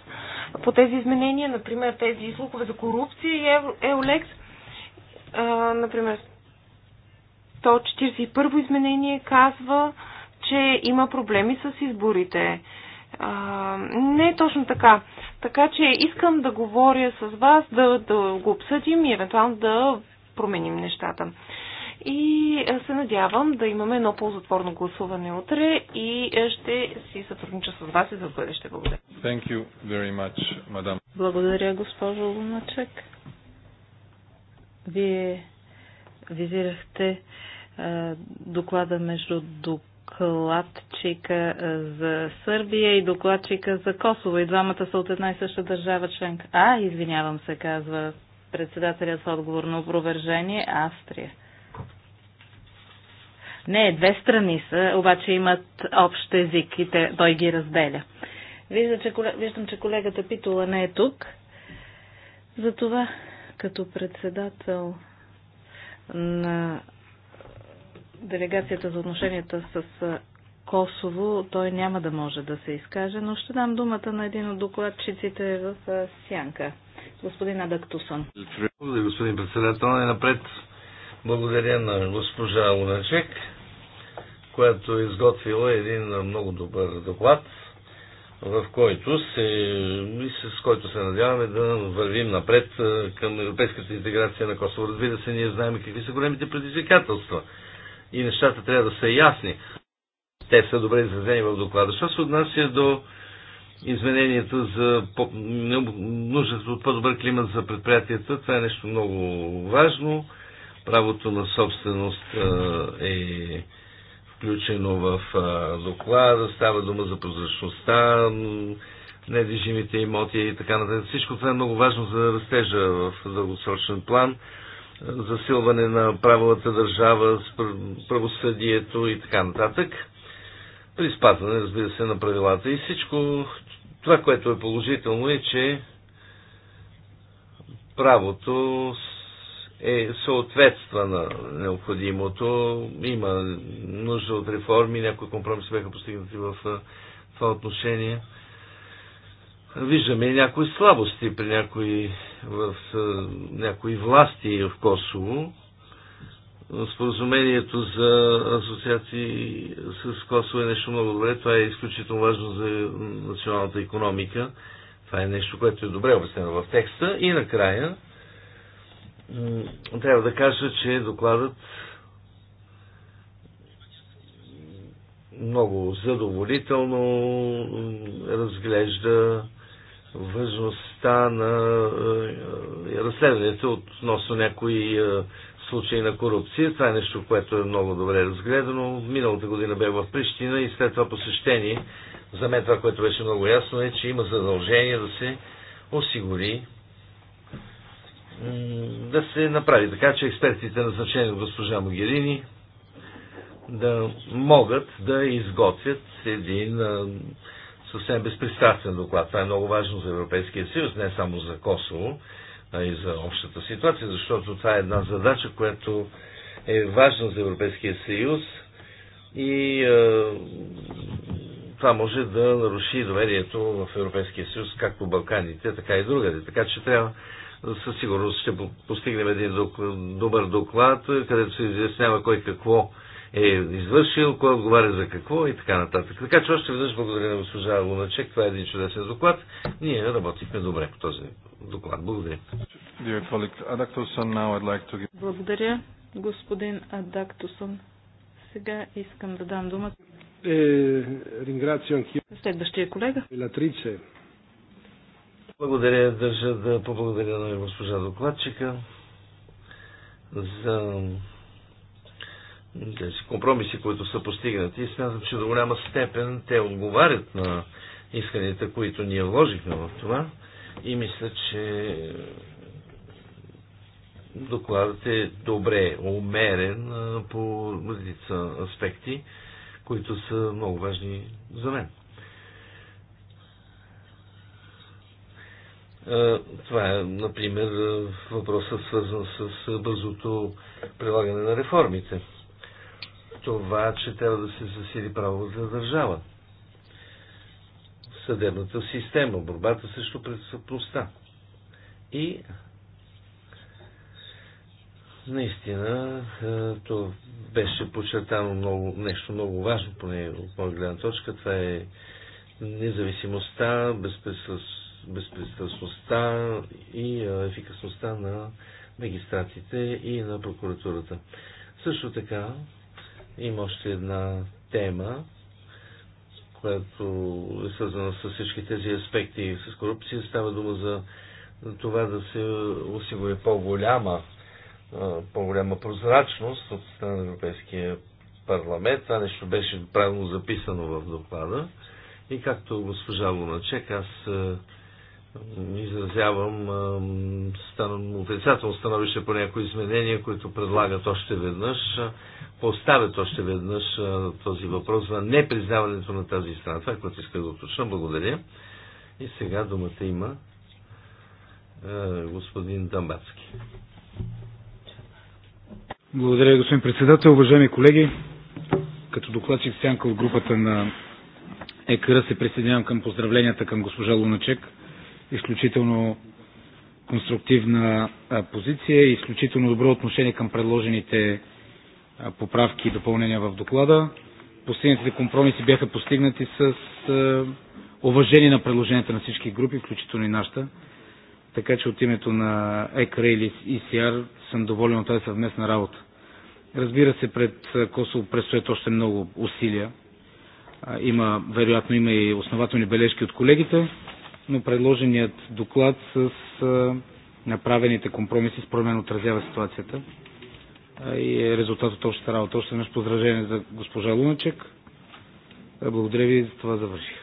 по тези изменения, например тези слухове за корупция и Еолекс. Например, 141 изменение казва, че има проблеми с изборите. А, не е точно така. Така че искам да говоря с вас, да, да го обсъдим и евентуално да променим нещата. И е, се надявам да имаме едно ползотворно гласуване утре и е, ще си сътруднича с вас и за бъдеще. Благодаря. Thank you very much, madam. Благодаря, госпожо Луначек. Вие визирахте е, доклада между докладчика за Сърбия и докладчика за Косово. И двамата са от една и съща държава членка. А, извинявам се, казва председателят с отговор на опровержение Австрия. Не, две страни са, обаче имат общ език и те, той ги разделя. Вижда, че, виждам, че колегата Питола не е тук. Затова като председател на делегацията за отношенията с Косово, той няма да може да се изкаже, но ще дам думата на един от докладчиците в Сянка, господин Адактусон. Благодаря, господин председател. Напред благодаря на госпожа Луначек, която е изготвила един много добър доклад, в който се, с който се надяваме да вървим напред към европейската интеграция на Косово. Разбира се, ние знаем какви са големите предизвикателства и нещата трябва да са ясни. Те са добре изразени в доклада. Що се отнася до измененията за по... нуждата от по-добър климат за предприятията, това е нещо много важно. Правото на собственост е включено в доклада, става дума за прозрачността, недвижимите имоти и така нататък. Всичко това е много важно за растежа в дългосрочен план засилване на правилата държава, правосъдието и така нататък, при спазване, разбира се, на правилата. И всичко това, което е положително е, че правото е, съответства на необходимото. Има нужда от реформи, някои компромиси бяха постигнати в това отношение. Виждаме и някои слабости при някои, в, някои власти в Косово. Споразумението за асоциации с Косово е нещо много добре. Това е изключително важно за националната економика. Това е нещо, което е добре обяснено в текста. И накрая трябва да кажа, че докладът много задоволително разглежда важността на е, е, разследването относно някои е, случаи на корупция. Това е нещо, което е много добре разгледано. Миналата година бе в Прищина и след това посещение, за мен това, което беше много ясно, е, че има задължение да се осигури да се направи така, че експертите назначени от госпожа Могерини да могат да изготвят един съвсем безпристрастен доклад. Това е много важно за Европейския съюз, не само за Косово, а и за общата ситуация, защото това е една задача, която е важна за Европейския съюз и е, това може да наруши доверието в Европейския съюз, както Балканите, така и другаде. Така че трябва със сигурност ще постигнем един добър доклад, където се изяснява кой какво е извършил, кой отговаря за какво и така нататък. Така че още веднъж благодаря на госпожа Луначек. Това е един чудесен доклад. Ние работихме добре по този доклад. Благодаря. Благодаря, господин Адактусон. Сега искам да дам думата. Е, Следващия колега. Благодаря, държа да поблагодаря на госпожа докладчика за тези компромиси, които са постигнати, смятам, че до голяма степен те отговарят на исканията, които ние вложихме в това и мисля, че докладът е добре умерен по редица аспекти, които са много важни за мен. Това е, например, въпросът свързан с бързото прилагане на реформите това, че трябва да се засили право за държава. Съдебната система, борбата срещу престъпността. И наистина е, то беше подчертано много, нещо много важно, поне от моя гледна точка. Това е независимостта, безпристрастността и е, ефикасността на магистратите и на прокуратурата. Също така има още една тема, която е свързана с всички тези аспекти с корупция. Става дума за това да се осигури по-голяма по-голяма прозрачност от страна на Европейския парламент. Това нещо беше правилно записано в доклада. И както госпожа Луначек, аз изразявам Станам отрицателно становище по някои изменения, които предлагат още веднъж, поставят още веднъж този въпрос за непризнаването на тази страна. Това, е, което исках да уточна. Благодаря. И сега думата има господин Дамбацки. Благодаря, господин председател. Уважаеми колеги, като докладчик сянка от групата на ЕКР се присъединявам към поздравленията към госпожа Луначек – изключително конструктивна позиция и изключително добро отношение към предложените поправки и допълнения в доклада. Последните компромиси бяха постигнати с уважение на предложенията на всички групи, включително и нашата. Така че от името на ЕКР или ИСР съм доволен от тази съвместна работа. Разбира се, пред Косово предстоят още много усилия. Има, вероятно има и основателни бележки от колегите но предложеният доклад с направените компромиси според мен отразява ситуацията и е резултат от общата работа. Още веднъж поздравление за госпожа Луначек. Благодаря ви, за това завърших.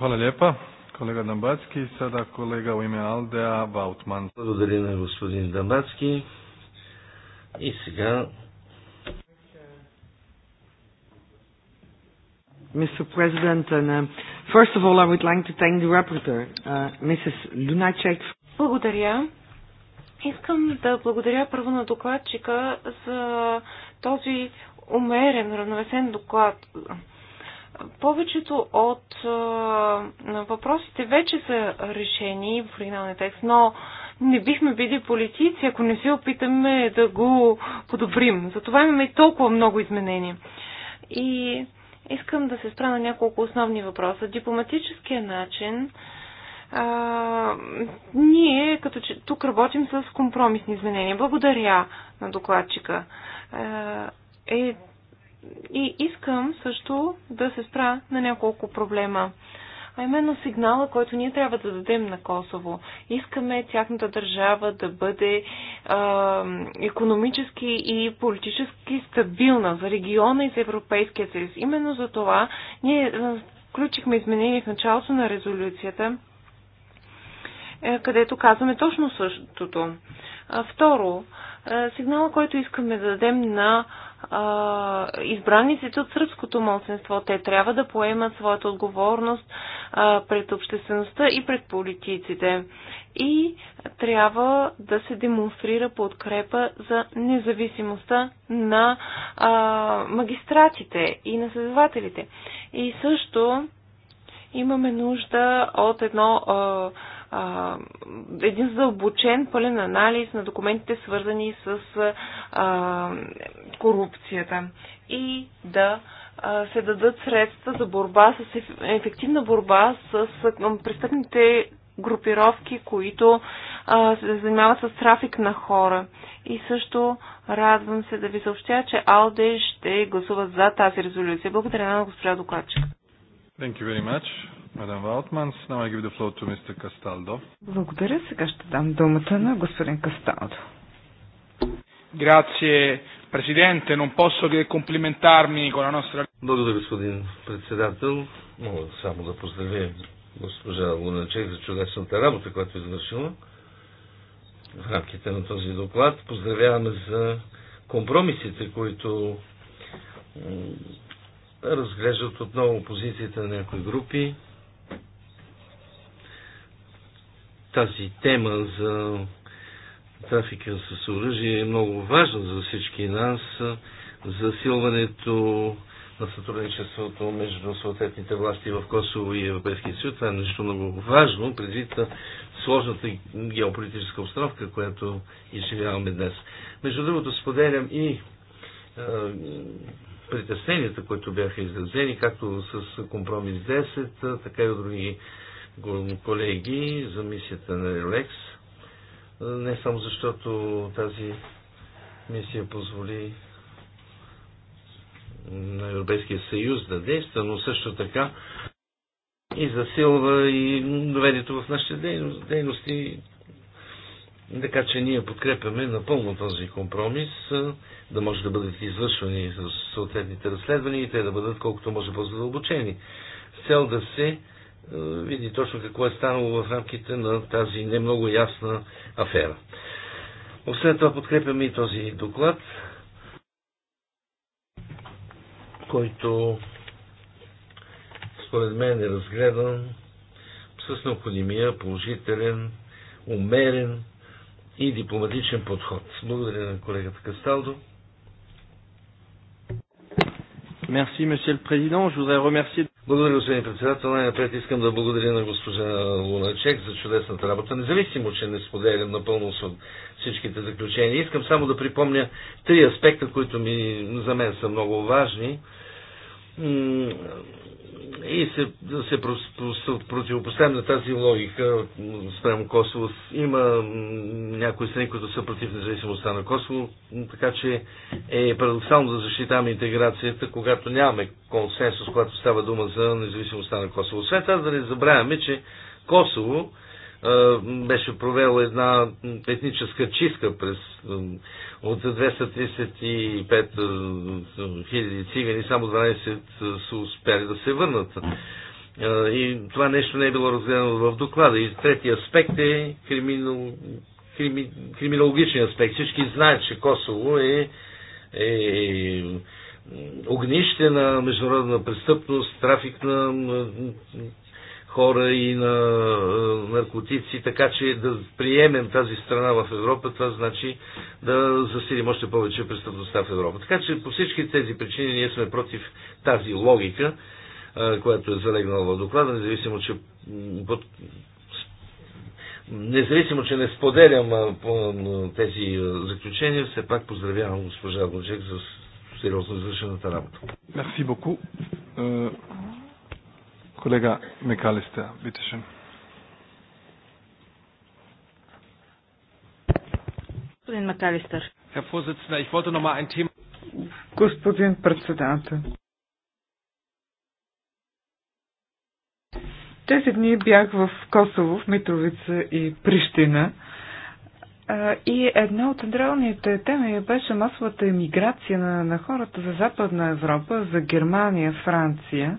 Hvala lijepa, kolega Dambatski. Sada kolega u ime Aldea Vautman. Благодаря на господин Дамбацки. И сега Mr. President, and um, first of all, I would like to thank the rapporteur, uh, Mrs. Lunacek. Благодаря. Искам да благодаря първо на докладчика за този умерен, равновесен доклад. Повечето от а, въпросите вече са решени в оригиналния текст, но не бихме били политици, ако не се опитаме да го подобрим. Затова имаме и толкова много изменения. И Искам да се спра на няколко основни въпроса. Дипломатическия начин. А, ние като че тук работим с компромисни изменения. Благодаря на докладчика. А, е, и искам също да се спра на няколко проблема. А, а именно сигнала, който ние трябва да дадем на Косово. Искаме тяхната държава да бъде а, економически и политически стабилна за региона и за Европейския съюз. Именно за това ние включихме изменение в началото на резолюцията, е, където казваме точно същото. Второ, сигнала, който искаме да дадем на избраниците от сръбското мълценство. Те трябва да поемат своята отговорност а, пред обществеността и пред политиците. И трябва да се демонстрира подкрепа за независимостта на а, магистратите и на следователите. И също имаме нужда от едно а, а, един задълбочен пълен анализ на документите, свързани с а, корупцията и да а, се дадат средства за борба с ефективна борба с престъпните групировки, които а, се занимават с трафик на хора. И също радвам се да ви съобщя, че АЛДЕ ще гласува за тази резолюция. Благодаря на госпожа докладчик. Thank you very much. Мадам Валтманс, now ги give мистер Касталдо. Благодаря. Сега ще дам думата на господин Касталдо. Grazie Presidente, non posso che complimentarmi con на нашата... Благодаря, господин председател. Мога само да поздравя госпожа Луначек за чудесната работа, която е извършила в рамките на този доклад. Поздравяваме за компромисите, които разглеждат отново позицията на някои групи. тази тема за трафика с оръжие е много важна за всички нас. Засилването на сътрудничеството между съответните власти в Косово и Европейския съюз. Това е нещо много важно, предвид сложната геополитическа обстановка, която изживяваме днес. Между другото, споделям и е, притесненията, които бяха изразени, както с компромис 10, е, така и от други колеги за мисията на Релекс. Не само защото тази мисия позволи на Европейския съюз да действа, но също така и засилва и доверието в нашите дейности. Така че ние подкрепяме напълно този компромис, да може да бъдат извършвани съответните разследвания и те да бъдат колкото може по-задълбочени. С цел да се е, види точно какво е станало в рамките на тази не много ясна афера. Освен това подкрепяме и този доклад, който според мен е разгледан с необходимия положителен, умерен и дипломатичен подход. Благодаря на колегата Касталдо. Monsieur le Président. Je voudrais remercier... Благодаря, господин председател. Най-напред искам да благодаря на госпожа Луначек за чудесната работа. Независимо, че не споделям напълно с всичките заключения. Искам само да припомня три аспекта, които ми, за мен са много важни и се, се, се на тази логика спрямо Косово. Има някои страни, които са против независимостта на Косово, така че е парадоксално да защитаваме интеграцията, когато нямаме консенсус, когато става дума за независимостта на Косово. Освен това да не забравяме, че Косово беше провела една етническа чистка през от 235 хиляди цигани, само 12 са успяли да се върнат. И това нещо не е било разгледано в доклада. И третия аспект е криминал, крими, криминологичен аспект. Всички знаят, че Косово е, е, е огнище на международна престъпност, трафик на хора и на наркотици, така че да приемем тази страна в Европа, това значи да засилим още повече престъпността в Европа. Така че по всички тези причини ние сме против тази логика, която е залегнала в доклада, независимо, че под... Независимо, че не споделям тези заключения, все пак поздравявам госпожа Лоджек за сериозно извършената работа. Мерси Kollege McAllister, bitteschön. Господин Макалистър. Господин председател. Тези дни бях в Косово, в Митровица и Прищина. И една от централните теми беше масовата емиграция на хората за Западна Европа, за Германия, Франция.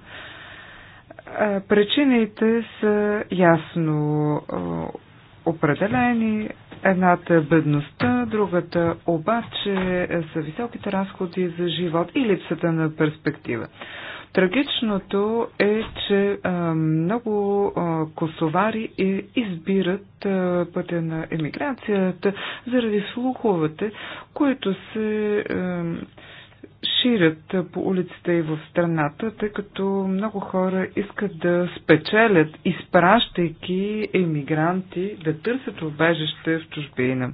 Е, причините са ясно е, определени. Едната е бедността, другата обаче са високите разходи за живот и липсата на перспектива. Трагичното е, че е, много косовари избират пътя на емиграцията заради слуховете, които се ширят по улиците и в страната, тъй като много хора искат да спечелят, изпращайки емигранти да търсят убежище в чужбина.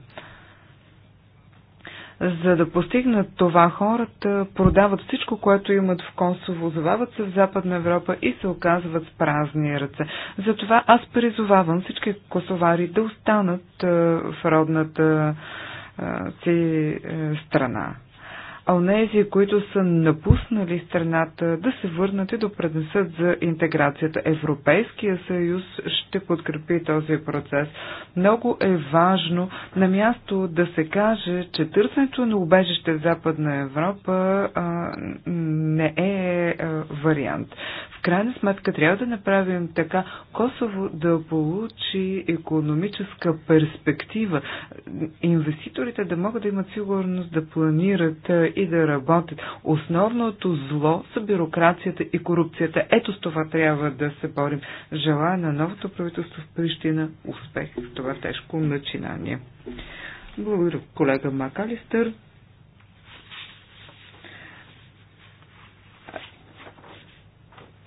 За да постигнат това, хората продават всичко, което имат в Косово, завават се в Западна Европа и се оказват с празни ръце. Затова аз призовавам всички косовари да останат е, в родната е, си е, страна а онези, които са напуснали страната, да се върнат и да пренесат за интеграцията. Европейския съюз ще подкрепи този процес. Много е важно на място да се каже, че търсенето на убежище в Западна Европа а, не е а, вариант. В крайна сметка трябва да направим така Косово да получи економическа перспектива, инвеститорите да могат да имат сигурност да планират и да работят. Основното зло са бюрокрацията и корупцията. Ето с това трябва да се борим. Желая на новото правителство в Прищина успех в това тежко начинание. Благодаря, колега Макалистър.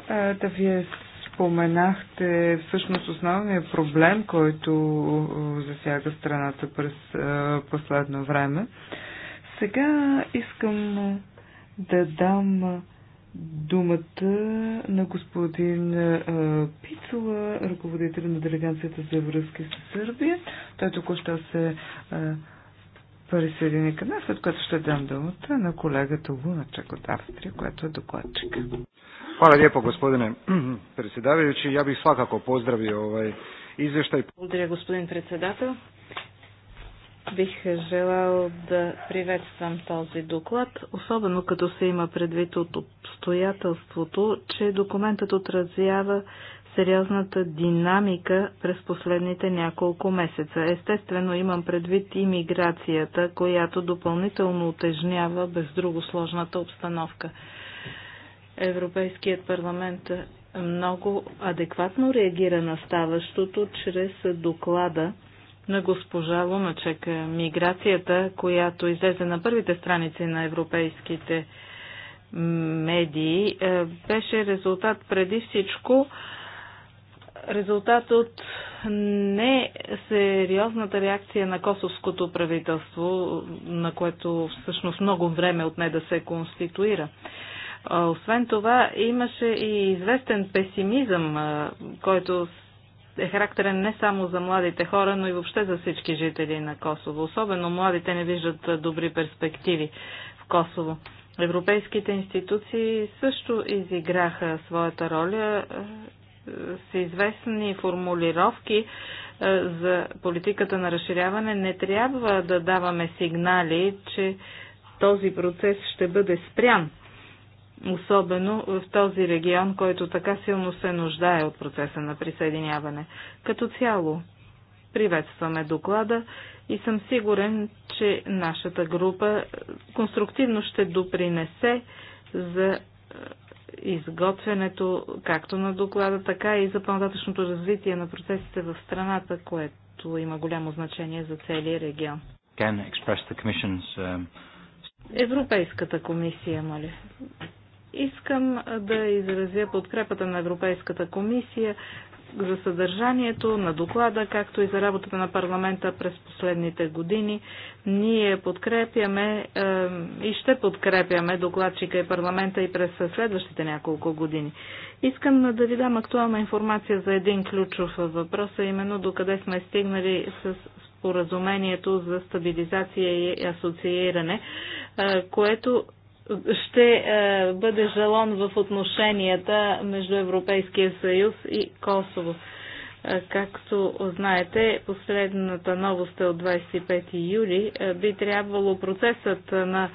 Да вие споменахте всъщност основния проблем, който засяга страната през последно време. Сега искам да дам думата на господин Пицула, ръководител на делегацията за връзки с Сърбия. Той току-що се присъедини към нас, след което ще дам думата на колегата Луначек от Австрия, която е докладчик. Hvala lijepo gospodine predsjedavajući. Ja bih svakako pozdravio ovaj izvještaj. Благодаря господин председател. Бих желал да приветствам този доклад, особено като се има предвид от обстоятелството, че документът отразява сериозната динамика през последните няколко месеца. Естествено имам предвид и миграцията, която допълнително отежнява без друго сложната обстановка. Европейският парламент много адекватно реагира на ставащото чрез доклада на госпожа Лумачек. Миграцията, която излезе на първите страници на европейските медии, е, беше резултат преди всичко резултат от несериозната реакция на косовското правителство, на което всъщност много време отне да се конституира. Е, освен това, имаше и известен песимизъм, е, който е характерен не само за младите хора, но и въобще за всички жители на Косово. Особено младите не виждат добри перспективи в Косово. Европейските институции също изиграха своята роля е, с известни формулировки е, за политиката на разширяване. Не трябва да даваме сигнали, че този процес ще бъде спрян особено в този регион, който така силно се нуждае от процеса на присъединяване. Като цяло, приветстваме доклада и съм сигурен, че нашата група конструктивно ще допринесе за е, изготвянето както на доклада, така и за по-нататъчното развитие на процесите в страната, което има голямо значение за целия регион. Е, Европейската комисия, моля. Искам да изразя подкрепата на Европейската комисия за съдържанието на доклада, както и за работата на парламента през последните години. Ние подкрепяме е, и ще подкрепяме докладчика и парламента и през следващите няколко години. Искам да ви дам актуална информация за един ключов въпрос, а именно докъде сме стигнали с споразумението за стабилизация и асоцииране, е, което ще е, бъде жалон в отношенията между Европейския съюз и Косово. Е, както знаете, последната новост е от 25 юли. Е, би трябвало процесът на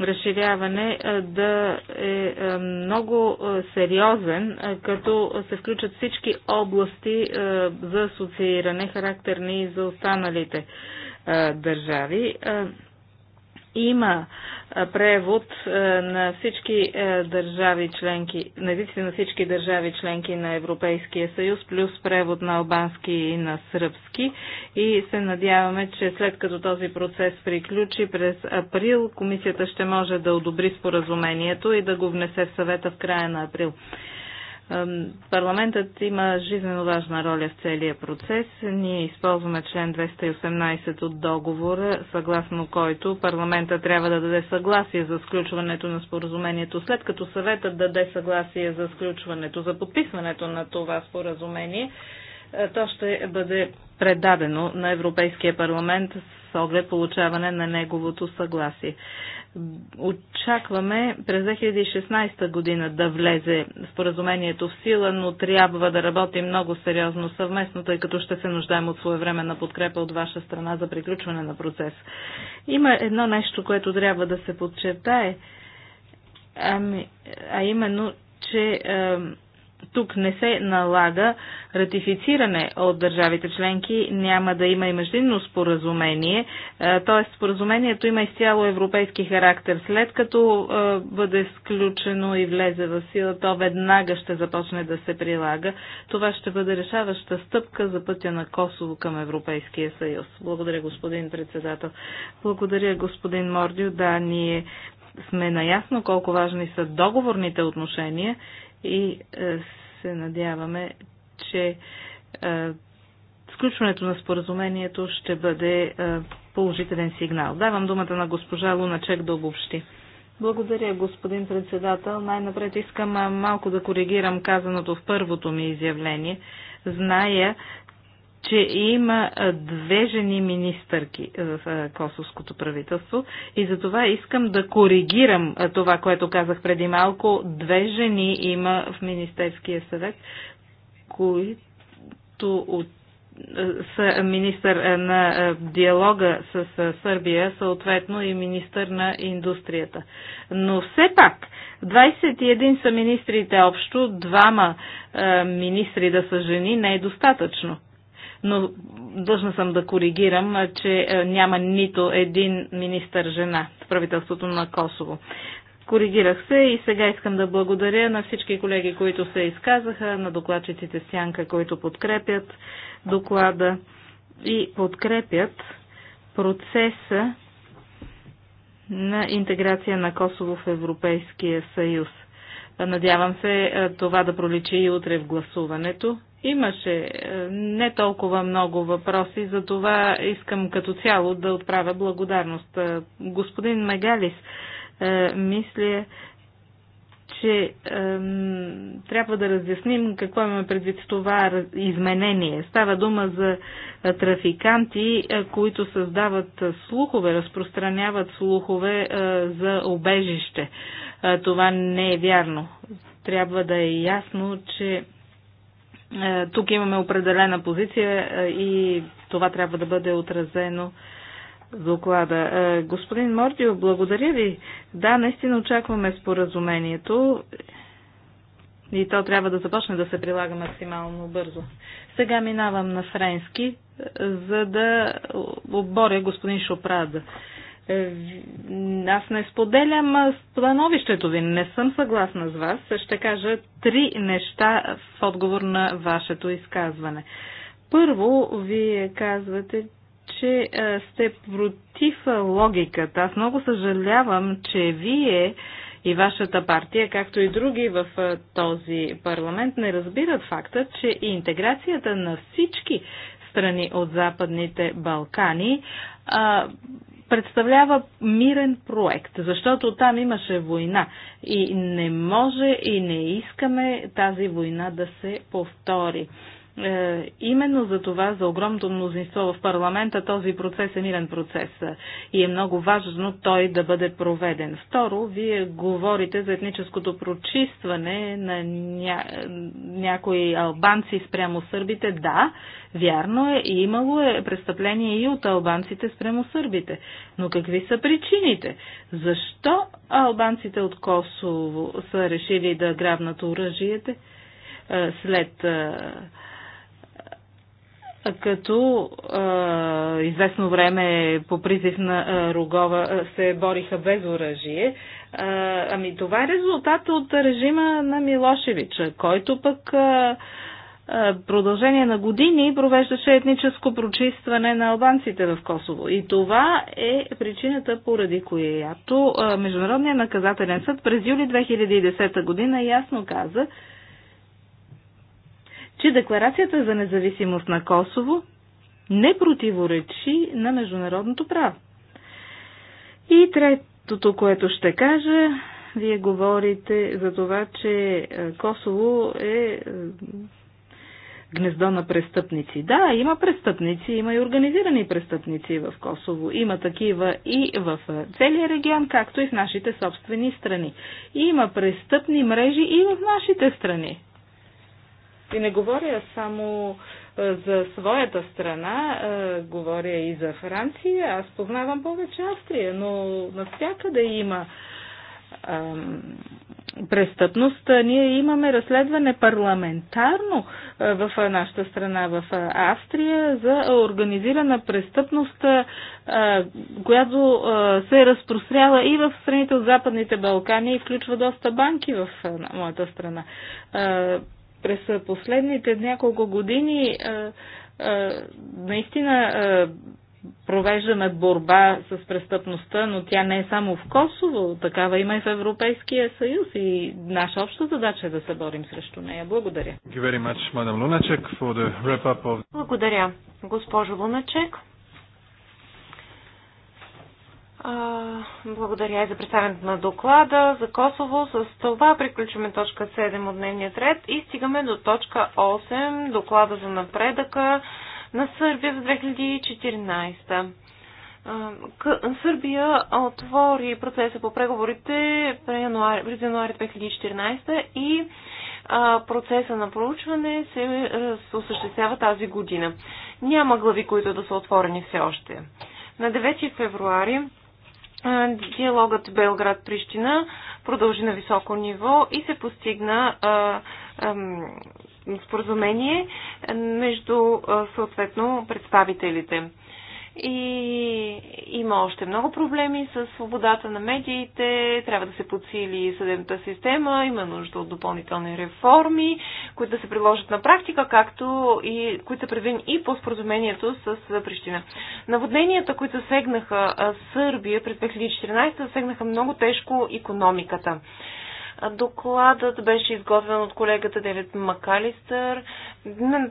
разширяване да е много сериозен, като се включат всички области за асоцииране, характерни за останалите държави има превод на всички държави членки, на езиците на всички държави членки на Европейския съюз, плюс превод на албански и на сръбски. И се надяваме, че след като този процес приключи през април, комисията ще може да одобри споразумението и да го внесе в съвета в края на април. Парламентът има жизненно важна роля в целия процес. Ние използваме член 218 от договора, съгласно който парламента трябва да даде съгласие за сключването на споразумението, след като съветът даде съгласие за сключването, за подписването на това споразумение. Е, то ще бъде предадено на Европейския парламент с оглед получаване на неговото съгласие. Очакваме през 2016 година да влезе споразумението в сила, но трябва да работим много сериозно съвместно, тъй като ще се нуждаем от своевременна подкрепа от ваша страна за приключване на процес. Има едно нещо, което трябва да се подчертае, ами, а именно, че тук не се налага ратифициране от държавите членки, няма да има и междинно споразумение, т.е. споразумението има изцяло европейски характер. След като е, бъде сключено и влезе в сила, то веднага ще започне да се прилага. Това ще бъде решаваща стъпка за пътя на Косово към Европейския съюз. Благодаря, господин председател. Благодаря, господин Мордио. Да, ние сме наясно колко важни са договорните отношения и е, се надяваме, че е, сключването на споразумението ще бъде е, положителен сигнал. Давам думата на госпожа Луначек да обобщи. Благодаря, господин председател. Най-напред искам малко да коригирам казаното в първото ми изявление. Зная, че има две жени министърки в косовското правителство и за това искам да коригирам това, което казах преди малко. Две жени има в Министерския съвет, които от са министър на диалога с Сърбия, съответно и министър на индустрията. Но все пак, 21 са министрите общо, двама министри да са жени не е достатъчно но дължна съм да коригирам, че няма нито един министър жена в правителството на Косово. Коригирах се и сега искам да благодаря на всички колеги, които се изказаха, на докладчиците Сянка, които подкрепят доклада и подкрепят процеса на интеграция на Косово в Европейския съюз. Надявам се това да проличи и утре в гласуването. Имаше е, не толкова много въпроси, за това искам като цяло да отправя благодарност. Е, господин Мегалис, е, мисля, че трябва да разясним какво имаме предвид с това изменение. Става дума за трафиканти, които създават слухове, разпространяват слухове за обежище. Това не е вярно. Трябва да е ясно, че е, тук имаме определена позиция е, и това трябва да бъде отразено в доклада. Е, господин Мордио, благодаря ви. Да, наистина очакваме споразумението и то трябва да започне да се прилага максимално бързо. Сега минавам на френски, за да оборя господин Шопрада. Е, аз не споделям становището ви, не съм съгласна с вас. Ще кажа три неща в отговор на вашето изказване. Първо, вие казвате, че сте против логиката. Аз много съжалявам, че вие и вашата партия, както и други в този парламент, не разбират факта, че и интеграцията на всички страни от Западните Балкани а, представлява мирен проект, защото там имаше война и не може и не искаме тази война да се повтори. Е, именно за това, за огромното мнозинство в парламента, този процес е мирен процес и е много важно той да бъде проведен. Второ, вие говорите за етническото прочистване на ня... някои албанци спрямо сърбите. Да, вярно е, и имало е престъпление и от албанците спрямо сърбите. Но какви са причините? Защо албанците от Косово са решили да грабнат оръжиите е, след е, като а, известно време по призив на а, Рогова се бориха без оръжие. ами това е резултат от режима на Милошевича, който пък а, продължение на години провеждаше етническо прочистване на албанците в Косово. И това е причината, поради която Международният наказателен съд през юли 2010 година ясно каза, че Декларацията за независимост на Косово не противоречи на международното право. И третото, което ще кажа, вие говорите за това, че е, Косово е, е гнездо на престъпници. Да, има престъпници, има и организирани престъпници в Косово. Има такива и в е, целия регион, както и в нашите собствени страни. Има престъпни мрежи и в нашите страни. И не говоря само е, за своята страна, е, говоря и за Франция. Аз познавам повече Австрия, но навсякъде има престъпност. Ние имаме разследване парламентарно е, в нашата страна, в Австрия, за организирана престъпност, която се разпрострява и в страните от Западните Балкани и включва доста банки в моята страна. През последните няколко години е, е, наистина е, провеждаме борба с престъпността, но тя не е само в Косово, такава има и в Европейския съюз и наша обща задача е да се борим срещу нея. Благодаря. Благодаря, госпожо Луначек благодаря и за представянето на доклада за Косово. С това приключваме точка 7 от дневния ред и стигаме до точка 8, доклада за напредъка на Сърбия за 2014. Сърбия отвори процеса по преговорите през януари, през януари 2014 и процеса на проучване се осъществява тази година. Няма глави, които да са отворени все още. На 9 февруари диалогът Белград-Прищина продължи на високо ниво и се постигна споразумение между съответно представителите. И има още много проблеми с свободата на медиите, трябва да се подсили съдебната система, има нужда от допълнителни реформи, които да се приложат на практика, както и които са предвидени и по споразумението с Прищина. Наводненията, които сегнаха Сърбия през 2014, засегнаха много тежко економиката. Докладът беше изготвен от колегата Девет Макалистър. На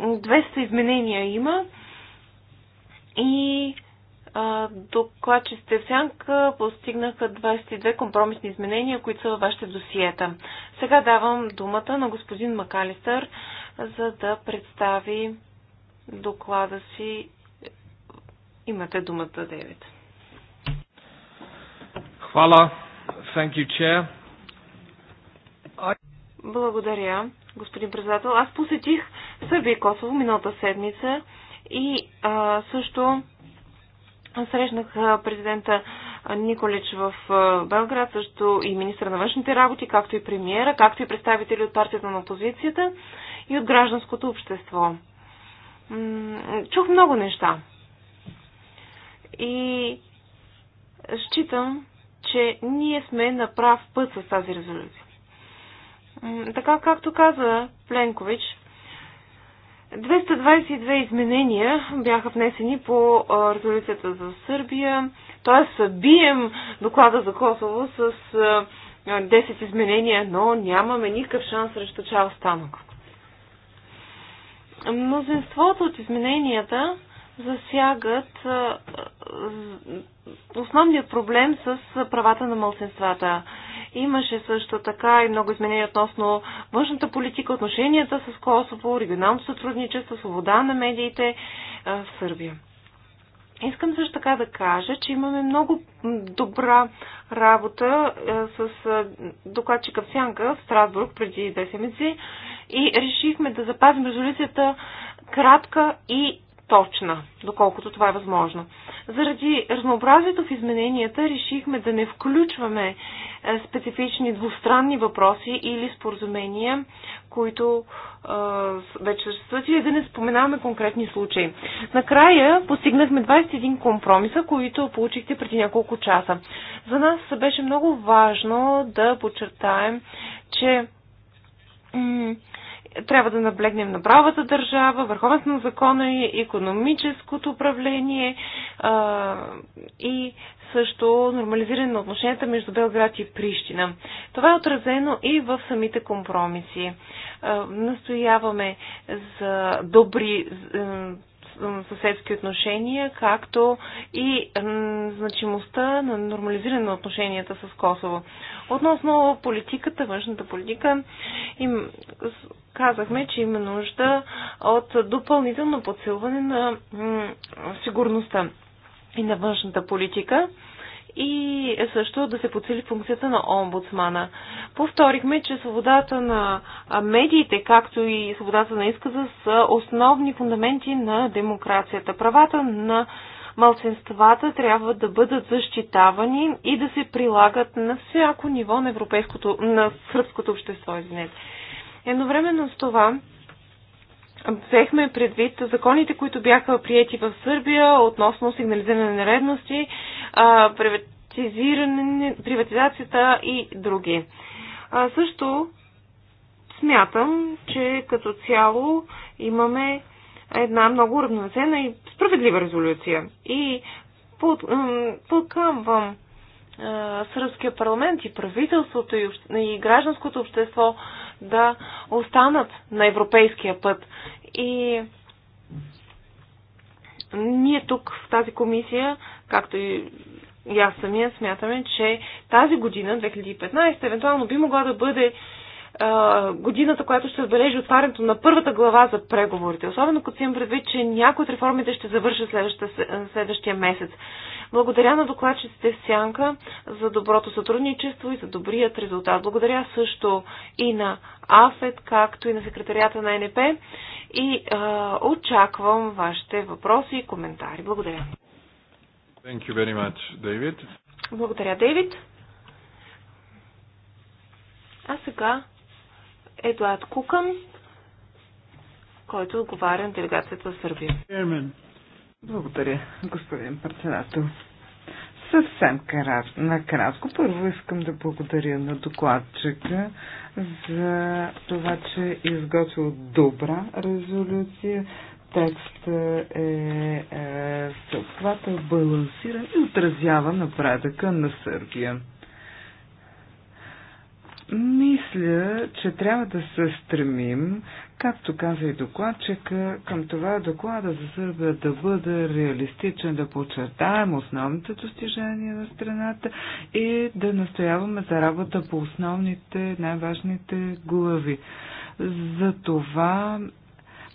200 изменения има и докладчиците в сянка постигнаха 22 компромисни изменения, които са във вашите досиета. Сега давам думата на господин Макалистър, за да представи доклада си. Имате думата, Девид. Хвала. Thank you, chair. Благодаря, господин председател. Аз посетих Сърбия и Косово миналата седмица и а, също срещнах президента Николич в Белград, също и министър на външните работи, както и премиера, както и представители от партията на опозицията и от гражданското общество. Чух много неща. И считам, че ние сме на прав път с тази резолюция. Така както каза Пленкович, 222 изменения бяха внесени по резолюцията за Сърбия, т.е. бием доклада за Косово с 10 изменения, но нямаме никакъв шанс срещу Чао Станок. Мнозинството от измененията засягат основният проблем с правата на мълсенствата. Имаше също така и много изменения относно външната политика, отношенията с Косово, регионалното сътрудничество, свобода на медиите е, в Сърбия. Искам също така да кажа, че имаме много добра работа е, с е, докладчика в Сянка в Страсбург преди две седмици и решихме да запазим резолюцията кратка и точна, доколкото това е възможно. Заради разнообразието в измененията решихме да не включваме е, специфични двустранни въпроси или споразумения, които е, вече съществуват и да не споменаваме конкретни случаи. Накрая постигнахме 21 компромиса, които получихте преди няколко часа. За нас беше много важно да подчертаем, че трябва да наблегнем на правата държава, върховенство на закона и економическото управление а, и също нормализиране на отношенията между Белград и Прищина. Това е отразено и в самите компромиси. А, настояваме за добри съседски отношения, както и значимостта на нормализиране на отношенията с Косово. Относно политиката, външната политика, им казахме, че има нужда от допълнително подсилване на сигурността и на външната политика и също да се подсили функцията на омбудсмана. Повторихме, че свободата на медиите, както и свободата на изказа са основни фундаменти на демокрацията. Правата на малцинствата трябва да бъдат защитавани и да се прилагат на всяко ниво на, европейското, на сръбското общество. Извинете. Едновременно с това взехме предвид законите, които бяха приети в Сърбия относно сигнализиране на нередности, приватизацията и други. А, също смятам, че като цяло имаме една много равноценна и справедлива резолюция. И под, Сръбския парламент и правителството и, и гражданското общество да останат на европейския път. И ние тук в тази комисия, както и и аз самия смятаме, че тази година, 2015, евентуално би могла да бъде годината, която ще отбележи отварянето на първата глава за преговорите. Особено като си имам предвид, че някои от реформите ще завършат следващия месец. Благодаря на докладчиците в Сянка за доброто сътрудничество и за добрият резултат. Благодаря също и на АФЕД, както и на секретарията на НП и а, очаквам вашите въпроси и коментари. Благодаря. Thank you very much, David. Благодаря, Дейвид. А сега Едуард Кукан, който отговаря на делегацията в Сърбия. Благодаря, господин председател. Съвсем накратко. Първо искам да благодаря на докладчика за това, че е изготвил добра резолюция. Текстът е, е съобхватен, балансиран и отразява напредъка на Сърбия. Мисля, че трябва да се стремим Както каза и докладчика, към това доклада за Сърбия да бъде реалистичен, да подчертаем основните достижения на страната и да настояваме за работа по основните, най-важните глави. За това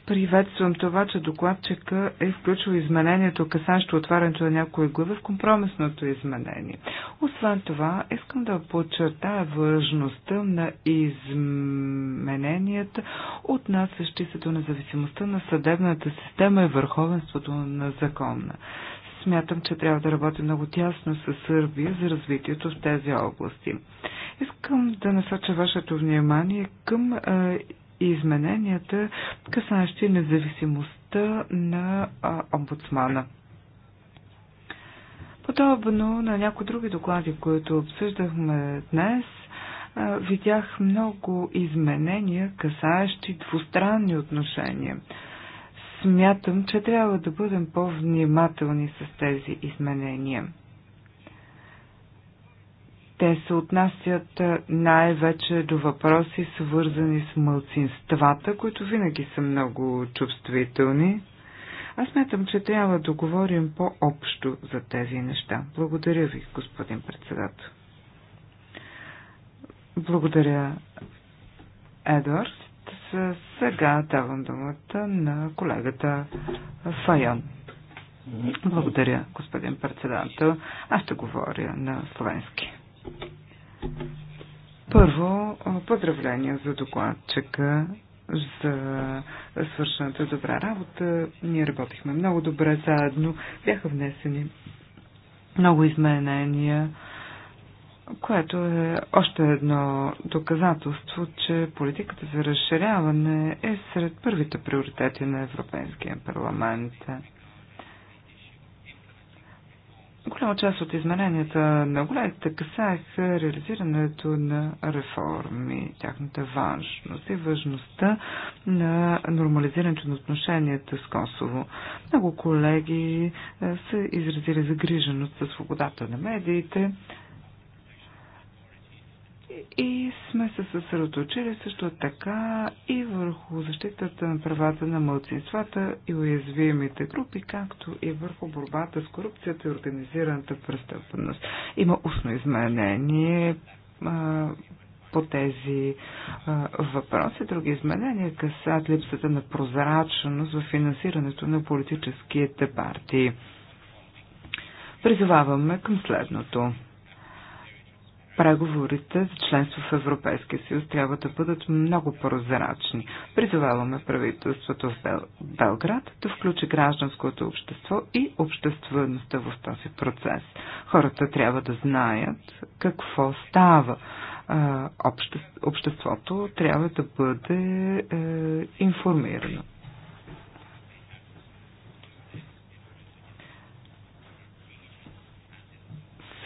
Приветствам това, че докладчика е включил изменението, касащо отварянето на някои глави в компромисното изменение. Освен това, искам да подчертая важността на измененията, отнасящи се до независимостта на съдебната система и върховенството на закона. Смятам, че трябва да работи много тясно с Сърбия за развитието в тези области. Искам да насоча вашето внимание към е, и измененията, касаещи независимостта на а, омбудсмана. Подобно на някои други доклади, които обсъждахме днес, видях много изменения, касаещи двустранни отношения. Смятам, че трябва да бъдем по-внимателни с тези изменения. Те се отнасят най-вече до въпроси, свързани с мълцинствата, които винаги са много чувствителни. Аз смятам, че трябва да говорим по-общо за тези неща. Благодаря ви, господин председател. Благодаря, Едвард. Сега давам думата на колегата Файон. Благодаря, господин председател. Аз ще говоря на словенски. Първо, поздравления за докладчика за свършената добра работа. Ние работихме много добре заедно. Бяха внесени много изменения, което е още едно доказателство, че политиката за разширяване е сред първите приоритети на Европейския парламент. Голяма част от измененията на големите касаеха реализирането на реформи, тяхната важност и важността на нормализирането на отношенията с Косово. Много колеги е, са изразили загриженост за свободата на медиите, и сме се съсредоточили също така и върху защитата на правата на мълцинствата и уязвимите групи, както и върху борбата с корупцията и организираната престъпност. Има устно изменение по тези а, въпроси. Други изменения касат липсата на прозрачност в финансирането на политическите партии. Призоваваме към следното преговорите за членство в Европейския съюз трябва да бъдат много прозрачни. Призоваваме правителството в Бел... Белград да включи гражданското общество и обществеността в този процес. Хората трябва да знаят какво става. Обществото трябва да бъде е, информирано.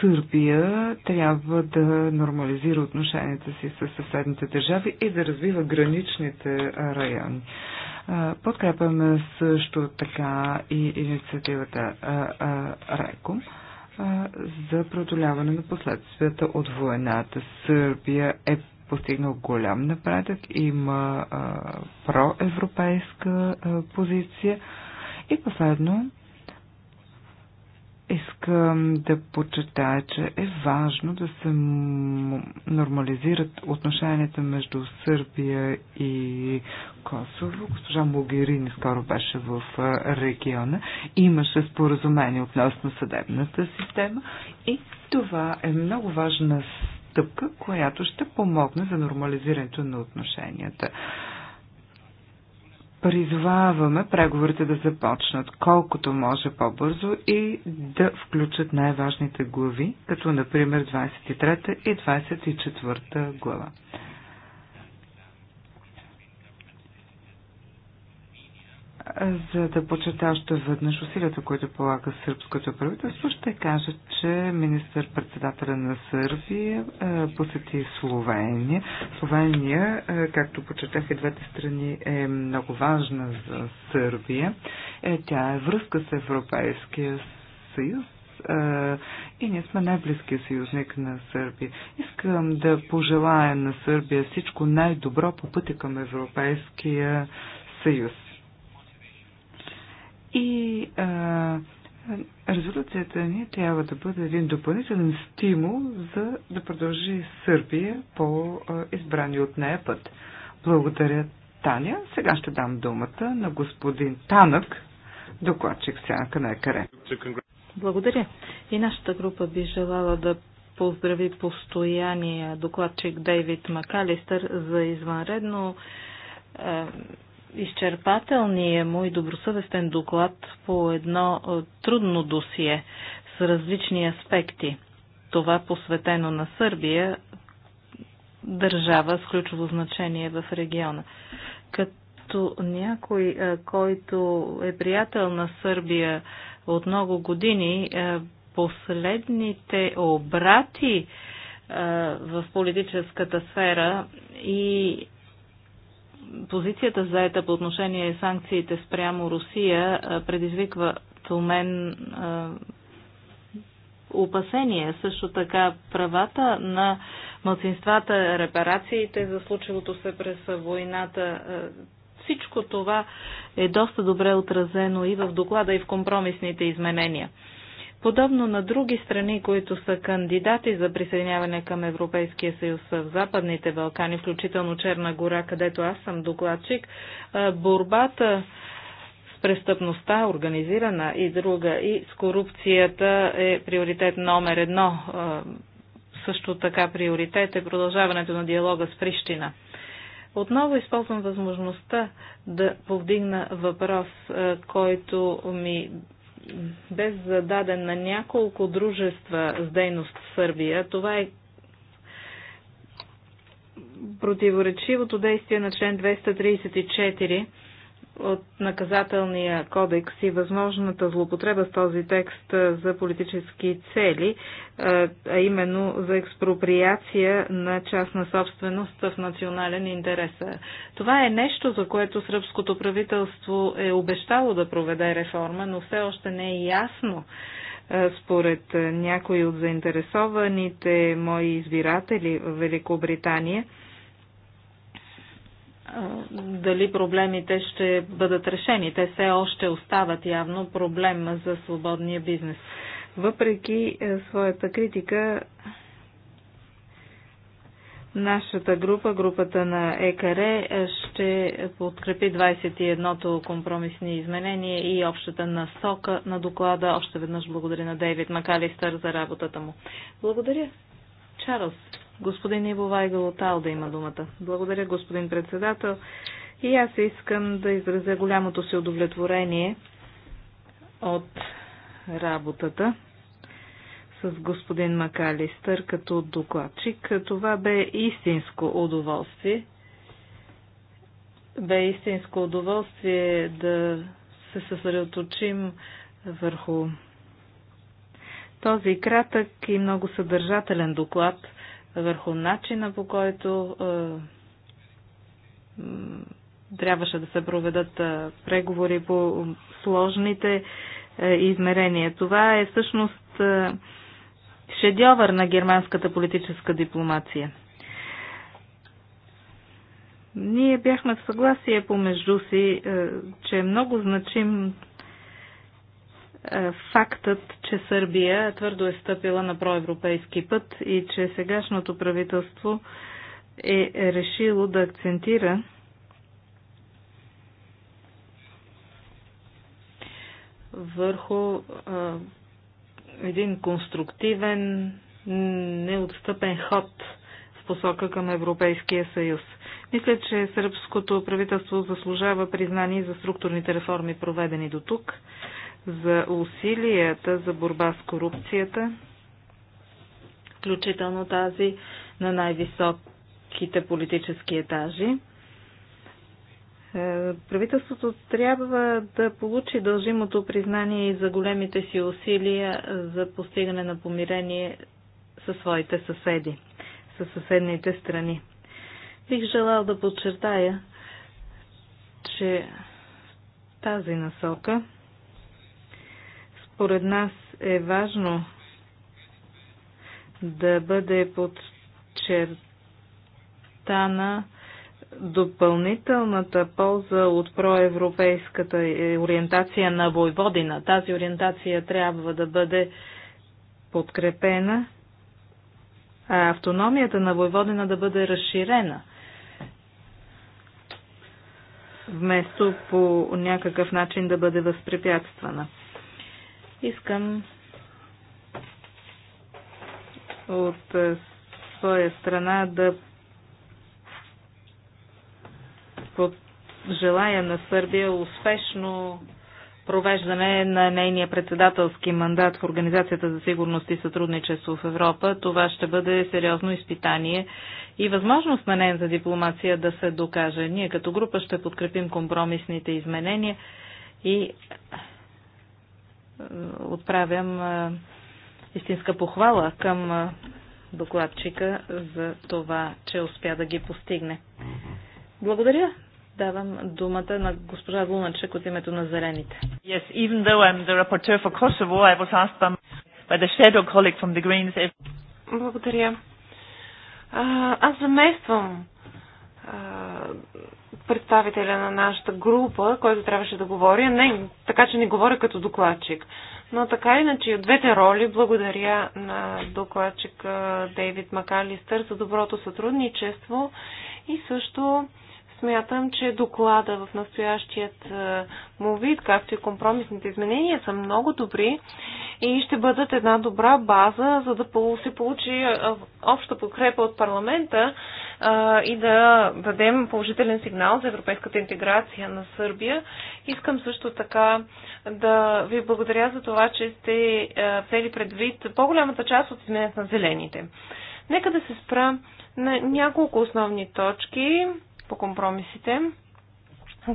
Сърбия трябва да нормализира отношенията си с съседните държави и да развива граничните райони. Подкрепяме също така и инициативата РЕКОМ за преодоляване на последствията от войната. Сърбия е постигнал голям напредък, има проевропейска позиция. И последно, Искам да почитая, че е важно да се нормализират отношенията между Сърбия и Косово. Госпожа Могерини скоро беше в региона. Имаше споразумение относно съдебната система и това е много важна стъпка, която ще помогне за нормализирането на отношенията призоваваме преговорите да започнат колкото може по-бързо и да включат най-важните глави, като например 23 и 24 глава. за да почета още веднъж усилията, които полага сръбското правителство, ще кажа, че министър-председателя на Сърбия е, посети Словения. Словения, е, както почетах и двете страни, е много важна за Сърбия. Е, тя е връзка с Европейския съюз и ние сме най-близкия съюзник на Сърбия. Искам да пожелая на Сърбия всичко най-добро по пътя към Европейския съюз. И а, резолюцията ни трябва да бъде един допълнителен стимул за да продължи Сърбия по а, избрани от нея път. Благодаря, Таня. Сега ще дам думата на господин Танък, докладчик Сянка на Екаре. Благодаря. И нашата група би желала да поздрави постоянния докладчик Дейвид Макалистър за извънредно изчерпателния е му и добросъвестен доклад по едно е, трудно досие с различни аспекти. Това посветено на Сърбия, държава с ключово значение в региона. Като някой, е, който е приятел на Сърбия от много години, последните обрати в политическата сфера и позицията заета по отношение санкциите спрямо Русия предизвиква у мен опасение. Също така правата на младсинствата, репарациите за случилото се през войната, всичко това е доста добре отразено и в доклада, и в компромисните изменения. Подобно на други страни, които са кандидати за присъединяване към Европейския съюз в Западните Балкани, включително Черна гора, където аз съм докладчик, борбата с престъпността, организирана и друга, и с корупцията е приоритет номер едно. Също така приоритет е продължаването на диалога с Прищина. Отново използвам възможността да повдигна въпрос, който ми без зададен на няколко дружества с дейност в Сърбия. Това е противоречивото действие на член 234 от наказателния кодекс и възможната злопотреба с този текст за политически цели, а именно за експроприация на частна собственост в национален интерес. Това е нещо, за което сръбското правителство е обещало да проведе реформа, но все още не е ясно според някои от заинтересованите мои избиратели в Великобритания – дали проблемите ще бъдат решени. Те все още остават явно проблем за свободния бизнес. Въпреки е, своята критика, нашата група, групата на ЕКР, е, ще подкрепи 21-то компромисни изменения и общата насока на доклада. Още веднъж благодаря на Дейвид Макалистър за работата му. Благодаря. Чарлз. Господин Иво Вайгал от Алда има думата. Благодаря, господин председател. И аз искам да изразя голямото си удовлетворение от работата с господин Макалистър като докладчик. Това бе истинско удоволствие. Бе истинско удоволствие да се съсредоточим върху този кратък и много съдържателен доклад – върху начина по който е, трябваше да се проведат е, преговори по сложните е, измерения. Това е всъщност шедьовър на германската политическа дипломация. Ние бяхме в съгласие помежду си, че е много значим е, фактът, че Сърбия твърдо е стъпила на проевропейски път и че сегашното правителство е решило да акцентира върху е, един конструктивен, неотстъпен ход в посока към Европейския съюз. Мисля, че сръбското правителство заслужава признание за структурните реформи, проведени до тук за усилията за борба с корупцията, включително тази на най-високите политически етажи. Е, правителството трябва да получи дължимото признание и за големите си усилия за постигане на помирение със своите съседи, със съседните страни. Бих желал да подчертая, че тази насока според нас е важно да бъде подчертана допълнителната полза от проевропейската е, ориентация на Войводина. Тази ориентация трябва да бъде подкрепена, а автономията на Войводина да бъде разширена. Вместо по някакъв начин да бъде възпрепятствана. Искам от е, своя страна да желая на Сърбия успешно провеждане на нейния председателски мандат в Организацията за сигурност и сътрудничество в Европа. Това ще бъде сериозно изпитание и възможност на нея за дипломация да се докаже. Ние като група ще подкрепим компромисните изменения и е, отправям е, истинска похвала към е, докладчика за това, че успя да ги постигне. Благодаря. Давам думата на госпожа Луначек от името на Зелените. Yes, even though I'm the rapporteur for Kosovo, I was asked by, by the shadow colleague from the Greens Благодаря. А, аз замествам представителя на нашата група, който трябваше да говори. Не, така че не говоря като докладчик. Но така иначе от двете роли благодаря на докладчик Дейвид Макалистър за доброто сътрудничество и също смятам, че доклада в настоящият му вид, както и компромисните изменения са много добри и ще бъдат една добра база, за да се получи обща подкрепа от парламента а, и да дадем положителен сигнал за европейската интеграция на Сърбия. Искам също така да ви благодаря за това, че сте а, взели предвид по-голямата част от изменението на зелените. Нека да се спра на няколко основни точки по компромисите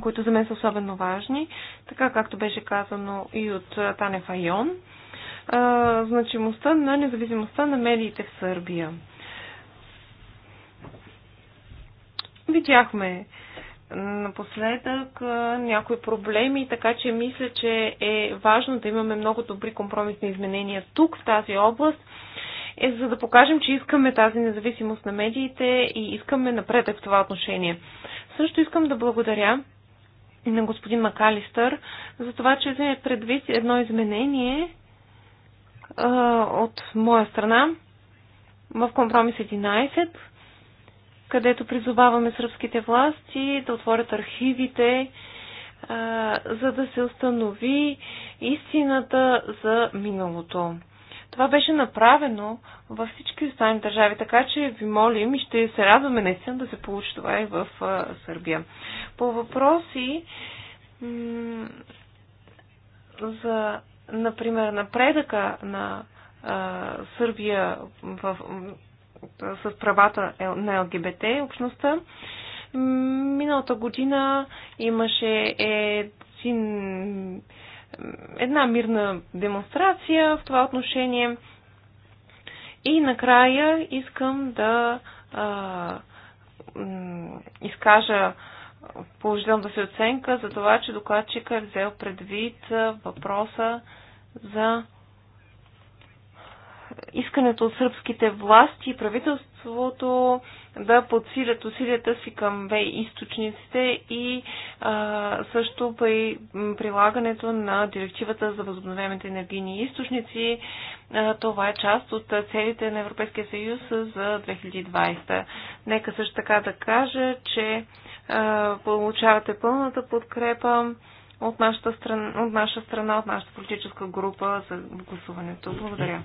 които за мен са особено важни, така както беше казано и от Тане Файон, значимостта на независимостта на медиите в Сърбия. Видяхме напоследък някои проблеми, така че мисля, че е важно да имаме много добри компромисни изменения тук, в тази област, е, за да покажем, че искаме тази независимост на медиите и искаме напредък в това отношение. Също искам да благодаря на господин Макалистър за това, че вземе предвид едно изменение а, от моя страна в компромис 11 където призоваваме сръбските власти да отворят архивите, за да се установи истината за миналото. Това беше направено във всички останали държави, така че ви молим и ще се радваме наистина да се получи това и в Сърбия. По въпроси за, например, напредъка на Сърбия в, с правата е, на ЛГБТ общността. Миналата година имаше един, една мирна демонстрация в това отношение. И накрая искам да а, изкажа положителната си оценка за това, че докладчика е взел предвид въпроса за искането от сръбските власти и правителството да подсилят усилията си към ВЕИ източниците и а, също при прилагането на директивата за възобновяемите енергийни източници. А, това е част от целите на Европейския съюз за 2020. Нека също така да кажа, че а, получавате пълната подкрепа от нашата, страна, от наша страна, от нашата политическа група за гласуването. Благодаря.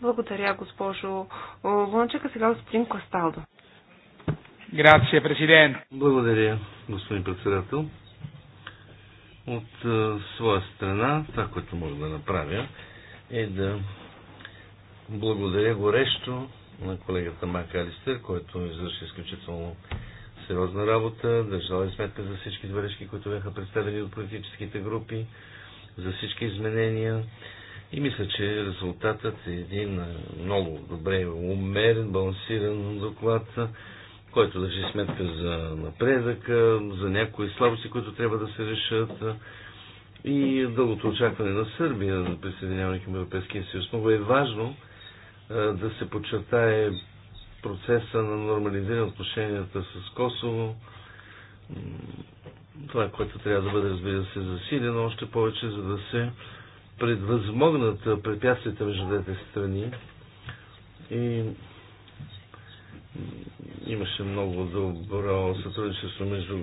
Благодаря, госпожо Лунчека. Сега господин Косталдо. Грация, президент. Благодаря, господин председател. От а, е, своя страна, това, което мога да направя, е да благодаря горещо на колегата Алистер, който извърши изключително сериозна работа, държали сметка за всички бележки, които бяха представени от политическите групи, за всички изменения. И мисля, че резултатът е един много добре умерен, балансиран доклад, който държи сметка за напредъка, за някои слабости, които трябва да се решат и дългото очакване на Сърбия на присъединяване към Европейския съюз. Много е важно да се подчертае процеса на нормализиране отношенията с Косово. Това, което трябва да бъде, разбира се, засилено още повече, за да се предвъзмогнат препятствията между двете страни. И имаше много добро сътрудничество между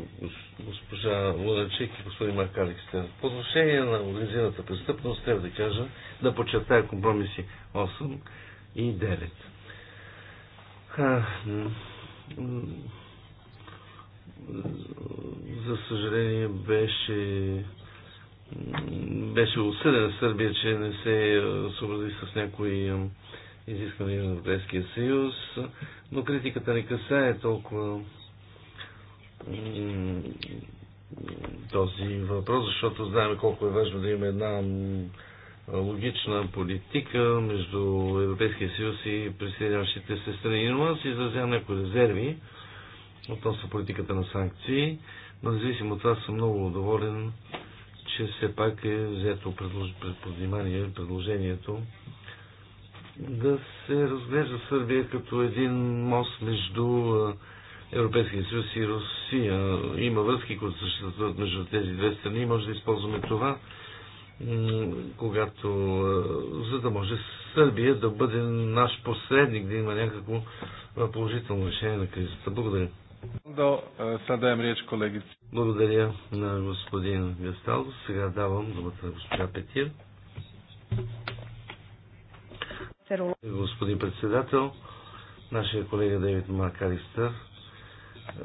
госпожа Луначек и господин Макаликстен. По отношение на организираната престъпност, трябва да кажа, да подчертая компромиси 8 и 9 за съжаление беше беше осъдена Сърбия, че не се е, съобрази с някои изисквания на Европейския съюз, но критиката не касае толкова този въпрос, защото знаем колко е важно да има една логична политика между Европейския съюз и присъединяващите се страни. Но аз изразявам някои резерви относно политиката на санкции, но независимо от това съм много доволен, че все пак е взето под внимание предложението да се разглежда Сърбия като един мост между Европейския съюз и Русия. Има връзки, които съществуват между тези две страни. Може да използваме това когато, за да може Сърбия да бъде наш посредник, да има някакво положително решение на кризата. Благодаря. До, сега даем реч колеги. Благодаря на господин Гасталдо. Сега давам думата на госпожа Петир. Господин председател, нашия колега Дейвид Макаристър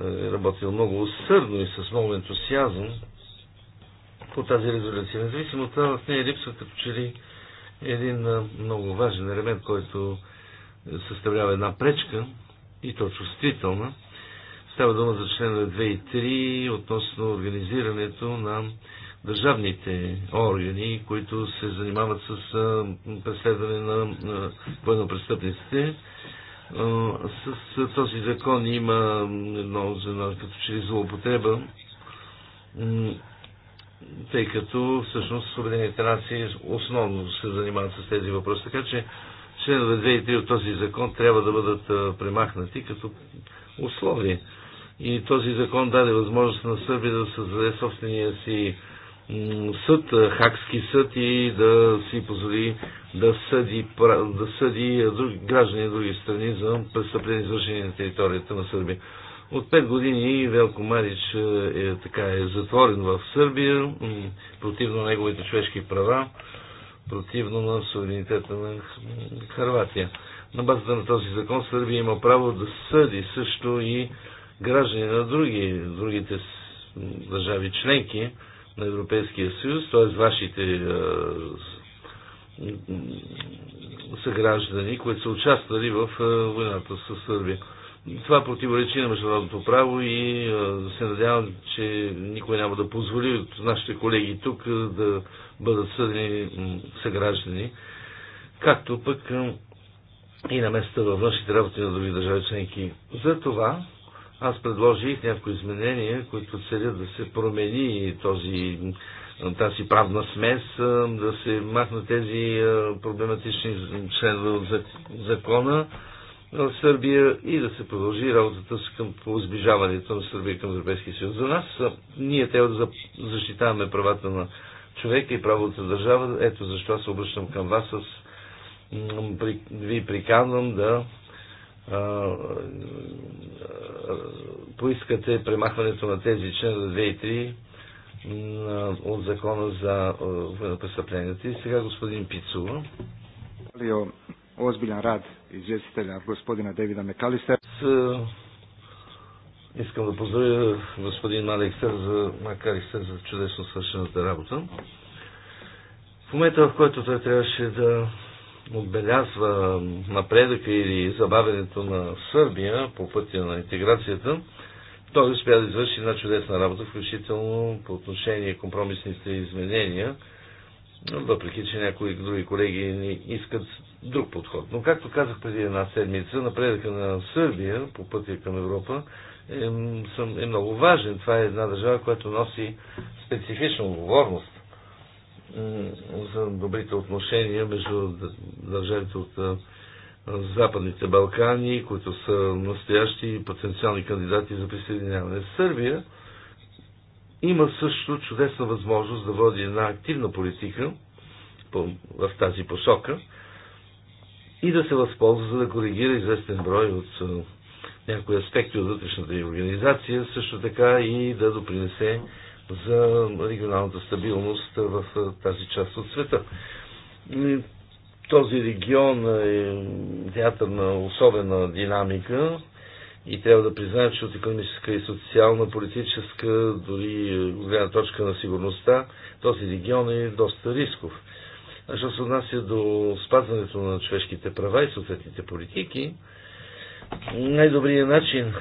е работил много усърдно и с много ентусиазъм по тази резолюция. Независимо от това, в нея липсва като че ли един много важен елемент, който съставлява една пречка и то чувствителна. Става дума за членове 2 и 3 относно организирането на държавните органи, които се занимават с преследване на военнопрестъпниците. С този закон има едно, като че ли злоупотреба тъй като всъщност Съединените нации основно се занимават с тези въпроси. Така че членове 2 и 3 от този закон трябва да бъдат премахнати като условие. И този закон даде възможност на Сърбия да създаде собствения си съд, хакски съд и да си позволи да съди, да съди граждани на други страни за престъпления, извършени на територията на Сърбия. От 5 години Велко Марич е, е, така, е затворен в Сърбия, противно неговите човешки права, противно на суверенитета на Харватия. На базата на този закон Сърбия има право да съди също и граждани на други, другите държави членки на Европейския съюз, т.е. вашите е, съграждани, които са участвали в е, войната с Сърбия. Това противоречи на международното право и се надявам, че никой няма да позволи от нашите колеги тук да бъдат съдени съграждани, както пък и на места във външните работи на други държави членки. За това аз предложих някои изменения, които целят да се промени този, тази правна смес, да се махнат тези проблематични членове от закона, в Сърбия и да се продължи работата с към, по сближаването на Сърбия към Европейския съюз. За нас ние трябва да защитаваме правата на човека и правото на държава. Ето защо аз се обръщам към вас с при, ви приканвам да а, а, поискате премахването на тези членове 2 и 3 от закона за престъпленията. И сега господин Пицува ozbiljan rad izvjestitelja gospodina Davida McAllistera. Искам да поздравя господин Алексер за, макар и за чудесно свършената работа. В момента, в който той трябваше да отбелязва напредък или забавянето на Сърбия по пътя на интеграцията, той успя да извърши една чудесна работа, включително по отношение компромисните изменения – въпреки че някои други колеги ни искат друг подход. Но както казах преди една седмица, напредъка на Сърбия по пътя към Европа е, е много важен. Това е една държава, която носи специфична отговорност за добрите отношения между държавите от Западните Балкани, които са настоящи потенциални кандидати за присъединяване. Сърбия има също чудесна възможност да води една активна политика в тази посока и да се възползва, за да коригира известен брой от някои аспекти от вътрешната ни организация, също така и да допринесе за регионалната стабилност в тази част от света. Този регион е театър на особена динамика и трябва да признаем, че от економическа и социална, политическа, дори е, гледна точка на сигурността, този регион е доста рисков. А що се отнася до спазването на човешките права и съответните политики, най-добрият начин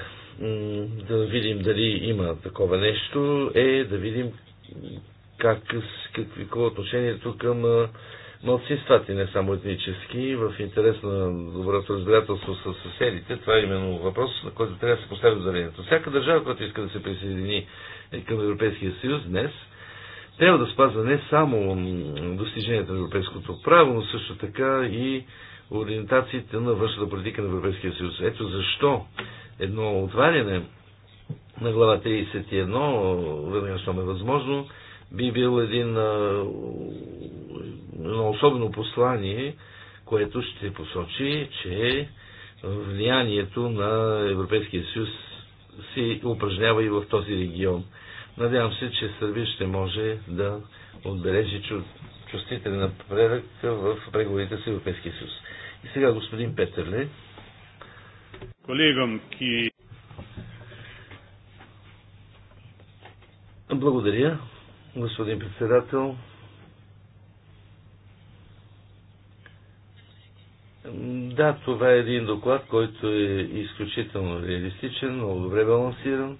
да видим дали има такова нещо е да видим как, какво е отношението към мълцинствата, не само етнически, в интерес на доброто разбирателство с съседите. Това е именно въпрос, на който трябва да се постави ударението. Всяка държава, която иска да се присъедини към Европейския съюз днес, трябва да спазва не само достиженията на европейското право, но също така и ориентациите на външната политика на Европейския съюз. Ето защо едно отваряне на глава 31, веднага, що е възможно, би бил един, едно особено послание, което ще посочи, че влиянието на Европейския съюз се упражнява и в този регион. Надявам се, че Сърбия ще може да отбележи чувствителен напредък в преговорите с Европейския съюз. И сега господин Петърле. Колегам, ки... Благодаря господин председател. Да, това е един доклад, който е изключително реалистичен, много добре балансиран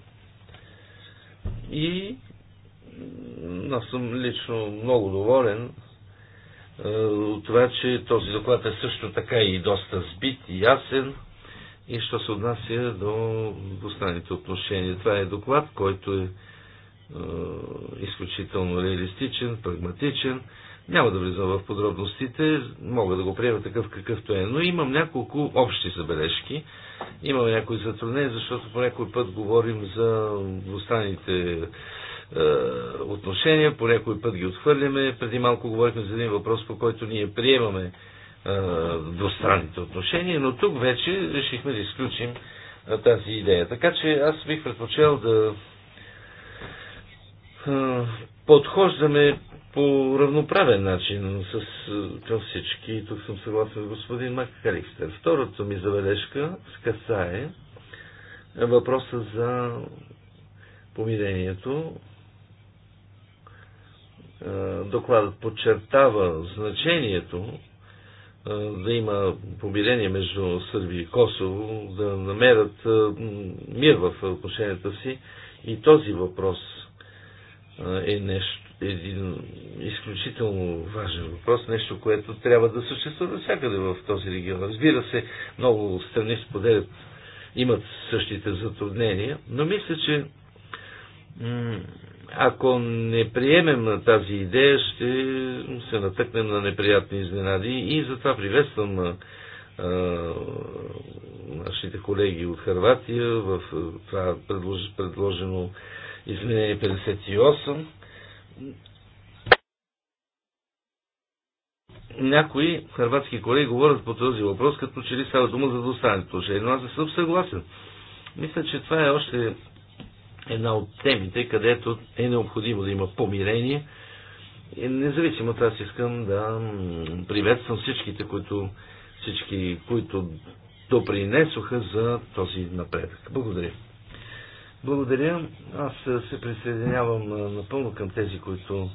и аз съм лично много доволен от това, че този доклад е също така и доста сбит и ясен и що се отнася до останалите отношения. Това е доклад, който е е, изключително реалистичен, прагматичен. Няма да влизам в подробностите, мога да го приема такъв какъвто е, но имам няколко общи забележки. Имам някои затруднения, защото по някой път говорим за двустранните е, отношения, по някой път ги отхвърляме. Преди малко говорихме за един въпрос, по който ние приемаме е, двустранните отношения, но тук вече решихме да изключим е, тази идея. Така че аз бих предпочел да подхождаме по равноправен начин с, към всички. тук съм съгласен с господин Маккаликстер. Второто ми забележка скасае въпроса за помирението. Докладът подчертава значението да има помирение между Сърбия и Косово, да намерят мир в отношенията си. И този въпрос е нещо, един изключително важен въпрос, нещо, което трябва да съществува всякъде в този регион. Разбира се, много страни споделят, имат същите затруднения, но мисля, че ако не приемем тази идея, ще се натъкнем на неприятни изненади и затова приветствам нашите колеги от Харватия в това предложено Изменение 58. Някои хрватски колеги говорят по този въпрос, като че ли става дума за двустранни положения, но аз не съм съгласен. Мисля, че това е още една от темите, където е необходимо да има помирение. Независимо от аз искам да приветствам всичките, които, всички, които допринесоха за този напредък. Благодаря. Благодаря. Аз е, се присъединявам е, напълно към тези, които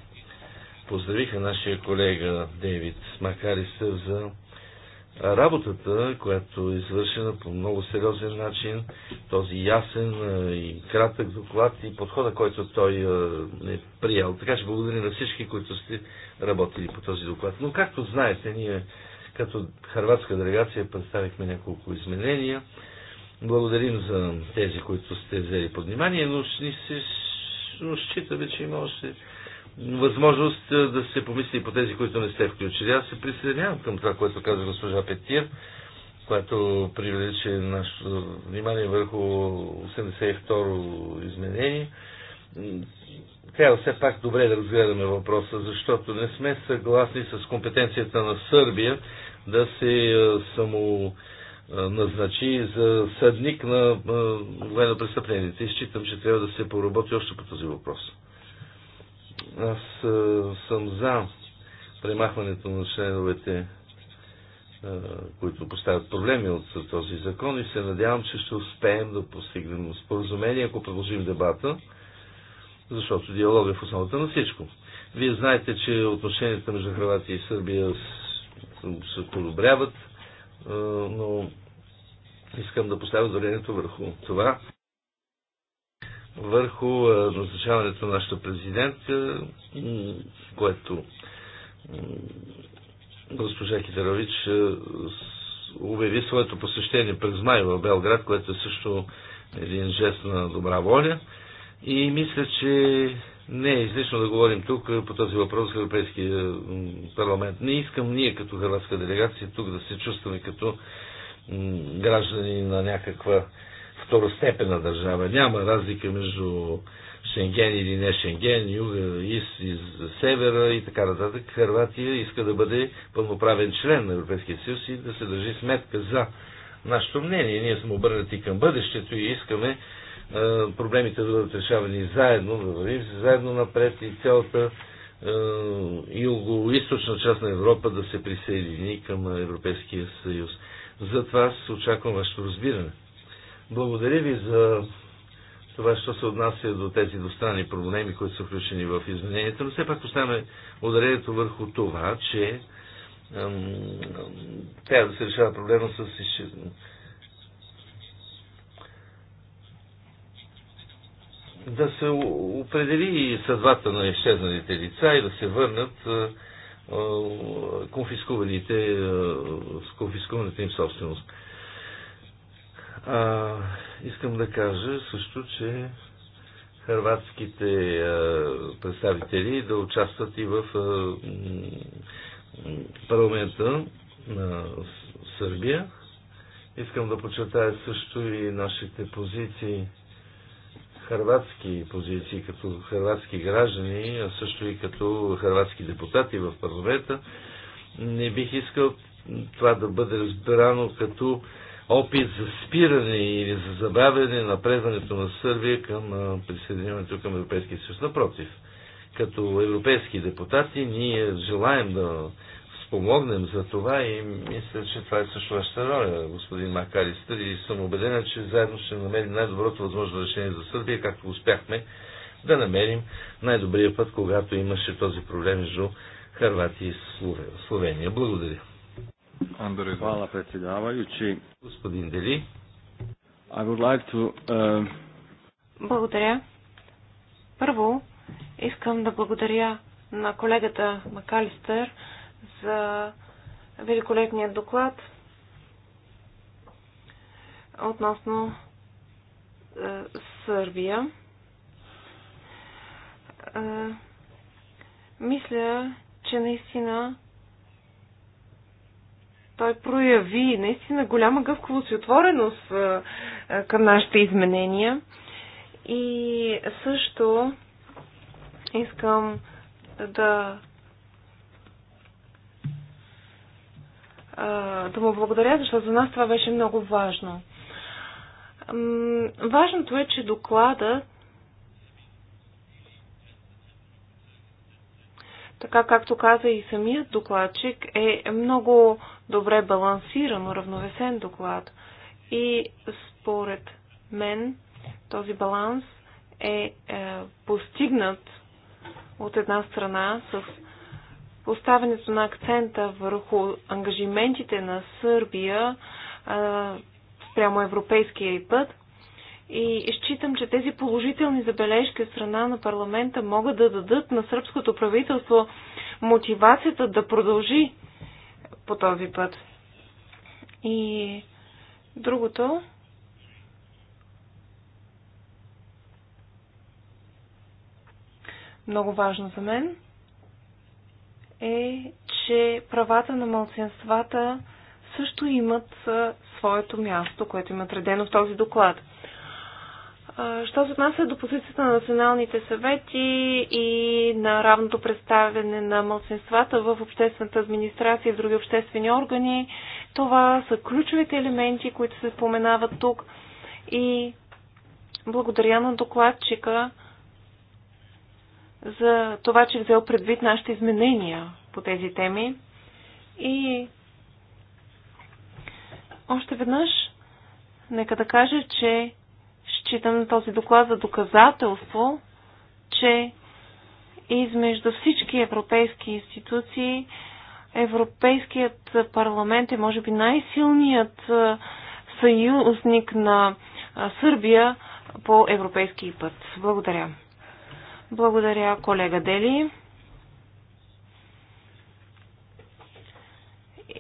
поздравиха нашия колега Дейвид Макаристър за е, работата, която е извършена по много сериозен начин, този ясен и кратък доклад и подхода, който той е приял. Така че благодаря на всички, които сте работили по този доклад. Но както знаете, ние като харватска делегация представихме няколко изменения Благодарим за тези, които сте взели под внимание, но, ни се, но считаме, че има още възможност да се помисли и по тези, които не сте включили. Аз се присъединявам към това, което каза госпожа Петир, което привлече нашето внимание върху 82-ро изменение. Трябва все пак добре да разгледаме въпроса, защото не сме съгласни с компетенцията на Сърбия да се само назначи за съдник на военно престъпление. И считам, че трябва да се поработи още по този въпрос. Аз съм за премахването на членовете, които поставят проблеми от този закон и се надявам, че ще успеем да постигнем споразумение, ако продължим дебата, защото диалог е в основата на всичко. Вие знаете, че отношенията между Хрватия и Сърбия се подобряват но искам да поставя ударението върху това, върху назначаването на нашата президента, което госпожа Китарович обяви своето посещение през май в Белград, което е също един жест на добра воля. И мисля, че не е излишно да говорим тук е, по този въпрос в Европейския е, парламент. Не искам ние като хрватска делегация тук да се чувстваме като граждани на някаква второстепена държава. Няма разлика между Шенген или не Шенген, юга, из, из севера и така нататък. Харватия иска да бъде пълноправен член на Европейския съюз и да се държи сметка за нашето мнение. Ние сме обърнати към бъдещето и искаме проблемите да бъдат решавани заедно, да вървим заедно напред и цялата юго-источна част на Европа да се присъедини към Европейския съюз. Затова аз очаквам вашето разбиране. Благодаря ви за това, що се отнася до тези двустранни проблеми, които са включени в изменението, но все пак оставяме ударението върху това, че трябва да се решава проблема с да се определи съдбата на изчезналите лица и да се върнат конфискуваните, конфискуваната им собственост. А, искам да кажа също, че хрватските представители да участват и в а, парламента на Сърбия. Искам да подчертая също и нашите позиции хрватски позиции, като хрватски граждани, а също и като хрватски депутати в парламента, не бих искал това да бъде разбирано като опит за спиране или за забавяне на презването на Сърбия към присъединяването към Европейския съюз. Напротив, като европейски депутати ние желаем да спомогнем за това и мисля, че това е също вашата роля, господин Макаристър, и съм убеден, че заедно ще намерим най-доброто възможно решение за Сърбия, както успяхме да намерим най-добрия път, когато имаше този проблем между Харватия и Словения. Благодаря. Андрей. Хвала, predsjedavajući. Господин Дели. I would like to, uh... Благодаря. Първо, искам да благодаря на колегата Макалистър за великолепния доклад относно е, Сърбия. Е, мисля, че наистина той прояви наистина голяма гъвкавост и отвореност е, към нашите изменения. И също искам да да му благодаря, защото за нас това беше много важно. Важното е, че доклада, така както каза и самият докладчик, е много добре балансиран, равновесен доклад. И според мен този баланс е, е постигнат от една страна с поставянето на акцента върху ангажиментите на Сърбия спрямо европейския и път. И считам, че тези положителни забележки от страна на парламента могат да дадат на сръбското правителство мотивацията да продължи по този път. И другото. Много важно за мен е, че правата на малцинствата също имат своето място, което има отредено в този доклад. Що се отнася до позицията на националните съвети и на равното представяне на младсинствата в обществената администрация и в други обществени органи, това са ключовите елементи, които се споменават тук. И благодаря на докладчика за това, че е взел предвид нашите изменения по тези теми. И още веднъж, нека да кажа, че считам този доклад за доказателство, че измежду всички европейски институции Европейският парламент е може би най-силният съюзник на Сърбия по европейски път. Благодаря. Благодаря, колега Дели.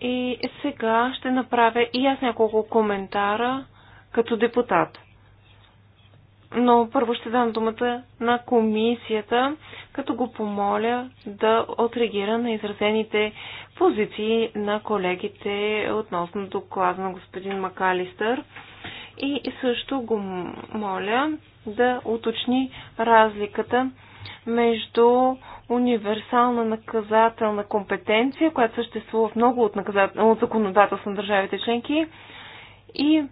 И сега ще направя и аз няколко коментара като депутат. Но първо ще дам думата на комисията, като го помоля да отреагира на изразените позиции на колегите относно доклада на господин Макалистър. И също го моля да уточни разликата между универсална наказателна компетенция, която съществува в много от, наказател... от законодателство на държавите членки и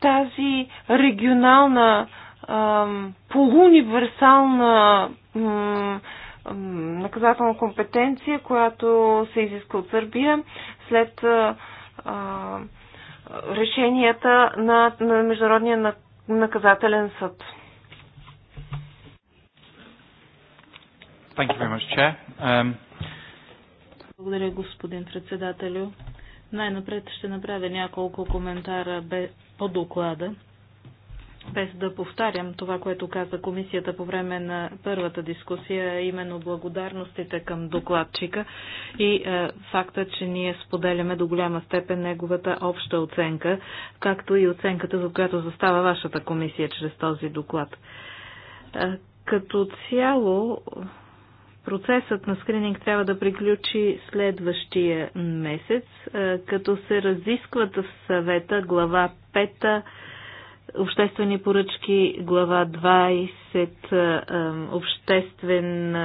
тази регионална ам, полууниверсална ам, наказателна компетенция, която се изиска от Сърбия след а, решенията на, на Международния наказателен съд. Thank you very much, Chair. Um... Благодаря, господин председателю. Най-напред ще направя няколко коментара по доклада без да повтарям това, което каза комисията по време на първата дискусия, именно благодарностите към докладчика и е, факта, че ние споделяме до голяма степен неговата обща оценка, както и оценката, за която застава вашата комисия чрез този доклад. Е, като цяло, Процесът на скрининг трябва да приключи следващия месец, е, като се разискват в съвета глава 5 обществени поръчки, глава 20 е, е, обществен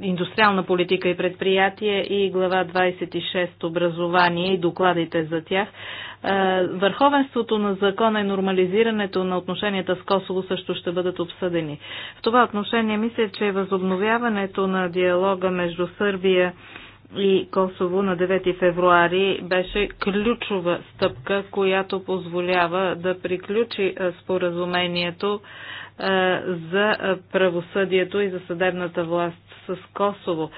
индустриална политика и предприятие и глава 26 образование и докладите за тях. Е, върховенството на закона и нормализирането на отношенията с Косово също ще бъдат обсъдени. В това отношение мисля, че възобновяването на диалога между Сърбия и Косово на 9 февруари беше ключова стъпка, която позволява да приключи споразумението за правосъдието и за съдебната власт с Косово.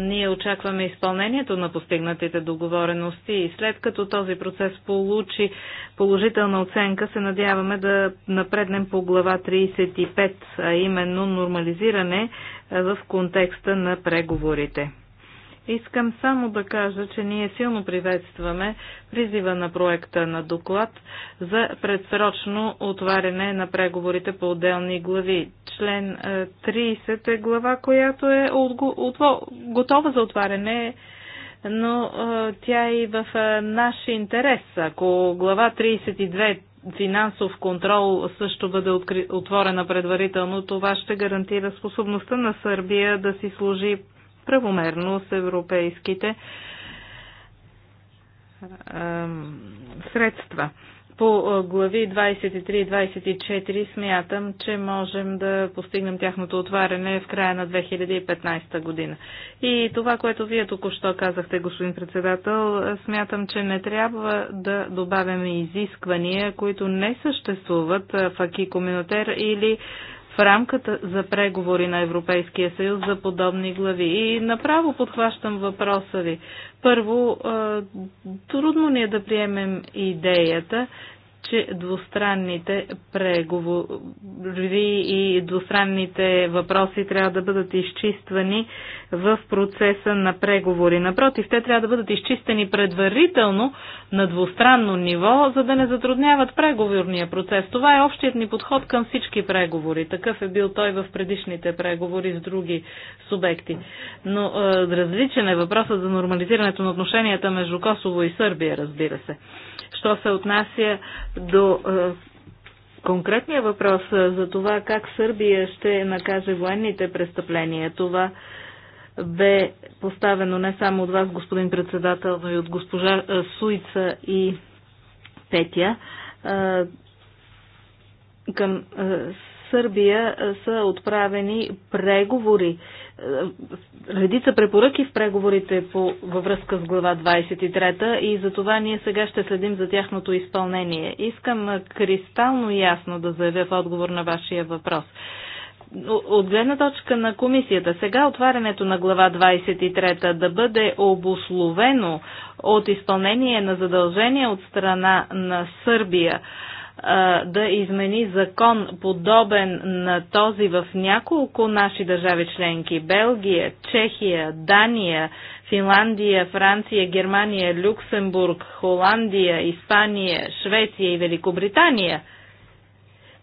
Ние очакваме изпълнението на постигнатите договорености и след като този процес получи положителна оценка, се надяваме да напреднем по глава 35, а именно нормализиране в контекста на преговорите. Искам само да кажа, че ние силно приветстваме призива на проекта на доклад за предсрочно отваряне на преговорите по отделни глави. Член 30 е, е глава, която е готова за отваряне но е, тя е и в е, наш интерес. Ако глава 32 финансов контрол също бъде отворена предварително, това ще гарантира способността на Сърбия да си служи правомерно с европейските средства. По глави 23 и 24 смятам, че можем да постигнем тяхното отваряне в края на 2015 година. И това, което вие току-що казахте, господин председател, смятам, че не трябва да добавяме изисквания, които не съществуват в Аки Коминотер или в рамката за преговори на Европейския съюз за подобни глави. И направо подхващам въпроса ви. Първо, трудно ни е да приемем идеята, че двустранните преговори и двустранните въпроси трябва да бъдат изчиствани в процеса на преговори. Напротив, те трябва да бъдат изчистени предварително на двустранно ниво, за да не затрудняват преговорния процес. Това е общият ни подход към всички преговори. Такъв е бил той в предишните преговори с други субекти. Но е, различен е въпросът за нормализирането на отношенията между Косово и Сърбия, разбира се. Що се отнася до е, конкретния въпрос е, за това как Сърбия ще накаже военните престъпления, това бе поставено не само от вас, господин председател, но и от госпожа е, Суица и Петя. Към Сърбия са отправени преговори редица препоръки в преговорите по, във връзка с глава 23 и за това ние сега ще следим за тяхното изпълнение. Искам кристално ясно да заявя в отговор на вашия въпрос. От гледна точка на комисията, сега отварянето на глава 23 да бъде обословено от изпълнение на задължения от страна на Сърбия – да измени закон, подобен на този в няколко наши държави членки Белгия, Чехия, Дания, Финландия, Франция, Германия, Люксембург, Холандия, Испания, Швеция и Великобритания.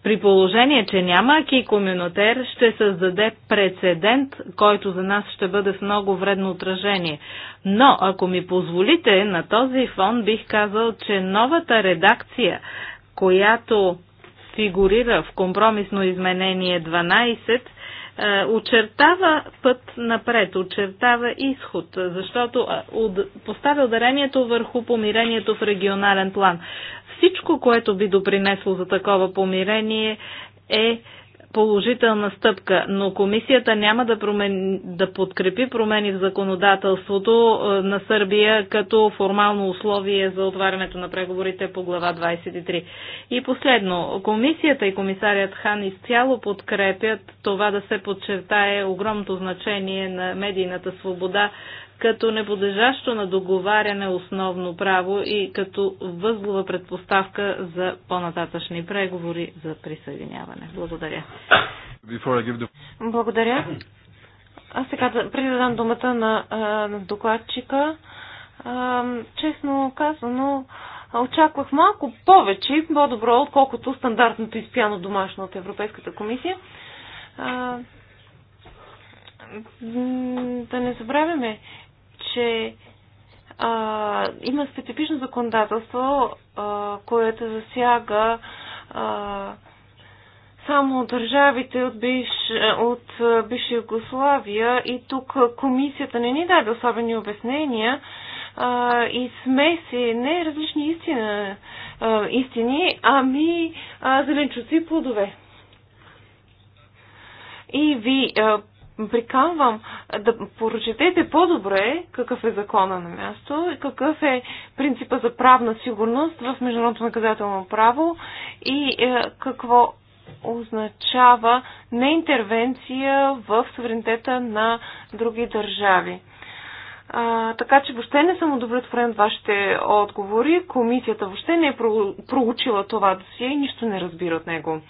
При положение, че няма аки комюнотер, ще създаде прецедент, който за нас ще бъде с много вредно отражение. Но, ако ми позволите, на този фон бих казал, че новата редакция която фигурира в компромисно изменение 12, е, очертава път напред, очертава изход, защото е, поставя ударението върху помирението в регионален план. Всичко, което би допринесло за такова помирение е положителна стъпка, но комисията няма да, промени, да подкрепи промени в законодателството е, на Сърбия като формално условие за отварянето на преговорите по глава 23. И последно, комисията и комисарият Хан изцяло подкрепят това да се подчертае огромното значение на медийната свобода като неподлежащо на договаряне основно право и като възглава предпоставка за по-нататъчни преговори за присъединяване. Благодаря. The... Благодаря. Аз сега, преди да дам думата на, на докладчика, честно казано, очаквах малко повече по-добро, отколкото стандартното изпяно домашно от Европейската комисия. да не забравяме, че а, има специфично законодателство, а, което засяга а, само държавите от, биш, от бивша Югославия и тук комисията не ни даде особени обяснения а, и смеси не различни истина, а, истини, ами а, зеленчуци и плодове. И ви приканвам да прочетете по-добре какъв е закона на място и какъв е принципа за правна сигурност в международното наказателно право и е, какво означава неинтервенция в суверенитета на други държави. А, така че въобще не съм удовлетворен от вашите отговори. Комисията въобще не е проучила това досие и нищо не разбира от него.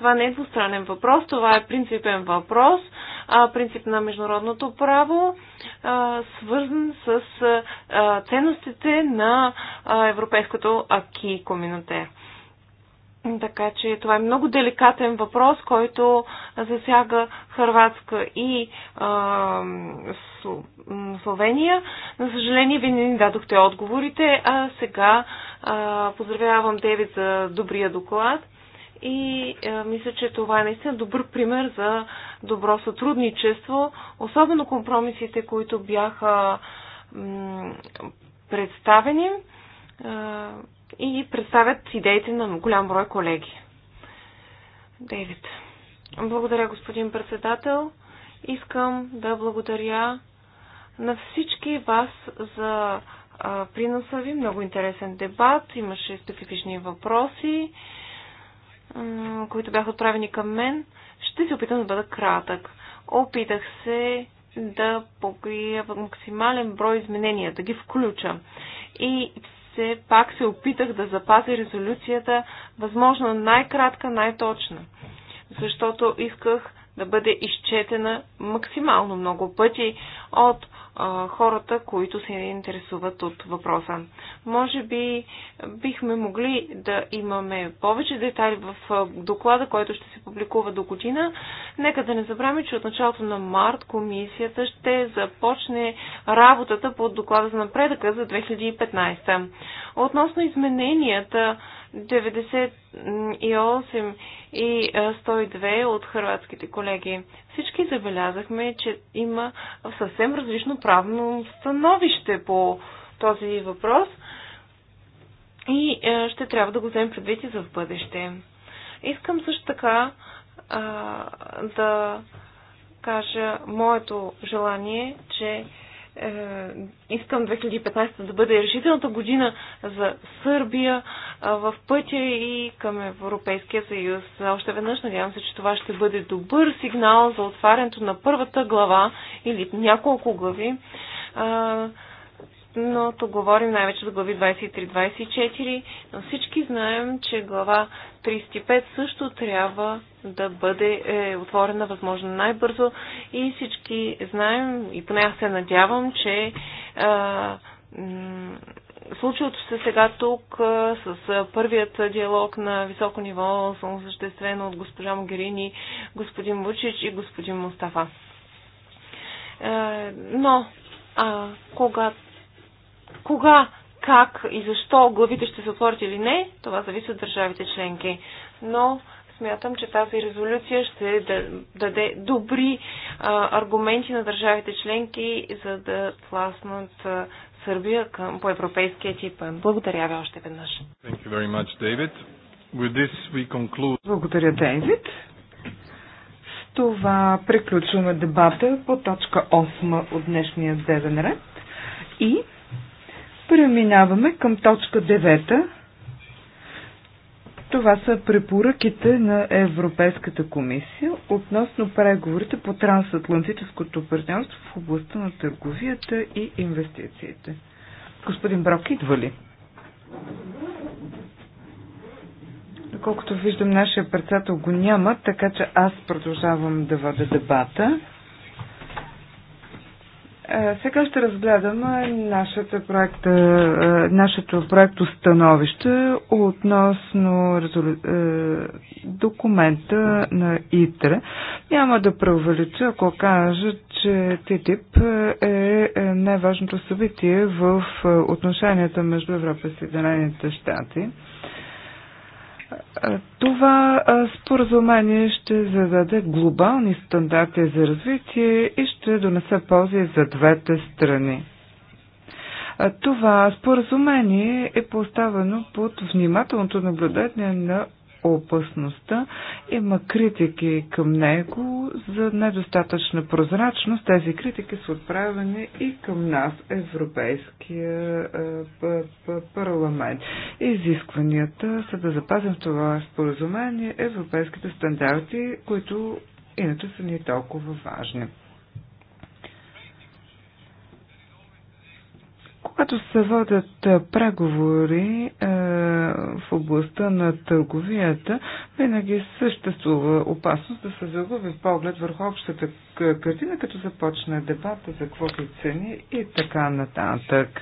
Това не е двустранен въпрос, това е принципен въпрос, а, принцип на международното право, а, свързан с а, ценностите на а, европейското АКИ коминотер. Така че това е много деликатен въпрос, който засяга Харватска и а, Словения. На съжаление, ви не ни дадохте отговорите, а сега а, поздравявам Девид за добрия доклад и е, мисля, че това е наистина добър пример за добро сътрудничество, особено компромисите, които бяха представени е, и представят идеите на голям брой колеги. Дейвид. Благодаря, господин председател. Искам да благодаря на всички вас за а, приноса ви. Много интересен дебат. Имаше специфични въпроси които бяха отправени към мен, ще се опитам да бъда кратък. Опитах се да покрия максимален брой изменения, да ги включа. И все пак се опитах да запазя резолюцията възможно най-кратка, най-точна. Защото исках да бъде изчетена максимално много пъти от а, хората, които се интересуват от въпроса. Може би бихме могли да имаме повече детайли в доклада, който ще се публикува до година. Нека да не забравяме, че от началото на март комисията ще започне работата по доклада за напредъка за 2015. Относно измененията, 98 и 102 от хрватските колеги. Всички забелязахме, че има съвсем различно правно становище по този въпрос и ще трябва да го вземем предвид и за в бъдеще. Искам също така а, да кажа моето желание, че е, искам 2015 да бъде решителната година за Сърбия е, в пътя и към Европейския съюз. Още веднъж надявам се, че това ще бъде добър сигнал за отварянето на първата глава или няколко глави е, но тук говорим най-вече за глави 23-24, но всички знаем, че глава 35 също трябва да бъде е, отворена възможно най-бързо и всички знаем, и поне аз се надявам, че е, случилото се сега тук с първият диалог на високо ниво, самосъществено от госпожа Могерини, господин Вучич и господин Мустафа. Е, но, а, когато кога, как и защо главите ще се отворят или не, това зависи от държавите членки. Но смятам, че тази резолюция ще даде добри а, аргументи на държавите членки, за да тласнат а, Сърбия към, по европейския тип. Благодаря ви още веднъж. Thank you very much, David. With this we conclude... Благодаря, Дейвид. С това приключваме дебата по точка 8 от днешния дневен ред и Преминаваме към точка 9. Това са препоръките на Европейската комисия относно преговорите по трансатлантическото партньорство в областта на търговията и инвестициите. Господин Брок, идва ли? Доколкото виждам, нашия председател го няма, така че аз продължавам да вода дебата. Е, сега ще разгледаме нашата е, нашето проекто становище относно резолю... Е, документа на ИТРЕ. Няма да преувелича, ако кажа, че ТИТИП е най-важното събитие в отношенията между Европа и Съединените щати. Това споразумение ще зададе глобални стандарти за развитие и ще донесе ползи за двете страни. Това споразумение е поставено под внимателното наблюдение на опасността. Има критики към него за недостатъчна прозрачност. Тези критики са отправени и към нас, Европейския е, парламент. Изискванията са да запазим в това споразумение европейските стандарти, които иначе са ни толкова важни. Когато се водят преговори е, в областта на търговията, винаги съществува опасност да се загуби поглед върху общата картина, като започне дебата за квоти цени и така нататък.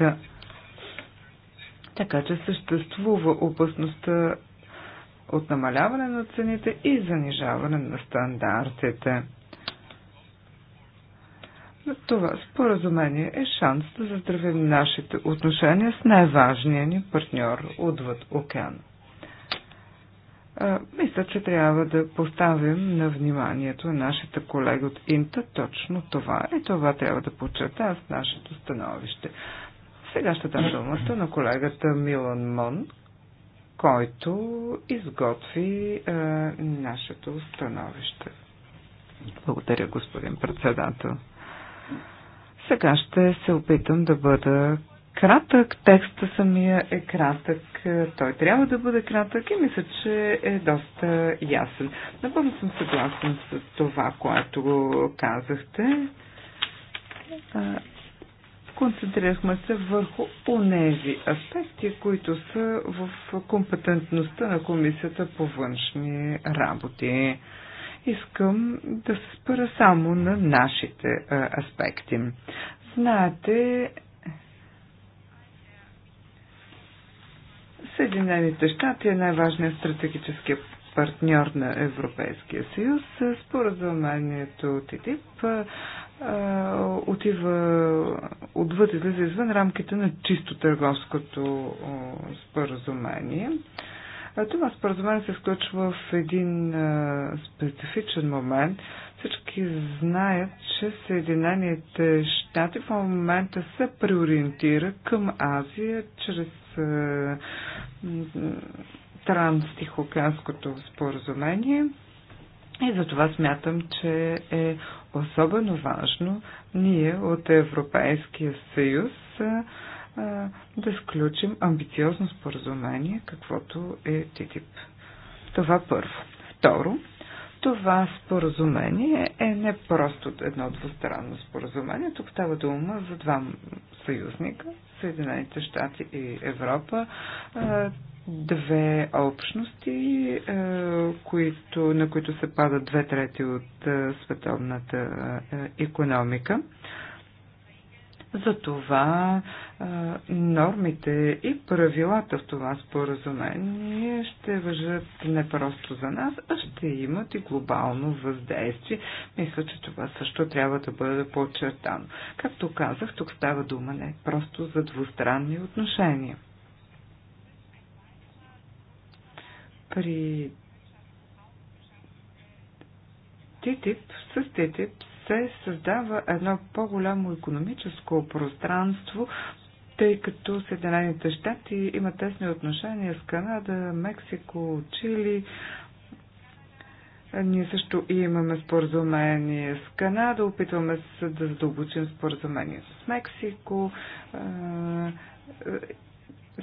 Така че съществува опасността от намаляване на цените и занижаване на стандартите. Това споразумение е шанс да заздравим нашите отношения с най-важния ни партньор отвъд Океан. Мисля, че трябва да поставим на вниманието на нашите колеги от Инта точно това. И това трябва да почета с нашето становище. Сега ще дам думата на колегата Милан Мон, който изготви е, нашето становище. Благодаря, господин председател. Сега ще се опитам да бъда кратък. Текста самия е кратък. Той трябва да бъде кратък и мисля, че е доста ясен. Напълно съм съгласен с това, което го казахте. Концентрирахме се върху онези аспекти, които са в компетентността на Комисията по външни работи. Искам да се спра само на нашите аспекти. Знаете, Съединените щати е най-важният стратегически партньор на Европейския съюз. Споразумението от ЕТИП, отива отвъд и за извън рамките на чисто търговското споразумение. Това споразумение се изключва в един специфичен момент. Всички знаят, че Съединените щати в момента се приориентира към Азия чрез транстихоканското споразумение. И затова смятам, че е особено важно ние от Европейския съюз да сключим амбициозно споразумение, каквото е ТТИП. Това първо. Второ, това споразумение е не просто едно двустранно споразумение. Тук става дума за два съюзника, Съединените щати и Европа, две общности, които, на които се падат две трети от световната економика. Затова нормите и правилата в това споразумение ще въжат не просто за нас, а ще имат и глобално въздействие. Мисля, че това също трябва да бъде подчертано. Както казах, тук става дума не просто за двустранни отношения. При ТТИП, с ТТИП се създава едно по-голямо економическо пространство, тъй като Съединените щати имат тесни отношения с Канада, Мексико, Чили. Ние също имаме споразумение с Канада, опитваме се да задълбочим споразумение с Мексико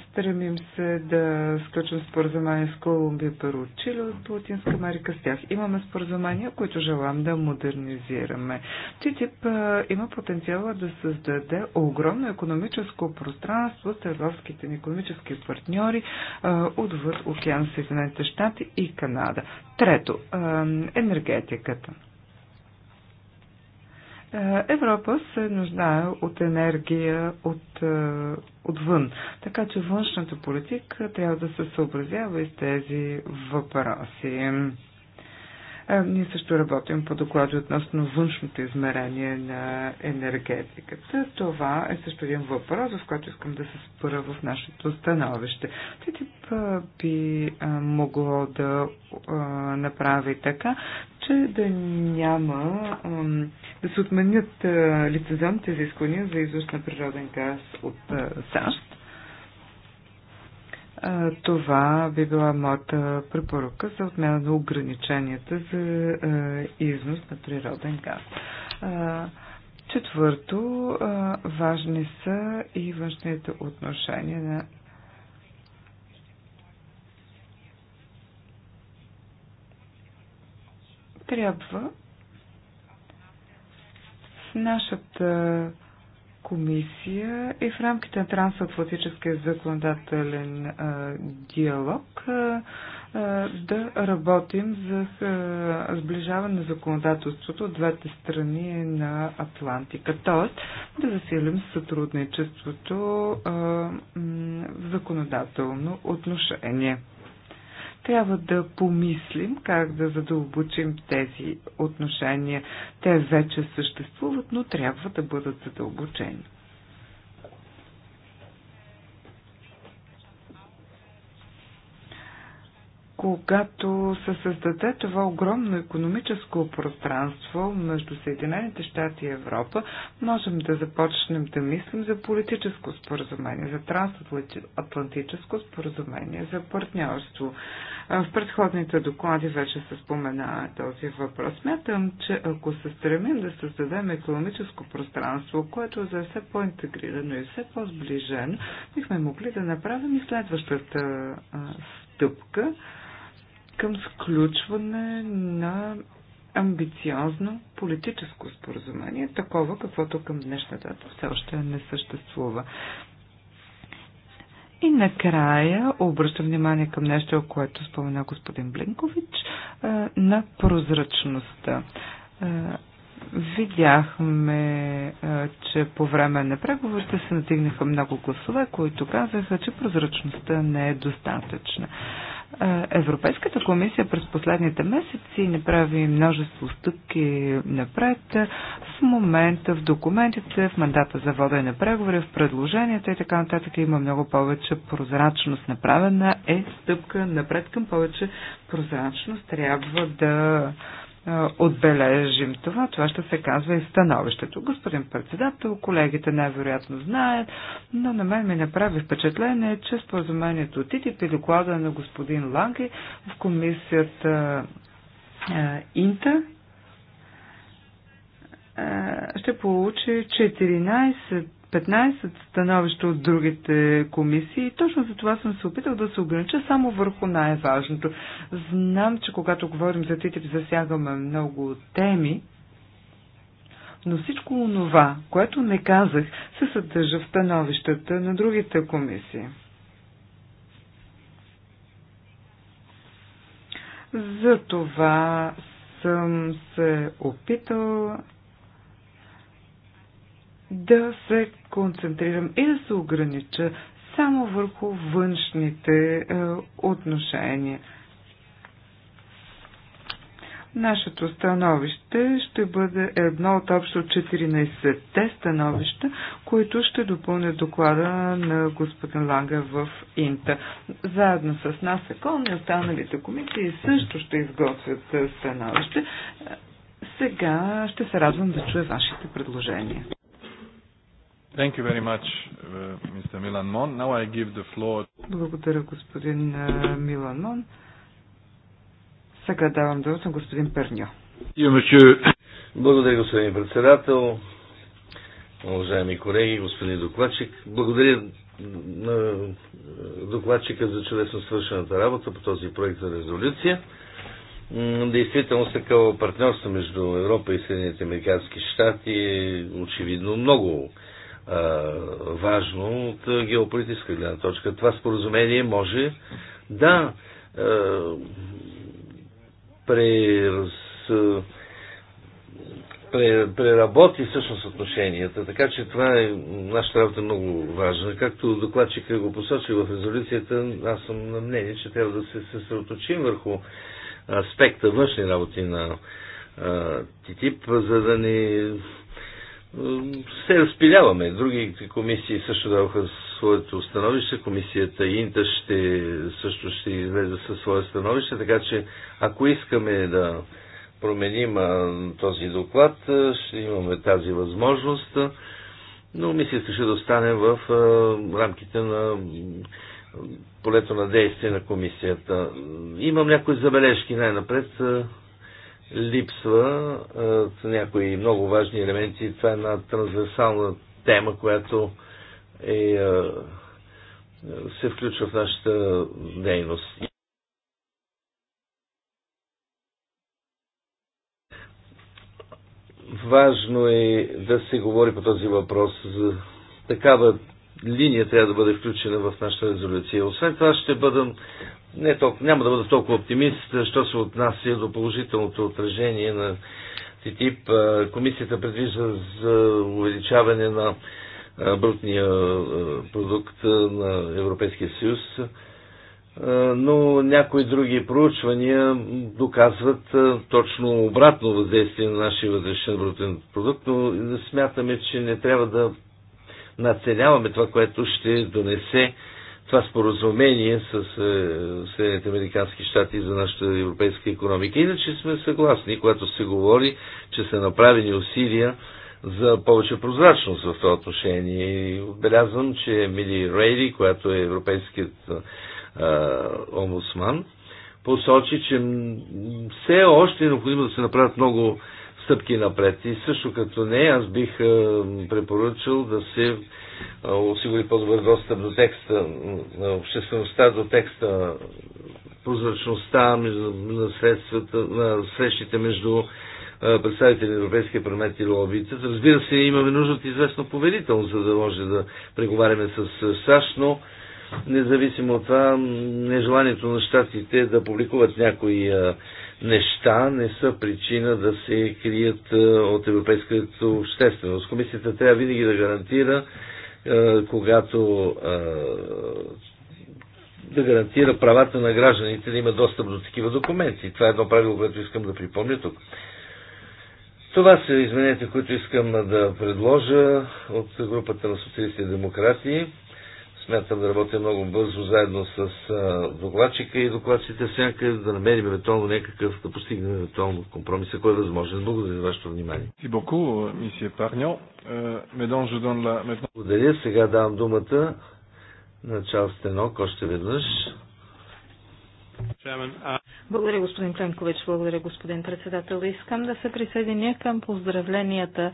Стремим се да сключим споразумение с Колумбия, Перу, Чили от Латинска Америка с тях. Имаме споразумения, които желаем да модернизираме. ТТИП има потенциала да създаде огромно економическо пространство с търговските ни економически партньори отвъд океан Съединените щати и Канада. Трето, енергетиката. Е, Европа се нуждае от енергия от, е, отвън. Така че външната политика трябва да се съобразява и с тези въпроси. Е, ние също работим по доклади относно външното измерение на енергетиката. Това е също един въпрос, в който искам да се спора в нашето становище. тип би могло да направи така, че да няма, да се отменят лицензионните изисквания за износ на природен газ от САЩ това би била моята препоръка за отмяна на ограниченията за износ на природен газ. Четвърто, важни са и външните отношения на трябва с нашата комисия и в рамките на трансатлантическия законодателен а, диалог а, а, да работим за а, сближаване на законодателството от двете страни на Атлантика, т.е. да засилим сътрудничеството а, в законодателно отношение. Трябва да помислим как да задълбочим тези отношения. Те вече съществуват, но трябва да бъдат задълбочени. когато се създаде това огромно економическо пространство между Съединените щати и Европа, можем да започнем да мислим за политическо споразумение, за трансатлантическо споразумение, за партньорство. В предходните доклади вече се спомена този въпрос. Смятам, че ако се стремим да създадем економическо пространство, което за е все по-интегрирано и все по-сближено, бихме могли да направим и следващата стъпка към сключване на амбициозно политическо споразумение, такова каквото към днешна дата все още не съществува. И накрая обръщам внимание към нещо, което спомена господин Блинкович, на прозрачността. Видяхме, е, че по време на преговорите се натигнаха много гласове, които казаха, че прозрачността не е достатъчна. Е, Европейската комисия през последните месеци направи множество стъпки напред. В момента в документите, в мандата за и на преговори, в предложенията и така нататък има много повече прозрачност. Направена е стъпка напред към повече прозрачност. Трябва да е, отбележим това. Това ще се казва и становището. Господин председател, колегите най-вероятно знаят, но на мен ми направи впечатление, че споразумението от ТИТИП и доклада на господин Ланге в комисията е, Инта е, ще получи 14 15 становища от другите комисии. Точно за това съм се опитал да се огранича само върху най-важното. Знам, че когато говорим за ТТИП, засягаме много теми, но всичко онова, което не казах, се съдържа в становищата на другите комисии. За това съм се опитал да се концентрирам и да се огранича само върху външните е, отношения. Нашето становище ще бъде едно от общо 14-те становища, които ще допълнят доклада на господин Ланга в Инта. Заедно с нас е колни, останалите комисии също ще изготвят е, становище. Сега ще се радвам да чуя вашите предложения. Thank you very much, uh, Mr. Milan Mon. Now I give the floor. Благодаря, господин uh, Милан Мон. Сега давам думата на господин Перньо. Благодаря, господин председател. Уважаеми колеги, господин докладчик, благодаря на докладчика за чудесно свършената работа по този проект за резолюция. Действително такова партньорство между Европа и Съединените Американски щати е очевидно много важно от геополитическа гледна точка. Това споразумение може да преработи всъщност отношенията. Така че това е нашата работа е много важна. Както докладчика го посочи в резолюцията, аз съм на мнение, че трябва да се съсредоточим върху аспекта външни работи на ТИТИП, за да не се разпиляваме. Други комисии също даваха своето становище. Комисията Инта ще, също ще излезе със свое становище, така че ако искаме да променим този доклад, ще имаме тази възможност, но мисията ще да останем в рамките на полето на действие на комисията. Имам някои забележки най-напред липсва е, някои много важни елементи. Това е една трансверсална тема, която е, е, се включва в нашата дейност. Важно е да се говори по този въпрос за такава линия трябва да бъде включена в нашата резолюция. Освен това ще бъда, не толкова, няма да бъда толкова оптимист, що се отнася до положителното отражение на ТТИП. Комисията предвижда за увеличаване на брутния продукт на Европейския съюз, но някои други проучвания доказват точно обратно въздействие на нашия вътрешен брутен продукт, но смятаме, че не трябва да надценяваме това, което ще донесе това споразумение с е, Съединените Американски щати за нашата европейска економика. Иначе сме съгласни, когато се говори, че са направени усилия за повече прозрачност в това отношение. И отбелязвам, че Мили Рейли, която е европейският а, е, омусман, посочи, че все още е необходимо да се направят много стъпки напред. И също като не, аз бих е, препоръчал да се е, осигури по-добър достъп до текста, на обществеността до текста, прозрачността на средствата, на срещите между е, представители на Европейския парламент и лобиите. Разбира се, имаме нужда от известно поверително, за да може да преговаряме с САЩ, но независимо от това, нежеланието на щатите да публикуват някои неща не са причина да се крият от европейската общественост. Комисията трябва винаги да гарантира, когато да гарантира правата на гражданите да има достъп до такива документи. Това е едно правило, което искам да припомня тук. Това са измененията, които искам да предложа от групата на социалисти и демократи. Смятам да работя много бързо заедно с докладчика и докладчите всяка да намерим евентуално някакъв, да постигнем евентуално компромис, ако е възможен. Благодаря за вашето внимание. Euh, Благодаря. Сега давам думата на Чарл Стенок още веднъж. Благодаря, господин Пленкович. Благодаря, господин председател. Искам да се присъединя към поздравленията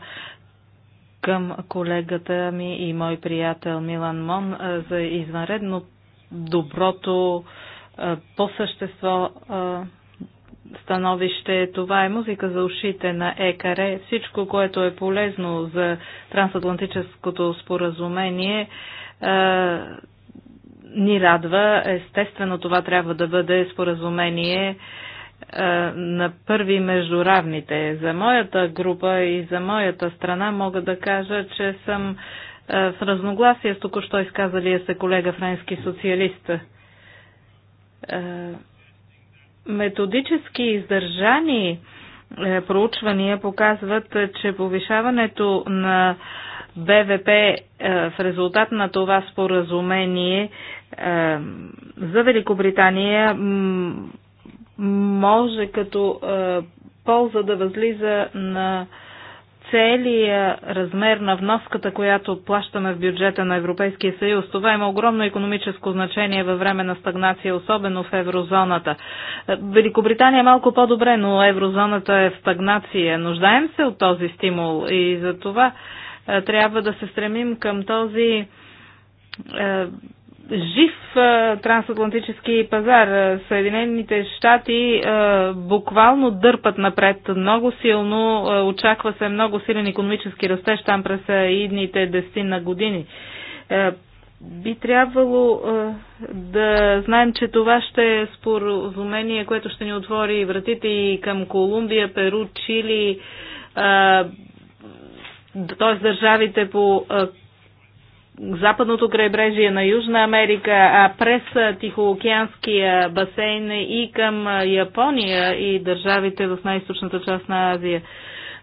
към колегата ми и мой приятел Милан Мон за извънредно доброто по същество становище. Това е музика за ушите на ЕКАРЕ. Всичко, което е полезно за трансатлантическото споразумение, ни радва. Естествено, това трябва да бъде споразумение е, на първи между равните. За моята група и за моята страна мога да кажа, че съм в е, разногласие с току-що изказалия се колега френски социалист. Е, методически издържани проучвания показват, че повишаването на БВП в резултат на това споразумение за Великобритания може като е, полза да възлиза на целия размер на вноската, която плащаме в бюджета на Европейския съюз. Това има огромно економическо значение във време на стагнация, особено в еврозоната. Е, Великобритания е малко по-добре, но еврозоната е в стагнация. Нуждаем се от този стимул и за това е, трябва да се стремим към този жив трансатлантически пазар. Съединените щати буквално дърпат напред много силно. Очаква се много силен економически растеж там през идните десетина години. Би трябвало да знаем, че това ще е споразумение, което ще ни отвори вратите и към Колумбия, Перу, Чили, т.е. държавите по западното крайбрежие на Южна Америка, а през Тихоокеанския басейн и към Япония и държавите в най-источната част на Азия.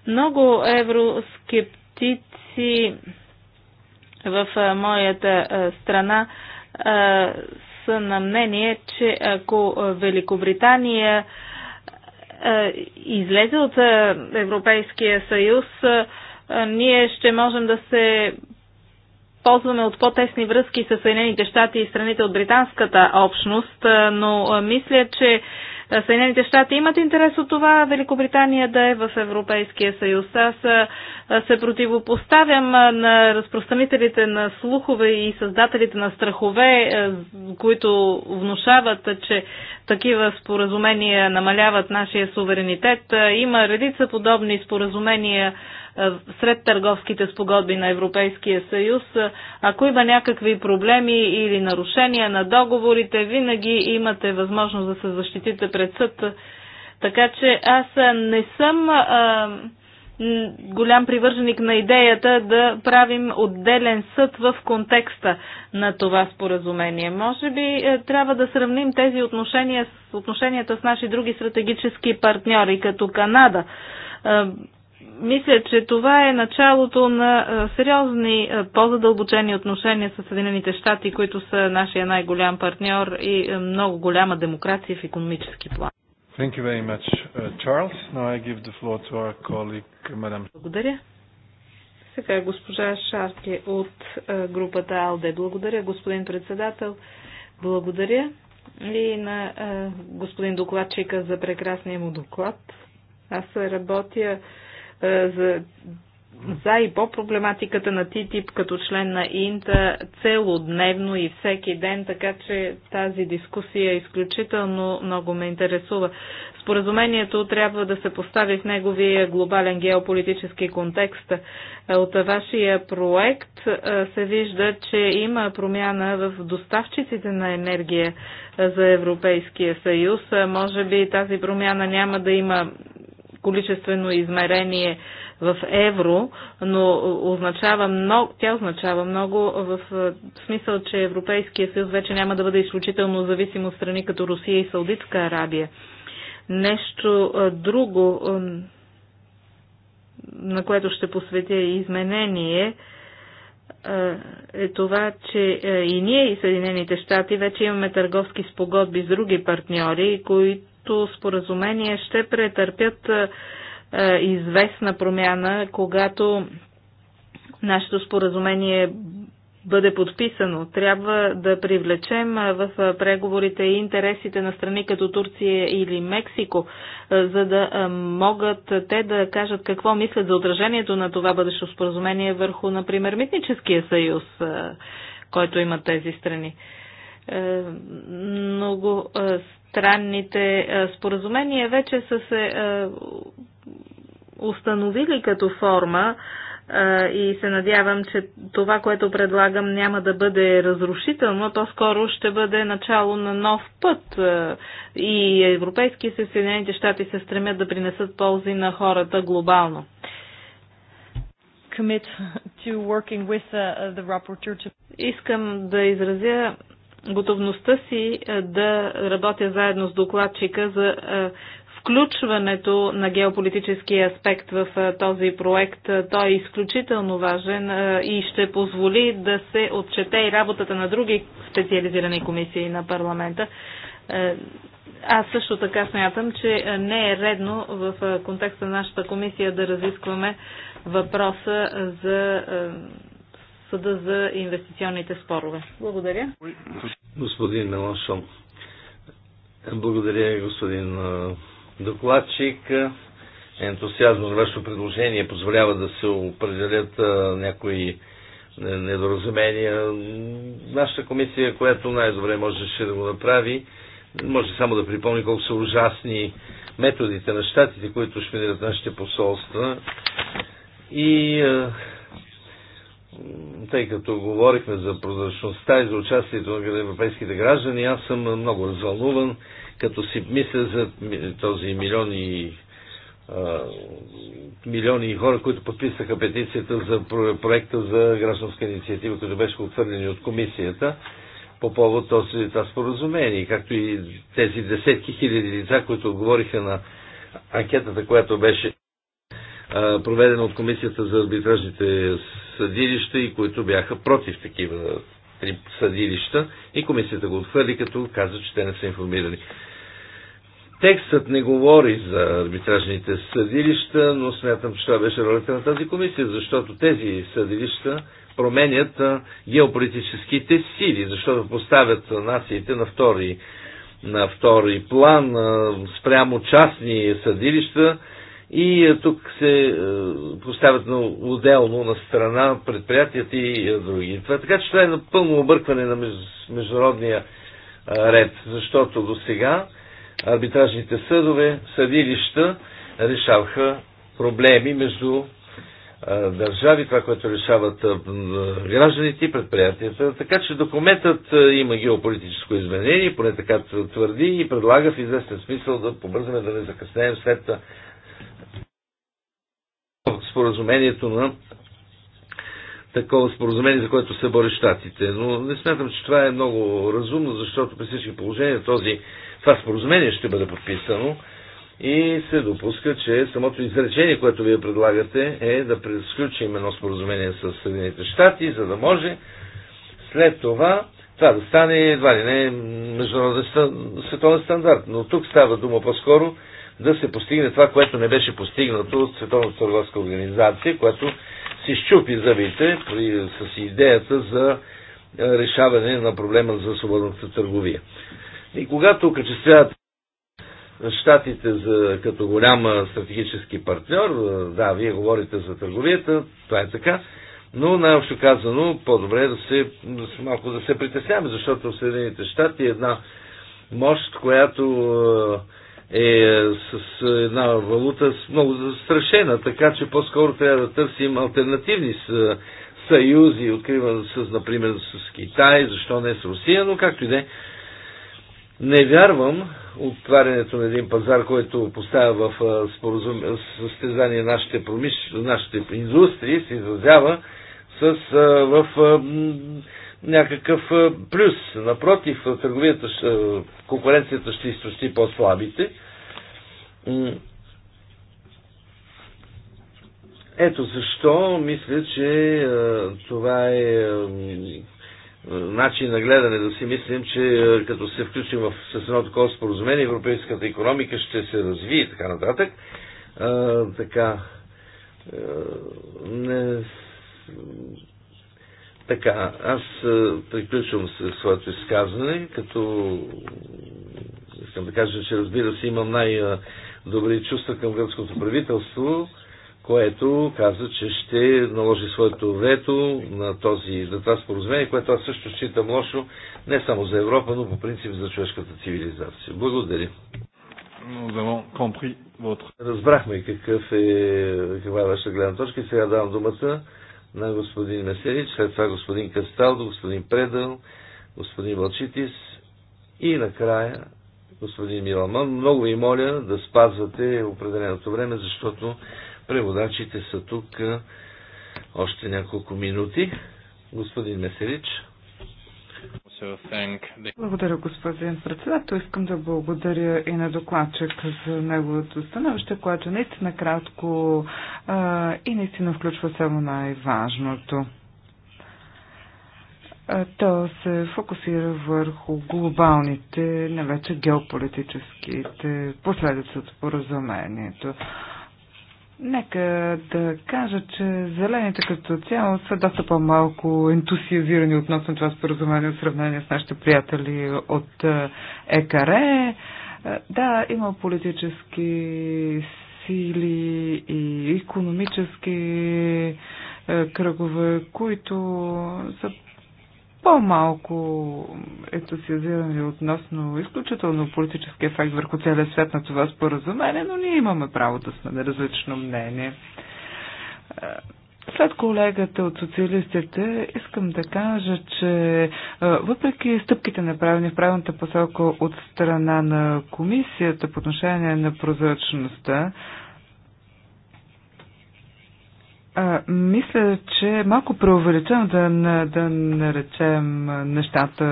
Много евроскептици в моята страна са на мнение, че ако Великобритания излезе от Европейския съюз, ние ще можем да се ползваме от по-тесни връзки с Съединените щати и страните от британската общност, но мисля, че Съединените щати имат интерес от това Великобритания да е в Европейския съюз. Аз се противопоставям на разпространителите на слухове и създателите на страхове, които внушават, че такива споразумения намаляват нашия суверенитет. Има редица подобни споразумения сред търговските спогодби на Европейския съюз. Ако има някакви проблеми или нарушения на договорите, винаги имате възможност да се защитите пред съд. Така че аз не съм а, голям привърженик на идеята да правим отделен съд в контекста на това споразумение. Може би трябва да сравним тези отношения с отношенията с наши други стратегически партньори, като Канада мисля, че това е началото на сериозни, по-задълбочени отношения с Съединените щати, които са нашия най-голям партньор и много голяма демокрация в економически план. Thank you very much, uh, Charles. Now I give the floor to our colleague, Madam. Благодаря. Сега госпожа Шарке от групата АЛДЕ. Благодаря, господин председател. Благодаря и на господин докладчика за прекрасния му доклад. Аз работя е, за, за и по проблематиката на ТИТИП като член на Инта целодневно и всеки ден, така че тази дискусия изключително много ме интересува. Споразумението трябва да се постави в неговия глобален геополитически контекст. Е, от вашия проект е, се вижда, че има промяна в доставчиците на енергия за Европейския съюз. Може би тази промяна няма да има количествено измерение в евро, но означава много, тя означава много в смисъл, че Европейския съюз вече няма да бъде изключително зависим от страни като Русия и Саудитска Арабия. Нещо друго, на което ще посветя изменение, е това, че и ние и Съединените щати вече имаме търговски спогодби с други партньори, които Лисабонското споразумение ще претърпят е, е, известна промяна, когато нашето споразумение бъде подписано. Трябва да привлечем е, в преговорите и интересите на страни като Турция или Мексико, за да могат те да кажат какво мислят за отражението на това бъдещо споразумение върху, например, Митническия съюз, който имат тези страни. Много странните споразумения вече са се установили като форма и се надявам, че това, което предлагам, няма да бъде разрушително, то по-скоро ще бъде начало на нов път. И Европейски и Съединените щати се стремят да принесат ползи на хората глобално. Uh, Искам да изразя готовността си е, да работя заедно с докладчика за е, включването на геополитическия аспект в е, този проект. Той е изключително важен и ще позволи да се отчете и работата на други специализирани комисии на парламента. Аз също така смятам, че не е редно в контекста на нашата комисия да разискваме въпроса за съда за инвестиционните спорове. Благодаря. Господин Меланшон, благодаря господин докладчик. Ентусиазм на вашето предложение позволява да се определят някои недоразумения. Нашата комисия, която най-добре можеше да го направи, може само да припомни колко са ужасни методите на щатите, които шминират нашите посолства. И тъй като говорихме за прозрачността и за участието на европейските граждани, аз съм много развълнуван, като си мисля за този милион и милиони хора, които подписаха петицията за проекта за гражданска инициатива, който беше отхвърлени от комисията по повод този, това споразумение, както и тези десетки хиляди лица, които отговориха на анкетата, която беше проведена от Комисията за арбитражните съдилища и които бяха против такива съдилища и комисията го отхвърли, като каза, че те не са информирани. Текстът не говори за арбитражните съдилища, но смятам, че това беше ролята на тази комисия, защото тези съдилища променят геополитическите сили, защото поставят нациите на втори, на втори план спрямо частни съдилища, и е, тук се е, поставят на отделно на страна предприятията и е, други. Това, така че това е напълно объркване на международния ред, защото до сега арбитражните съдове, съдилища решаваха проблеми между държави, това, което решават гражданите и предприятията. Така че документът има геополитическо изменение, поне така твърди и предлага в известен смисъл да побързаме да не закъснеем след споразумението на такова споразумение, за което се бори щатите. Но не смятам, че това е много разумно, защото при всички положения този, това споразумение ще бъде подписано и се допуска, че самото изречение, което вие предлагате, е да пресключим едно споразумение с Съединените щати, за да може след това това да стане едва ли не международен световен стандарт. Но тук става дума по-скоро да се постигне това, което не беше постигнато от Световната търговска организация, която си щупи зъбите при, с идеята за е, решаване на проблема за свободната търговия. И когато окачествяват щатите за, като голям стратегически партньор, е, да, вие говорите за търговията, това е така, но най-общо казано, по-добре е да се, малко да се притесняваме, защото в Съединените щати е една мощ, която е, е с една валута много застрашена, така че по-скоро трябва да търсим альтернативни съюзи, откриван с, например, с Китай, защо не с Русия, но както и да е. Не вярвам отварянето на един пазар, който поставя в споразум... състезание нашите, промиш... нашите индустрии, се изразява с, в някакъв плюс. Напротив, търговията, конкуренцията ще изтощи по-слабите. Ето защо мисля, че това е начин на гледане, да си мислим, че като се включим в, с едно такова споразумение, европейската економика ще се развие и така нататък. А, така, не, така, аз е, приключвам с своето изказване, като искам да кажа, че разбира се имам най-добри чувства към гръцкото правителство, което каза, че ще наложи своето вето на, този, за това споразумение, което аз също считам лошо не само за Европа, но по принцип за човешката цивилизация. Благодаря. Разбрахме какъв е, каква е ваша гледна точка и сега давам думата на господин Меселич, след това господин Касталдо, господин Предъл, господин Вълчитис и накрая господин Миламан. Много ви моля да спазвате определеното време, защото преводачите са тук още няколко минути. Господин Меселич. Благодаря, господин председател. Искам да благодаря и на докладчик за неговото становище, което е наистина кратко а, и наистина включва само най-важното. То се фокусира върху глобалните, не вече геополитическите последици от споразумението. Нека да кажа, че зелените като цяло са доста по-малко ентусиазирани относно това споразумение в сравнение с нашите приятели от е, ЕКАРЕ. Е, да, има политически сили и економически е, кръгове, които са по-малко ентусиазирани относно изключително политически ефект върху целия свят на това споразумение, но ние имаме право да сме на различно мнение. Е, след колегата от социалистите искам да кажа, че е, въпреки стъпките направени в правилната посока от страна на комисията по отношение на прозрачността, а, мисля, че е малко преувеличено да, да наречем нещата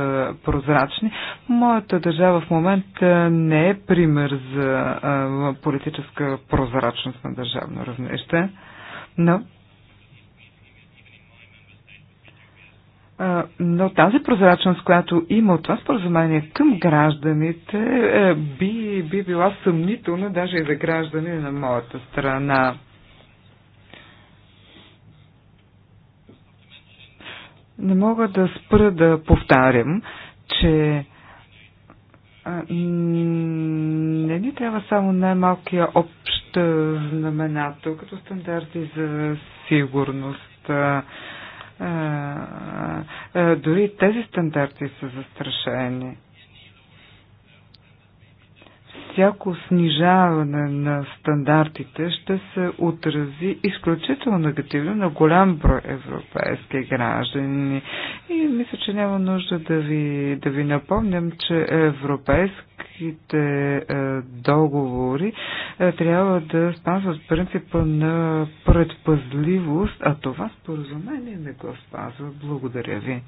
прозрачни. Моята държава в момента не е пример за а, политическа прозрачност на държавно равнище, но но тази прозрачност, която има от това споразумение към гражданите, е, би, би била съмнителна даже и за граждани на моята страна. Не мога да спра да повтарям, че не ни трябва само най-малкия общ знаменател, като стандарти за сигурност. Дори тези стандарти са застрашени всяко снижаване на стандартите ще се отрази изключително негативно на голям брой европейски граждани. И мисля, че няма нужда да ви, да ви напомням, че европейските е, договори е, трябва да спазват принципа на предпазливост, а това споразумение не го спазва. Благодаря ви.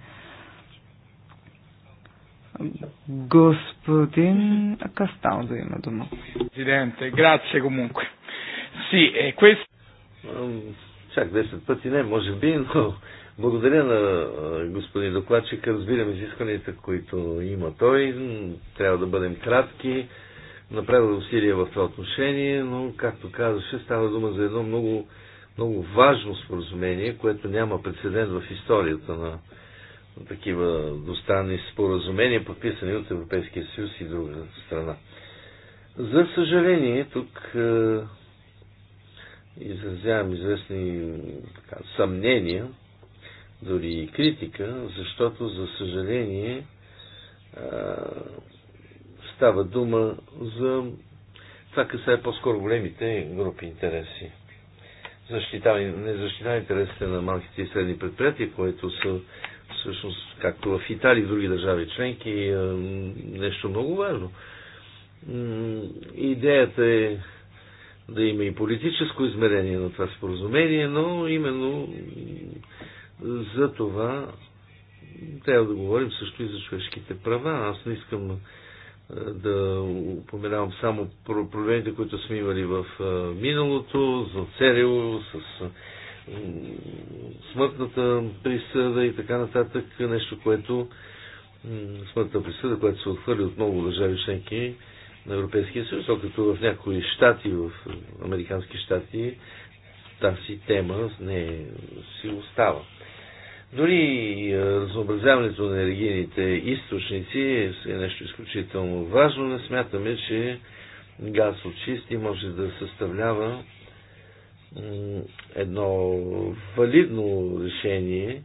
Господин Касталдо има дума. Президенте, грация комунque. Си, е, questo... Чак 10 пъти не, може би, но благодаря на господин докладчик. Разбирам изискванията, които има той. Трябва да бъдем кратки. Направил усилия в това отношение, но, както казаше, става дума за едно много, много важно споразумение, което няма прецедент в историята на такива двустранни споразумения, подписани от Европейския съюз и друга страна. За съжаление, тук е, изразявам известни така, съмнения, дори и критика, защото, за съжаление, е, става дума за... Това касае по-скоро големите групи интереси. Защитава, не защитава интересите на малките и средни предприятия, които са всъщност, както в Италия и други държави членки, е нещо много важно. Идеята е да има и политическо измерение на това споразумение, но именно за това трябва да говорим също и за човешките права. Аз не искам е, да упоменавам само проблемите, които сме имали в е, миналото, за ЦРУ, с смъртната присъда и така нататък, нещо, което смъртната присъда, която се отхвърли от много държави членки на Европейския съюз, като в някои щати, в американски щати, тази тема не си остава. Дори разнообразяването на енергийните източници е нещо изключително важно. Не смятаме, че газ от чисти може да съставлява едно валидно решение,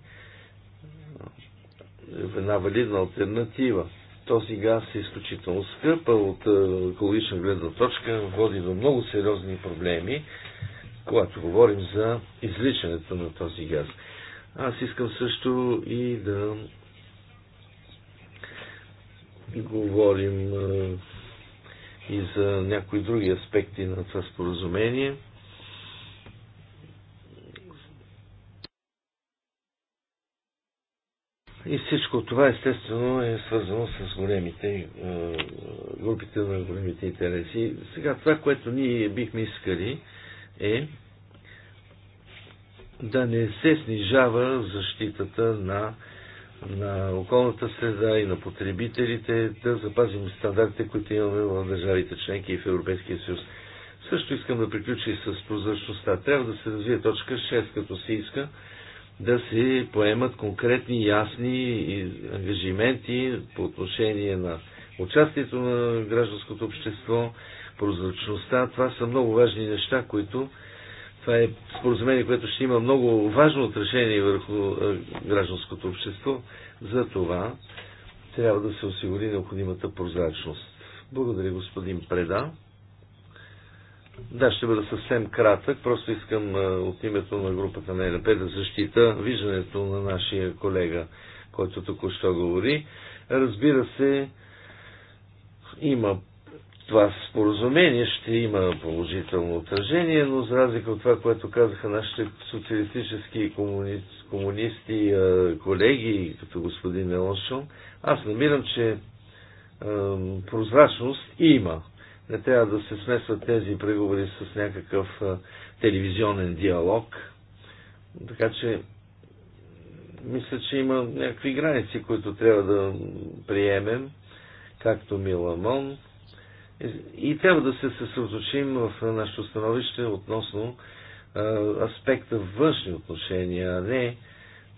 една валидна альтернатива. Този газ е изключително скъп, а от е, екологична гледна точка води до много сериозни проблеми, когато говорим за изличането на този газ. Аз искам също и да говорим е, и за някои други аспекти на това споразумение – И всичко това естествено е свързано с големите е, групите на големите интереси. Сега това, което ние бихме искали е да не се снижава защитата на, на околната среда и на потребителите, да запазим стандартите, които имаме в държавите членки и в Европейския съюз. Също искам да приключи с прозрачността. Трябва да се развие точка 6, като се иска да се поемат конкретни, ясни ангажименти по отношение на участието на гражданското общество, прозрачността. Това са много важни неща, които това е споразумение, което ще има много важно отрешение върху е, гражданското общество. За това трябва да се осигури необходимата прозрачност. Благодаря, господин Преда. Да, ще бъда съвсем кратък. Просто искам от името на групата на ЕНП да защита виждането на нашия колега, който току-що говори. Разбира се, има това споразумение, ще има положително отражение, но за разлика от това, което казаха нашите социалистически комуни... комунисти колеги, като господин Мелошон, аз намирам, че прозрачност има не трябва да се смесват тези преговори с някакъв телевизионен диалог. Така че мисля, че има някакви граници, които трябва да приемем, както Миламон. И трябва да се съсредоточим в нашето становище относно аспекта външни отношения, а не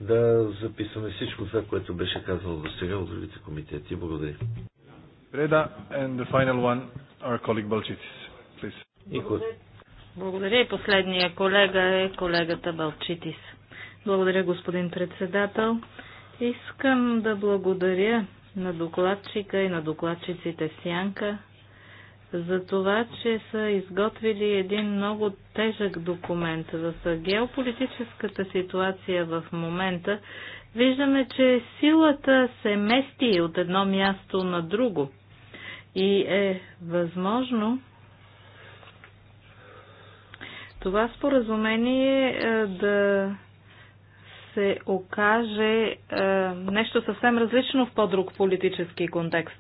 да записваме всичко това, което беше казано до сега от другите комитети. Благодаря. Преда and the final one. Our colleague Balchitis, please. Благодаря. Благодаря и последния колега е колегата Балчитис. Благодаря, господин председател. Искам да благодаря на докладчика и на докладчиците Сянка за това, че са изготвили един много тежък документ. В геополитическата ситуация в момента виждаме, че силата се мести от едно място на друго – и е възможно това споразумение е, да се окаже е, нещо съвсем различно в по-друг политически контекст.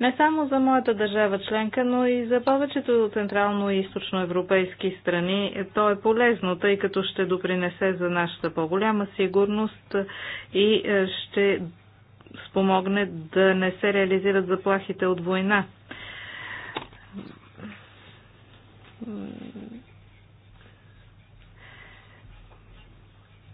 Не само за моята държава членка, но и за повечето централно и източно европейски страни то е полезно, тъй като ще допринесе за нашата по-голяма сигурност и е, ще спомогне да не се реализират заплахите от война.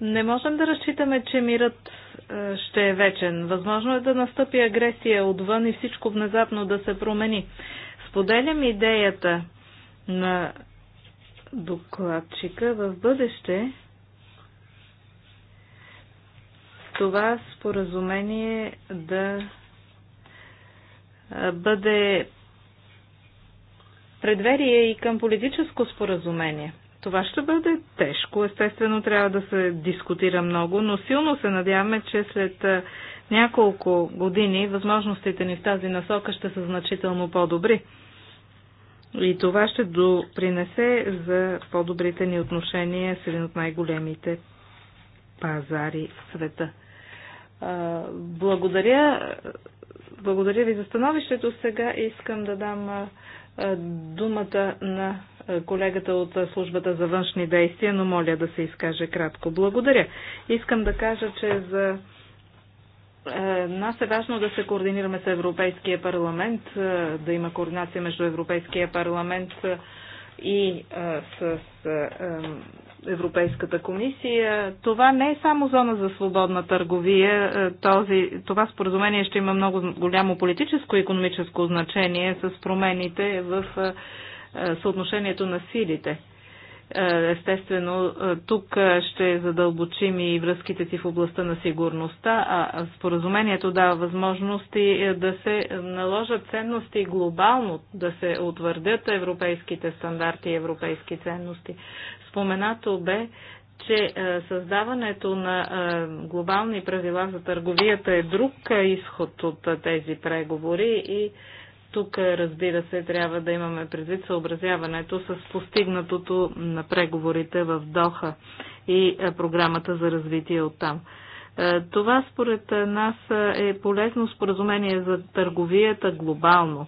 Не можем да разчитаме, че мирът е, ще е вечен. Възможно е да настъпи агресия отвън и всичко внезапно да се промени. Споделям идеята на докладчика в бъдеще това споразумение да бъде предверие и към политическо споразумение. Това ще бъде тежко. Естествено, трябва да се дискутира много, но силно се надяваме, че след няколко години възможностите ни в тази насока ще са значително по-добри. И това ще допринесе за по-добрите ни отношения с един от най-големите пазари в света. Благодаря. Благодаря ви за становището. Сега искам да дам думата на колегата от службата за външни действия, но моля да се изкаже кратко. Благодаря. Искам да кажа, че за нас е важно да се координираме с Европейския парламент, да има координация между Европейския парламент и с Европейската комисия. Това не е само зона за свободна търговия. Е, този, това споразумение ще има много голямо политическо и економическо значение с промените в е, е, съотношението на силите. Е, естествено, е, тук е, ще задълбочим и връзките си в областта на сигурността, а споразумението дава възможности да се наложат ценности глобално, да се утвърдят европейските стандарти и европейски ценности. Споменато бе, че създаването на глобални правила за търговията е друг изход от тези преговори и тук, разбира се, трябва да имаме предвид съобразяването с постигнатото на преговорите в Доха и програмата за развитие от там. Това според нас е полезно споразумение за търговията глобално.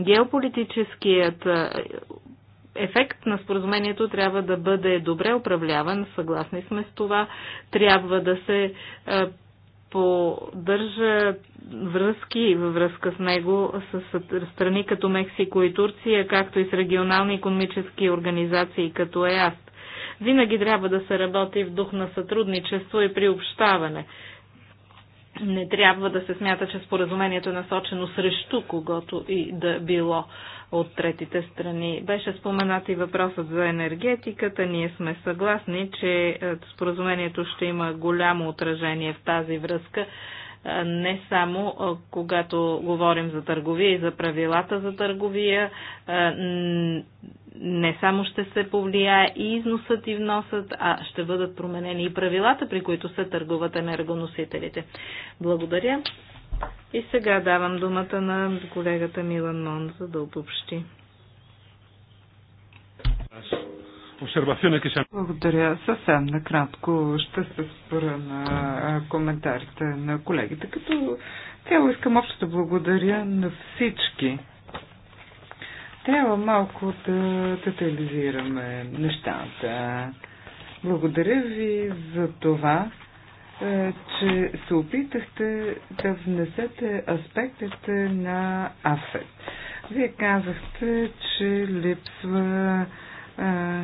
Геополитическият ефект на споразумението трябва да бъде добре управляван, съгласни сме с това, трябва да се поддържа връзки във връзка с него с страни като Мексико и Турция, както и с регионални економически организации като ЕАСТ. Винаги трябва да се работи в дух на сътрудничество и приобщаване не трябва да се смята, че споразумението е насочено срещу когото и да било от третите страни. Беше споменат и въпросът за енергетиката. Ние сме съгласни, че е, споразумението ще има голямо отражение в тази връзка не само когато говорим за търговия и за правилата за търговия, не само ще се повлияе и износът и вносът, а ще бъдат променени и правилата, при които се търгуват енергоносителите. Благодаря. И сега давам думата на колегата Милан Мон, за да обобщи. Благодаря. Съвсем накратко ще се спра на коментарите на колегите. Като цяло искам общо да благодаря на всички. Трябва малко да детализираме нещата. Благодаря ви за това, че се опитахте да внесете аспектите на АФЕ. Вие казахте, че липсва а,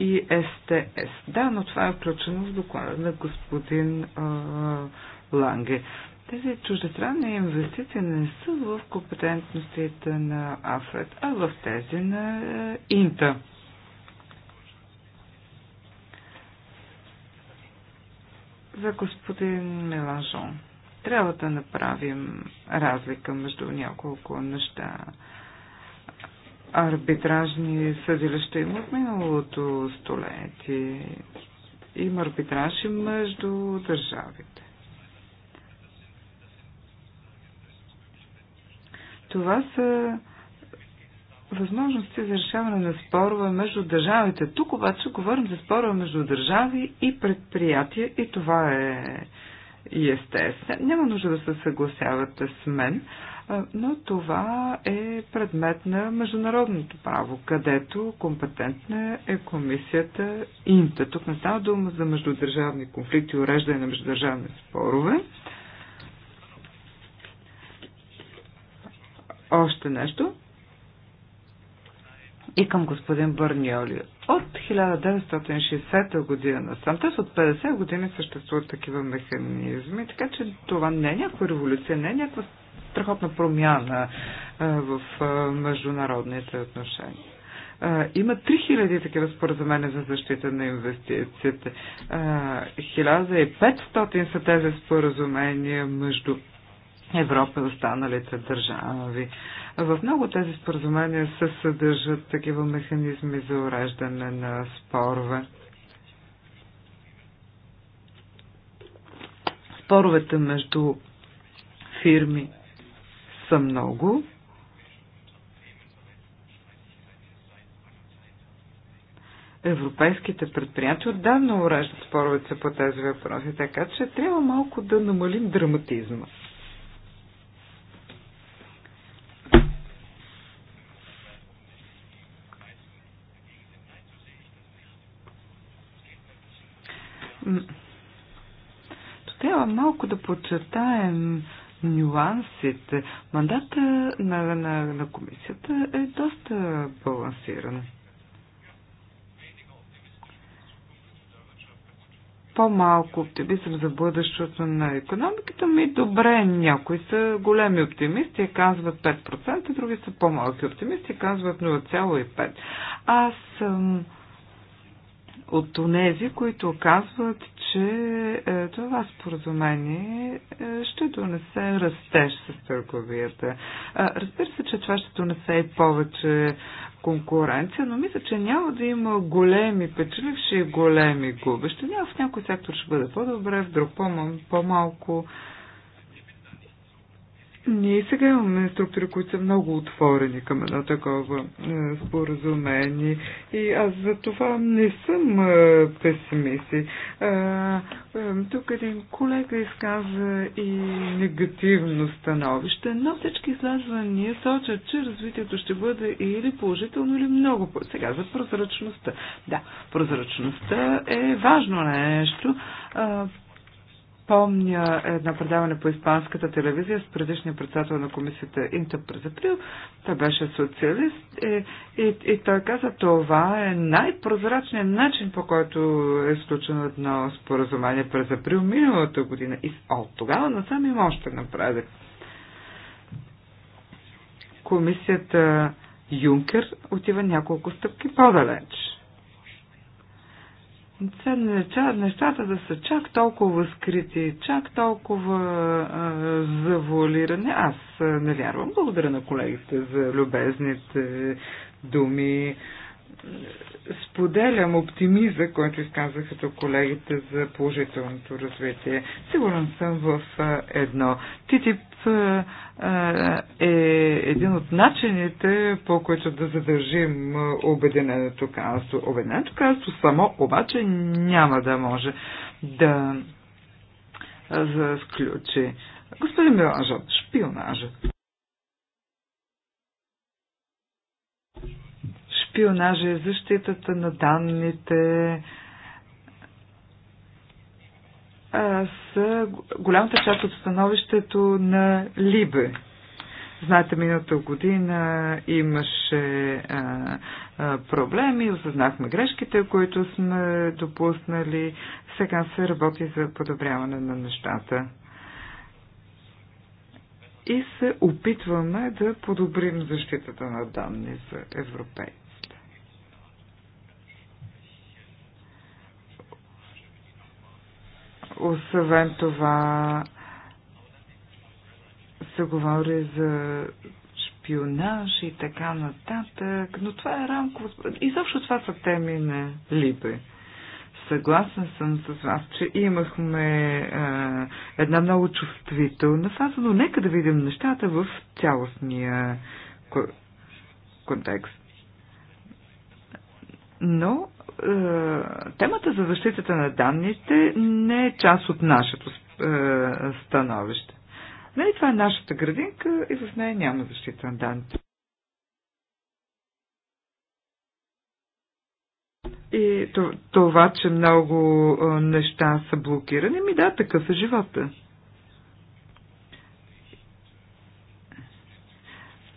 и СТС. Да, но това е включено в доклада на господин а, Ланге. Тези чуждестранни инвестиции не са в компетентностите на АФРЕД, а в тези на е, Инта. За господин Меланжон. Трябва да направим разлика между няколко неща арбитражни съдилища има от миналото столетие. Има арбитражи между държавите. Това са възможности за решаване на спорове между държавите. Тук обаче говорим за спорове между държави и предприятия и това е естествено. Няма нужда да се съгласявате с мен. Е, но това е предмет на международното право, където компетентна е комисията Инта. Тук не става дума за междудържавни конфликти, уреждане на междудържавни спорове. Още нещо. И към господин Бърниоли. От 1960 година сам, т.е. от 50 години съществуват такива механизми, така че това не е някаква революция, не е някаква страхотна промяна в международните отношения. Има 3000 такива споразумения за защита на инвестициите. 1500 са тези споразумения между Европа и останалите държави. В много тези споразумения се съдържат такива механизми за уреждане на спорове. Споровете между фирми са много. Европейските предприятия отдавна уреждат споровица по тези въпроси, така че трябва малко да намалим драматизма. Трябва малко да подчертаем нюансите. Мандата на, на, на комисията е доста балансиран. по-малко оптимизъм за бъдещето на економиката ми, добре, някои са големи оптимисти, казват 5%, други са по-малки оптимисти, казват 0,5%. Аз съм от тези, които казват, че е, това споразумение е, ще донесе растеж с търговията. Е, разбира се, че това ще донесе и повече конкуренция, но мисля, че няма да има големи печеливши и големи губещи. Няма в някой сектор ще бъде по-добре, в друг по-малко. -мал, по ние сега имаме структури, които са много отворени към едно такова е, споразумение и аз за това не съм е, песимист. Е, е, тук един колега изказа и негативно становище, но всички изследвания сочат, че развитието ще бъде или положително, или много. Сега за прозрачността. Да, прозрачността е важно нещо. Е, помня едно предаване по испанската телевизия с предишния председател на комисията Инта през април. Той беше социалист и, и, и той каза, това е най-прозрачният начин, по който е случено едно споразумение през април миналата година. И от тогава насам има още напредък. Комисията Юнкер отива няколко стъпки по-далеч нещата да са чак толкова скрити, чак толкова завуалирани. Аз не вярвам. Благодаря на колегите за любезните думи. Споделям оптимиза, който изказаха тук колегите за положителното развитие. Сигурен съм в едно. ТТИП е един от начините, по които да задържим Обединеното казство. Обединеното казство само обаче няма да може да сключи. Господин Миланжот, шпионажът. шпионажа, защитата на данните, с голямата част от становището на Либе. Знаете, миналата година имаше а, а, проблеми, осъзнахме грешките, които сме допуснали. Сега се работи за подобряване на нещата. И се опитваме да подобрим защитата на данни за европейци. Освен това, се говори за шпионаж и така нататък, но това е рамково... И това са теми на Либе. Съгласен съм с вас, че имахме е, една много чувствителна фаза, но нека да видим нещата в цялостния контекст. Но е, темата за защитата на данните не е част от нашето е, становище. Нали, това е нашата градинка и в нея няма защита на данните. И това, че много е, неща са блокирани, ми да, такъв е живота.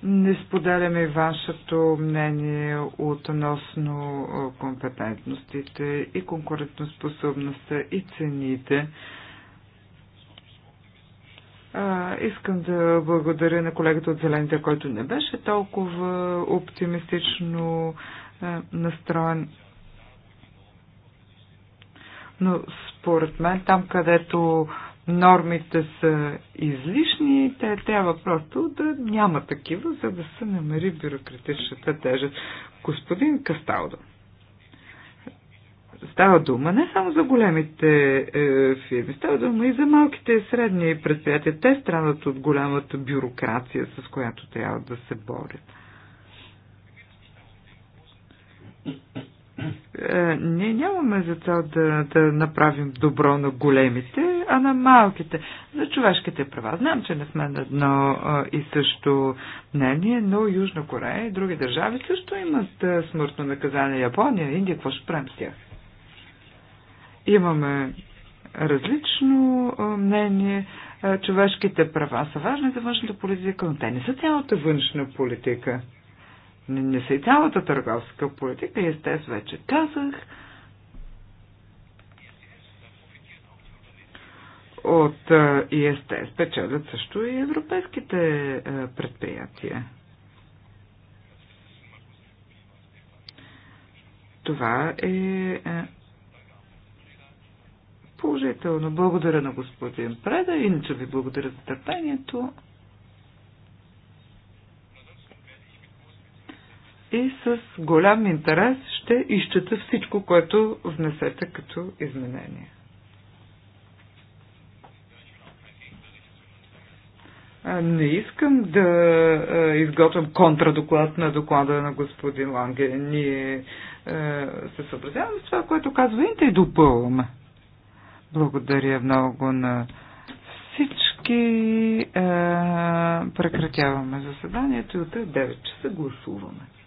Не споделяме вашето мнение относно компетентностите и конкурентоспособността и цените. А, искам да благодаря на колегата от Зелените, който не беше толкова оптимистично а, настроен. Но според мен там, където а, нормите са излишни, те трябва просто да няма такива, за да се намери бюрократичната тежест. Господин Касталдо, става дума не само за големите е, фирми, става дума и за малките и средни предприятия. Те страдат от голямата бюрокрация, с която трябва да се борят. Е, ние нямаме за цел да, да направим добро на големите, а на малките. За човешките права. Знам, че не сме на едно и също мнение, но Южна Корея и други държави също имат смъртно наказание. Япония, Индия, какво ще правим с тях? Имаме различно мнение. Човешките права са важни за външната политика, но те не са цялата външна политика. Не, не са и цялата търговска политика, и естествено вече казах от ИСТ спечелят също и европейските предприятия. Това е положително. Благодаря на господин Преда, иначе ви благодаря за търпението. И с голям интерес ще изчета всичко, което внесете като изменение. Не искам да изготвям контрадоклад на доклада на господин Ланге. Ние се съобразяваме с това, което казвате и допълваме. Благодаря много на всички. Прекратяваме заседанието и от 9 часа гласуваме.